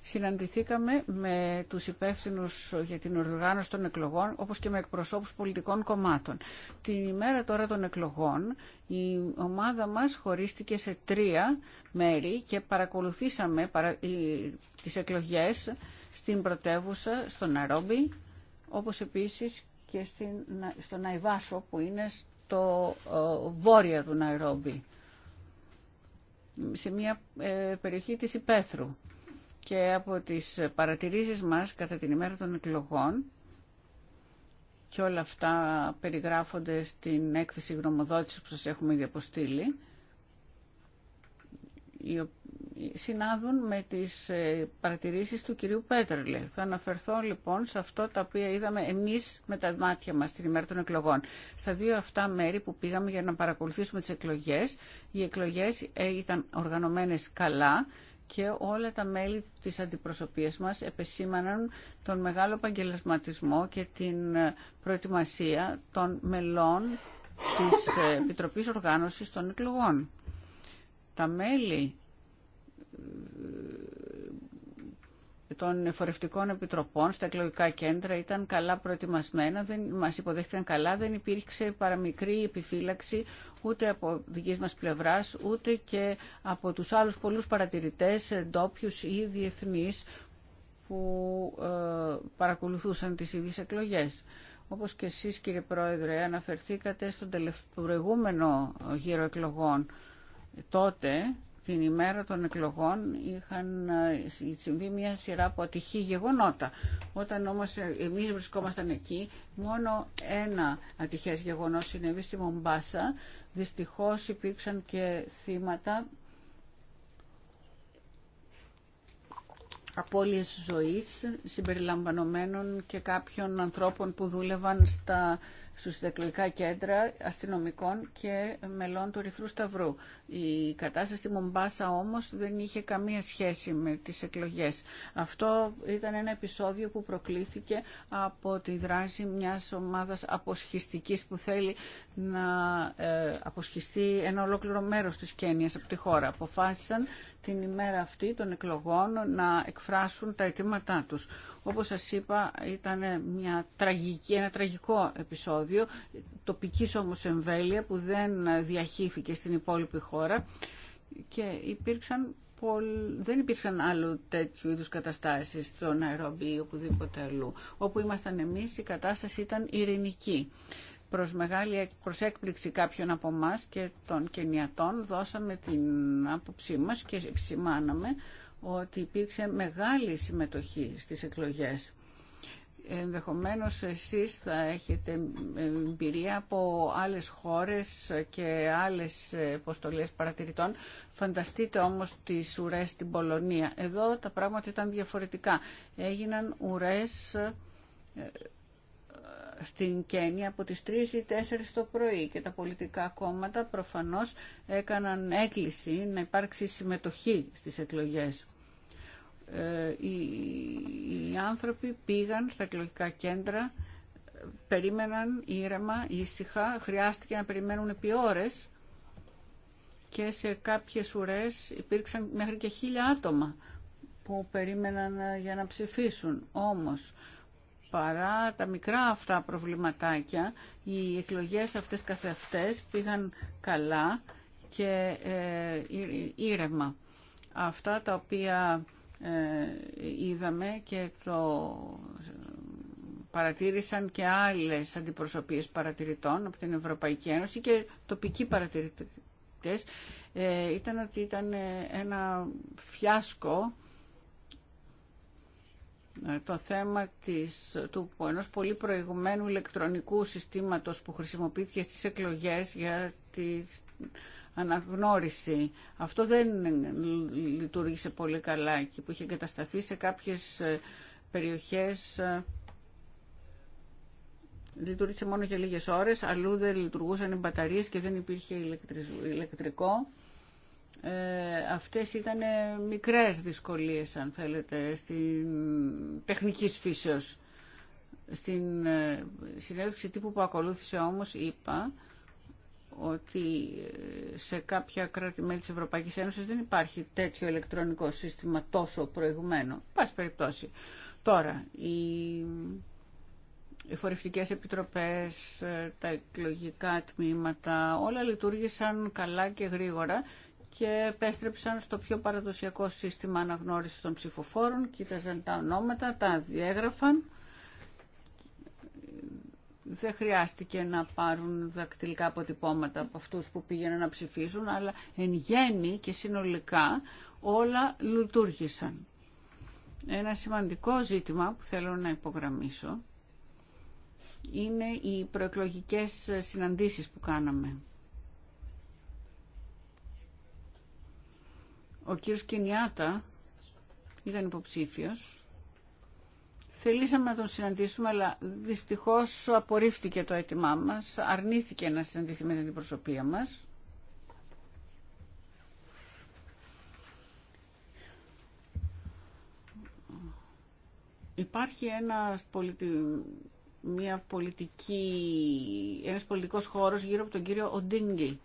συναντηθήκαμε με τους υπεύθυνους για την οργάνωση των εκλογών, όπως και με εκπροσώπους πολιτικών κομμάτων. Την ημέρα τώρα των εκλογών, η ομάδα μας χωρίστηκε σε τρία μέρη και παρακολουθήσαμε τις εκλογές στην πρωτεύουσα, στο Ναρόμπι, όπως επίσης και στην, στο Ναϊβάσο που είναι στο βόρεια του Ναϊρόμπι, σε μια ε, περιοχή της Υπέθρου και από τις παρατηρήσεις μας κατά την ημέρα των εκλογών και όλα αυτά περιγράφονται στην έκθεση γνωμοδότησης που σας έχουμε ήδη συνάδουν με τις ε, παρατηρήσεις του κυρίου Πέτρελε. Θα αναφερθώ λοιπόν σε αυτό τα οποία είδαμε εμείς με τα μάτια μας την ημέρα των εκλογών. Στα δύο αυτά μέρη που πήγαμε για να παρακολουθήσουμε τις εκλογές, οι εκλογές ε, ήταν οργανωμένες καλά και όλα τα μέλη της αντιπροσωπείας μας επεσήμαναν τον μεγάλο επαγγελματισμό και την ε, προετοιμασία των μελών της ε, Επιτροπής Οργάνωσης των Εκλογών. Τα μέλη ε, των φορευτικών επιτροπών στα εκλογικά κέντρα ήταν καλά προετοιμασμένα, δεν, μας υποδέχτηκαν καλά, δεν υπήρξε παραμικρή επιφύλαξη ούτε από δική μας πλευράς, ούτε και από τους άλλους πολλούς παρατηρητές, ντόπιου ή διεθνείς που ε, παρακολουθούσαν τις ίδιες εκλογές. Όπως και εσείς κύριε Πρόεδρε αναφερθήκατε στον προηγούμενο γύρο εκλογών τότε την ημέρα των εκλογών είχαν ε, συμβεί μια σειρά από ατυχή γεγονότα. Όταν όμως εμείς βρισκόμασταν εκεί, μόνο ένα ατυχές γεγονός συνέβη στη Μομπάσα. Δυστυχώς υπήρξαν και θύματα απώλειες ζωής, συμπεριλαμβανομένων και κάποιων ανθρώπων που δούλευαν στα στους εκλογικά κέντρα αστυνομικών και μελών του Ρυθρού Σταυρού. Η κατάσταση στη Μομπάσα όμως δεν είχε καμία σχέση με τις εκλογές. Αυτό ήταν ένα επεισόδιο που προκλήθηκε από τη δράση μιας ομάδας αποσχιστικής που θέλει να ε, αποσχιστεί ένα ολόκληρο μέρος της Κένιας από τη χώρα. Αποφάσισαν την ημέρα αυτή των εκλογών να εκφράσουν τα αιτήματά τους. Όπως σας είπα ήταν μια τραγική, ένα τραγικό επεισόδιο επεισόδιο τοπικής όμως εμβέλεια που δεν διαχύθηκε στην υπόλοιπη χώρα και υπήρξαν δεν υπήρξαν άλλου τέτοιου είδους καταστάσεις στον Ναϊρόμπι ή οπουδήποτε αλλού. Όπου ήμασταν εμείς η κατάσταση ήταν ειρηνική. Προς μεγάλη προς έκπληξη κάποιων από εμά και των Κενιατών δώσαμε την άποψή μας και επισημάναμε ότι υπήρξε μεγάλη συμμετοχή στις εκλογές ενδεχομένως εσείς θα έχετε εμπειρία από άλλες χώρες και άλλες υποστολές παρατηρητών. Φανταστείτε όμως τις ουρές στην Πολωνία. Εδώ τα πράγματα ήταν διαφορετικά. Έγιναν ουρές ε, στην Κένια από τις 3 ή 4 το πρωί και τα πολιτικά κόμματα προφανώς έκαναν έκκληση να υπάρξει συμμετοχή στις εκλογές. Ε, οι άνθρωποι πήγαν στα εκλογικά κέντρα, περίμεναν ήρεμα, ήσυχα, χρειάστηκε να περιμένουν επί ώρες και σε κάποιες ουρές υπήρξαν μέχρι και χίλια άτομα που περίμεναν ε, για να ψηφίσουν. Όμως, παρά τα μικρά αυτά προβληματάκια, οι εκλογές αυτές καθεαυτές πήγαν καλά και ε, ήρεμα. Αυτά τα οποία ε, είδαμε και το παρατήρησαν και άλλες αντιπροσωπείες παρατηρητών από την Ευρωπαϊκή Ένωση και τοπικοί παρατηρητές ε, ήταν ότι ήταν ε, ένα φιάσκο το θέμα της, του ενός πολύ προηγουμένου ηλεκτρονικού συστήματος που χρησιμοποιήθηκε στις εκλογές για τις αναγνώριση. Αυτό δεν λειτουργήσε πολύ καλά και που είχε εγκατασταθεί σε κάποιες ε, περιοχές ε, λειτουργήσε μόνο για λίγες ώρες, αλλού δεν λειτουργούσαν οι μπαταρίες και δεν υπήρχε ηλεκτρικό. Ε, αυτές ήταν μικρές δυσκολίες, αν θέλετε, στην τεχνικής φύσεως. Στην ε, συνέντευξη τύπου που ακολούθησε όμως είπα ότι σε κάποια κράτη-μέλη της Ευρωπαϊκής Ένωσης δεν υπάρχει τέτοιο ηλεκτρονικό σύστημα τόσο προηγουμένο. Πάση περιπτώσει. Τώρα, οι, οι επιτροπές, ε, τα εκλογικά τμήματα, όλα λειτουργήσαν καλά και γρήγορα και επέστρεψαν στο πιο παραδοσιακό σύστημα αναγνώρισης των ψηφοφόρων, κοίταζαν τα ονόματα, τα διέγραφαν δεν χρειάστηκε να πάρουν δακτυλικά αποτυπώματα από αυτούς που πήγαιναν να ψηφίσουν, αλλά εν γέννη και συνολικά όλα λειτουργήσαν. Ένα σημαντικό ζήτημα που θέλω να υπογραμμίσω είναι οι προεκλογικές συναντήσεις που κάναμε. Ο κύριος Κενιάτα ήταν υποψήφιος Θελήσαμε να τον συναντήσουμε, αλλά δυστυχώς απορρίφθηκε το αίτημά μας, αρνήθηκε να συναντηθεί με την προσωπία μας. Υπάρχει ένας πολιτι... μια πολιτική... ένας πολιτικός χώρος γύρω από τον κύριο Οντίνγκη.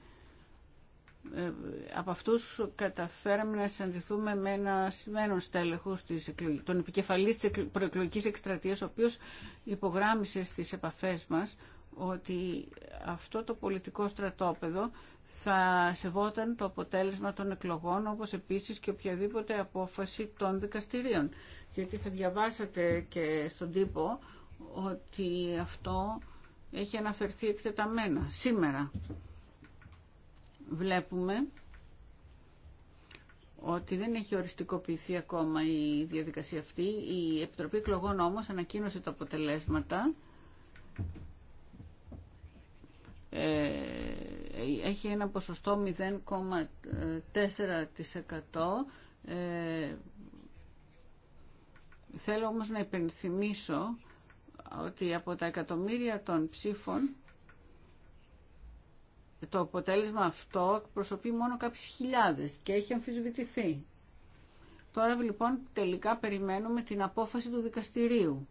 Ε, από αυτούς καταφέραμε να συναντηθούμε με ένα σημαίνον στέλεχος της, τον επικεφαλής της προεκλογικής εκστρατείας, ο οποίος υπογράμμισε στις επαφές μας ότι αυτό το πολιτικό στρατόπεδο θα σεβόταν το αποτέλεσμα των εκλογών, όπως επίσης και οποιαδήποτε απόφαση των δικαστηρίων. Γιατί θα διαβάσατε και στον τύπο ότι αυτό έχει αναφερθεί εκτεταμένα σήμερα βλέπουμε ότι δεν έχει οριστικοποιηθεί ακόμα η διαδικασία αυτή. Η Επιτροπή Κλογών, όμως ανακοίνωσε τα αποτελέσματα. Ε, έχει ένα ποσοστό 0,4%. Ε, θέλω όμως να υπενθυμίσω ότι από τα εκατομμύρια των ψήφων το αποτέλεσμα αυτό προσωπεί μόνο κάποιες χιλιάδες και έχει αμφισβητηθεί. Τώρα λοιπόν τελικά περιμένουμε την απόφαση του δικαστηρίου.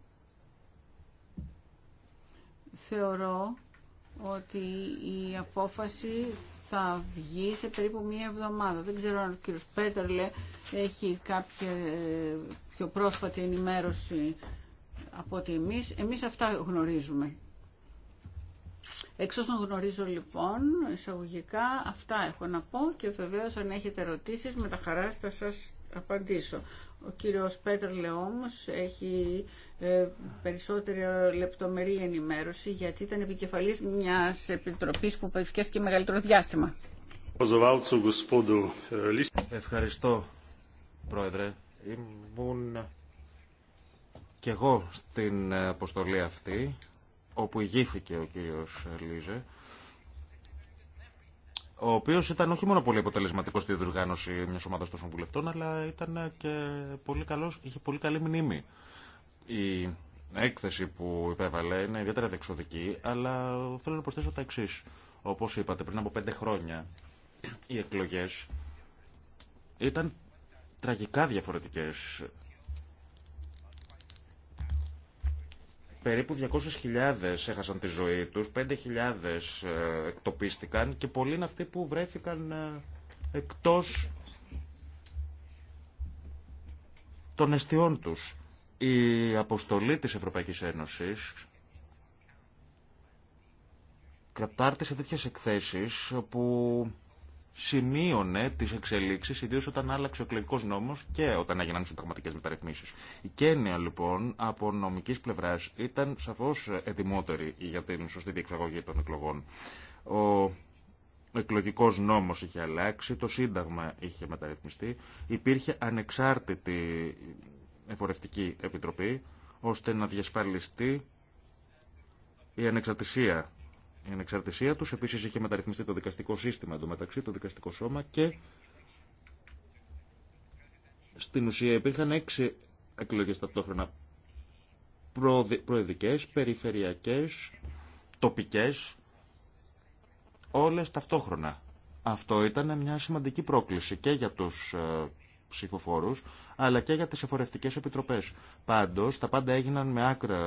Θεωρώ ότι η απόφαση θα βγει σε περίπου μία εβδομάδα. Δεν ξέρω αν ο κύριος Πέτερλε έχει κάποια ε, πιο πρόσφατη ενημέρωση από ότι εμείς. Εμείς αυτά γνωρίζουμε. Εξ όσων γνωρίζω λοιπόν, εισαγωγικά αυτά έχω να πω και βεβαίω αν έχετε ερωτήσεις με τα χαρά θα σας απαντήσω. Ο κύριος Πέτρος όμως έχει ε, περισσότερη λεπτομερή ενημέρωση γιατί ήταν επικεφαλής μιας επιτροπής που και μεγαλύτερο διάστημα. Ευχαριστώ πρόεδρε. Ήμουν και εγώ στην αποστολή αυτή όπου ηγήθηκε ο κύριος Λίζε, ο οποίος ήταν όχι μόνο πολύ αποτελεσματικός στη διοργάνωση μιας ομάδας των βουλευτών, αλλά ήταν και πολύ καλός, είχε πολύ καλή μνήμη. Η έκθεση που υπέβαλε είναι ιδιαίτερα δεξοδική, αλλά θέλω να προσθέσω τα εξή. Όπως είπατε, πριν από πέντε χρόνια οι εκλογές ήταν τραγικά διαφορετικές Περίπου 200.000 έχασαν τη ζωή τους, 5.000 ε, εκτοπίστηκαν και πολλοί είναι αυτοί που βρέθηκαν ε, εκτός των αισθειών τους. Η αποστολή της Ευρωπαϊκής Ένωσης κατάρτισε τέτοιες εκθέσεις που σημείωνε τι εξελίξει, ιδίω όταν άλλαξε ο εκλογικό νόμο και όταν έγιναν συνταγματικέ μεταρρυθμίσει. Η Κένια, λοιπόν, από νομική πλευρά ήταν σαφώ ετοιμότερη για την σωστή διεξαγωγή των εκλογών. Ο εκλογικό νόμο είχε αλλάξει, το Σύνταγμα είχε μεταρρυθμιστεί, υπήρχε ανεξάρτητη εφορευτική επιτροπή ώστε να διασφαλιστεί η ανεξαρτησία η ανεξαρτησία του επίση είχε μεταρρυθμιστεί το δικαστικό σύστημα εντωμεταξύ, το δικαστικό σώμα και στην ουσία υπήρχαν έξι εκλογέ ταυτόχρονα Προεδρικέ, περιφερειακέ, τοπικέ. Όλε ταυτόχρονα. Αυτό ήταν μια σημαντική πρόκληση και για του ε, ψηφοφόρους, αλλά και για τις εφορευτικές επιτροπές. Πάντως, τα πάντα έγιναν με, άκρα,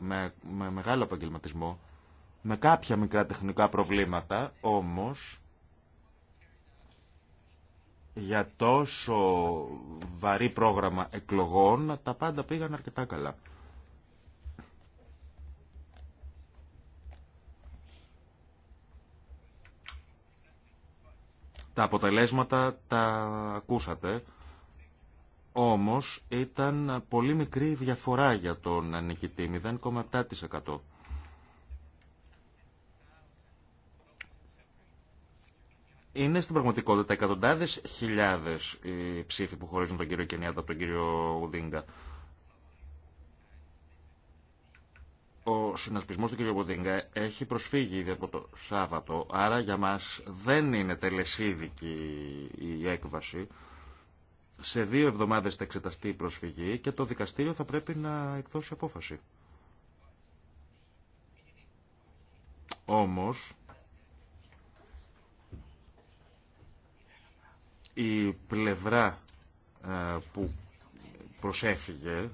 με μεγάλο επαγγελματισμό με κάποια μικρά τεχνικά προβλήματα, όμως για τόσο βαρύ πρόγραμμα εκλογών τα πάντα πήγαν αρκετά καλά. Τα αποτελέσματα τα ακούσατε, όμως ήταν πολύ μικρή διαφορά για τον νικητή, 0,7%. Είναι στην πραγματικότητα εκατοντάδε χιλιάδε οι ψήφοι που χωρίζουν τον κύριο Κενιάτα από τον κύριο Ουδίνγκα. Ο συνασπισμό του κύριου Ουδίνγκα έχει προσφύγει ήδη από το Σάββατο, άρα για μα δεν είναι τελεσίδικη η έκβαση. Σε δύο εβδομάδε θα εξεταστεί η προσφυγή και το δικαστήριο θα πρέπει να εκδώσει απόφαση. Όμως, η πλευρά ε, που προσέφυγε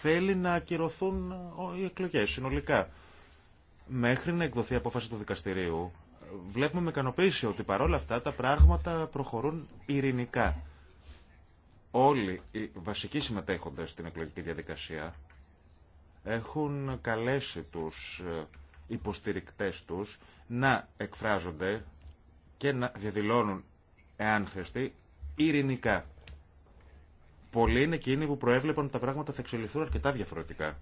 θέλει να ακυρωθούν ε, οι εκλογές συνολικά. Μέχρι να εκδοθεί η απόφαση του δικαστηρίου βλέπουμε με ικανοποίηση ότι παρόλα αυτά τα πράγματα προχωρούν ειρηνικά. Όλοι οι βασικοί συμμετέχοντες στην εκλογική διαδικασία έχουν καλέσει τους ε, υποστηρικτές τους να εκφράζονται και να διαδηλώνουν εάν χρειαστεί, ειρηνικά. Πολλοί είναι εκείνοι που προέβλεπαν ότι τα πράγματα θα εξελιχθούν αρκετά διαφορετικά.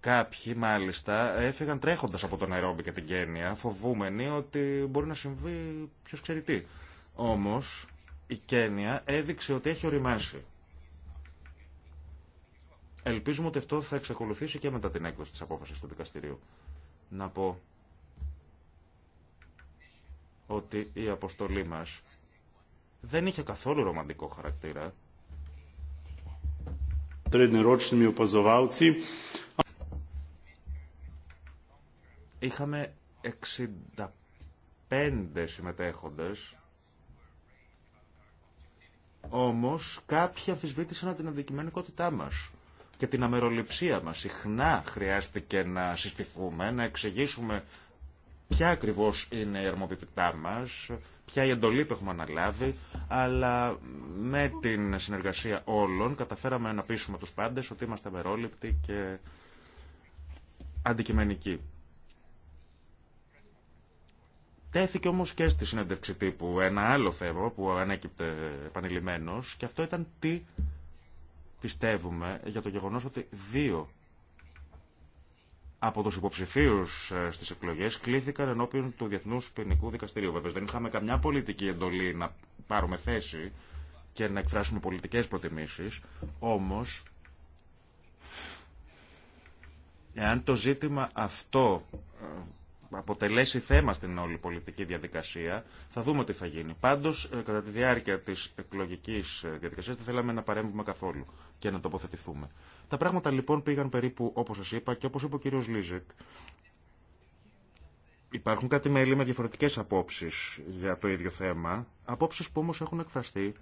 Κάποιοι, μάλιστα, έφυγαν τρέχοντας από τον Αερόμπι και την Κένια, φοβούμενοι ότι μπορεί να συμβεί ποιος ξέρει τι. Όμως, η Κένια έδειξε ότι έχει οριμάσει. Ελπίζουμε ότι αυτό θα εξακολουθήσει και μετά την έκδοση τη απόφαση του δικαστηρίου. Να πω ότι η αποστολή μας δεν είχε καθόλου ρομαντικό χαρακτήρα. Είχαμε 65 συμμετέχοντες, όμως κάποιοι αφισβήτησαν την αντικειμενικότητά μας και την αμεροληψία μας. Συχνά χρειάστηκε να συστηθούμε, να εξηγήσουμε ποια ακριβώ είναι η αρμοδιότητά μα, ποια η εντολή που έχουμε αναλάβει, αλλά με την συνεργασία όλων καταφέραμε να πείσουμε τους πάντες ότι είμαστε αμερόληπτοι και αντικειμενικοί. Τέθηκε όμως και στη συνέντευξη τύπου ένα άλλο θέμα που ανέκυπτε επανειλημμένος και αυτό ήταν τι πιστεύουμε για το γεγονός ότι δύο από του υποψηφίου ε, στι εκλογέ κλήθηκαν ενώπιον του Διεθνού Ποινικού Δικαστηρίου. Βέβαια, δεν είχαμε καμιά πολιτική εντολή να πάρουμε θέση και να εκφράσουμε πολιτικέ προτιμήσει. Όμω, εάν το ζήτημα αυτό ε, αποτελέσει θέμα στην όλη πολιτική διαδικασία, θα δούμε τι θα γίνει. Πάντω, ε, κατά τη διάρκεια τη εκλογική διαδικασία, δεν θέλαμε να παρέμβουμε καθόλου και να τοποθετηθούμε. Τα πράγματα λοιπόν πήγαν περίπου όπως σας είπα και όπως είπε ο κύριο Λίζεκ. Υπάρχουν κάτι μέλη με διαφορετικές απόψεις για το ίδιο θέμα, απόψεις που όμως έχουν εκφραστεί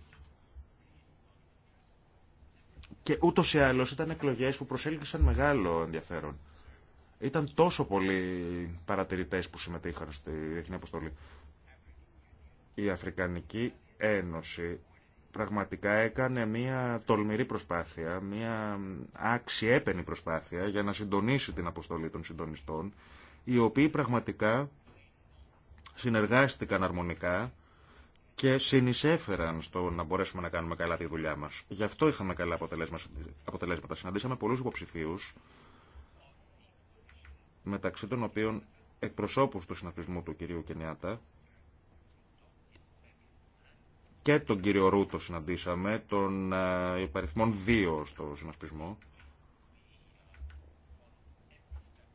και ούτω ή άλλω ήταν εκλογέ που προσέλκυσαν μεγάλο ενδιαφέρον. Ήταν τόσο πολλοί παρατηρητέ που συμμετείχαν στη διεθνή αποστολή. Η Αφρικανική Ένωση πραγματικά έκανε μια τολμηρή προσπάθεια, μια αξιέπαινη προσπάθεια για να συντονίσει την αποστολή των συντονιστών, οι οποίοι πραγματικά συνεργάστηκαν αρμονικά και συνεισέφεραν στο να μπορέσουμε να κάνουμε καλά τη δουλειά μας. Γι' αυτό είχαμε καλά αποτελέσματα. Συναντήσαμε πολλούς υποψηφίους, μεταξύ των οποίων εκπροσώπους του συναπλισμού του κυρίου Κενιάτα, και τον κύριο Ρούτο συναντήσαμε, τον ε, υπαριθμών 2 στο συνασπισμό.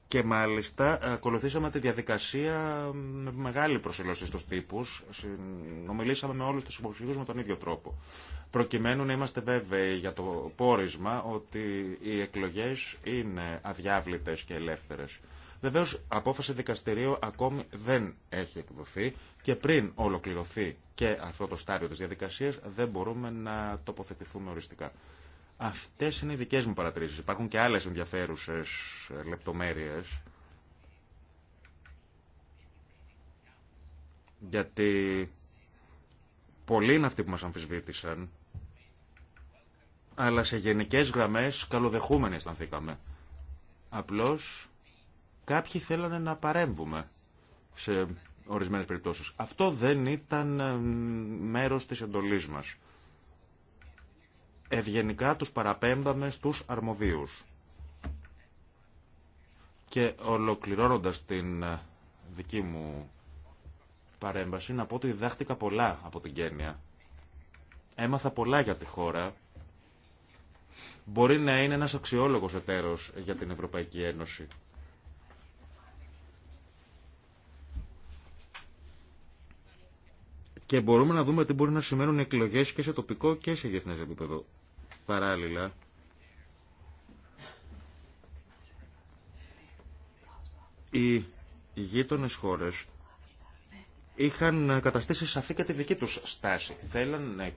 Και μάλιστα ακολουθήσαμε τη διαδικασία με μεγάλη προσήλωση στους τύπους. Συνομιλήσαμε με όλους τους υποψηφίους με τον ίδιο τρόπο. Προκειμένου να είμαστε βέβαιοι για το πόρισμα ότι οι εκλογές είναι αδιάβλητες και ελεύθερες. Βεβαίω, απόφαση δικαστηρίου ακόμη δεν έχει εκδοθεί και πριν ολοκληρωθεί και αυτό το στάδιο τη διαδικασία, δεν μπορούμε να τοποθετηθούμε οριστικά. Αυτέ είναι οι δικέ μου παρατηρήσει. Υπάρχουν και άλλε ενδιαφέρουσε λεπτομέρειε. Γιατί πολλοί είναι αυτοί που μας αμφισβήτησαν, αλλά σε γενικές γραμμές καλοδεχούμενοι αισθανθήκαμε. Απλώς Κάποιοι θέλανε να παρέμβουμε σε ορισμένες περιπτώσεις. Αυτό δεν ήταν ε, μέρος της εντολής μας. Ευγενικά τους παραπέμπαμε στους αρμοδίους. Και ολοκληρώνοντας την ε, δική μου παρέμβαση, να πω ότι διδάχτηκα πολλά από την Κένια. Έμαθα πολλά για τη χώρα. Μπορεί να είναι ένας αξιόλογος εταίρος για την Ευρωπαϊκή Ένωση. και μπορούμε να δούμε τι μπορεί να σημαίνουν εκλογέ εκλογές και σε τοπικό και σε διεθνέ επίπεδο. Παράλληλα, οι γείτονε χώρες είχαν καταστήσει σαφή και τη δική τους στάση. Θέλαν να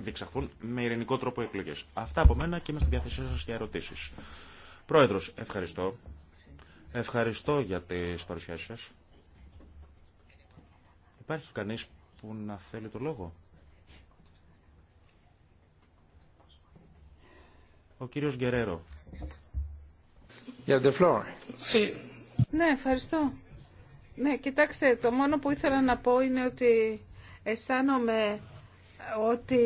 διεξαχθούν με ειρηνικό τρόπο εκλογές. Αυτά από μένα και είμαι στη διάθεσή σας για ερωτήσεις. Πρόεδρος, ευχαριστώ. Ευχαριστώ για τις παρουσιάσεις σας. Υπάρχει κανείς που να θέλει το λόγο. Ο κύριος Γκερέρο. Yeah, the floor. Sí. Ναι, ευχαριστώ. Ναι, κοιτάξτε, το μόνο που ήθελα να πω είναι ότι αισθάνομαι ότι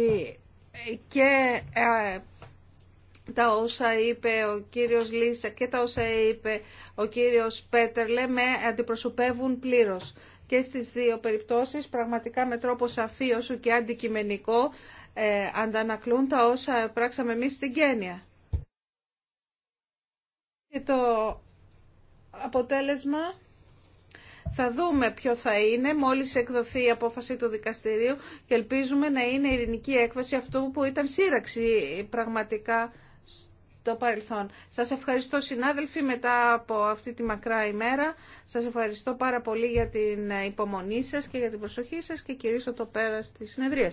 και ε, τα όσα είπε ο κύριος Λίσα και τα όσα είπε ο κύριος Πέτερλε με αντιπροσωπεύουν πλήρως και στις δύο περιπτώσεις πραγματικά με τρόπο σαφή όσο και αντικειμενικό ε, αντανακλούν τα όσα πράξαμε εμείς στην Κένια. Και το αποτέλεσμα θα δούμε ποιο θα είναι μόλις εκδοθεί η απόφαση του δικαστηρίου και ελπίζουμε να είναι ειρηνική έκβαση αυτού που ήταν σύραξη πραγματικά το παρελθόν. Σας ευχαριστώ συνάδελφοι μετά από αυτή τη μακρά ημέρα. Σας ευχαριστώ πάρα πολύ για την υπομονή σας και για την προσοχή σας και κυρίως το πέρα της συνεδρία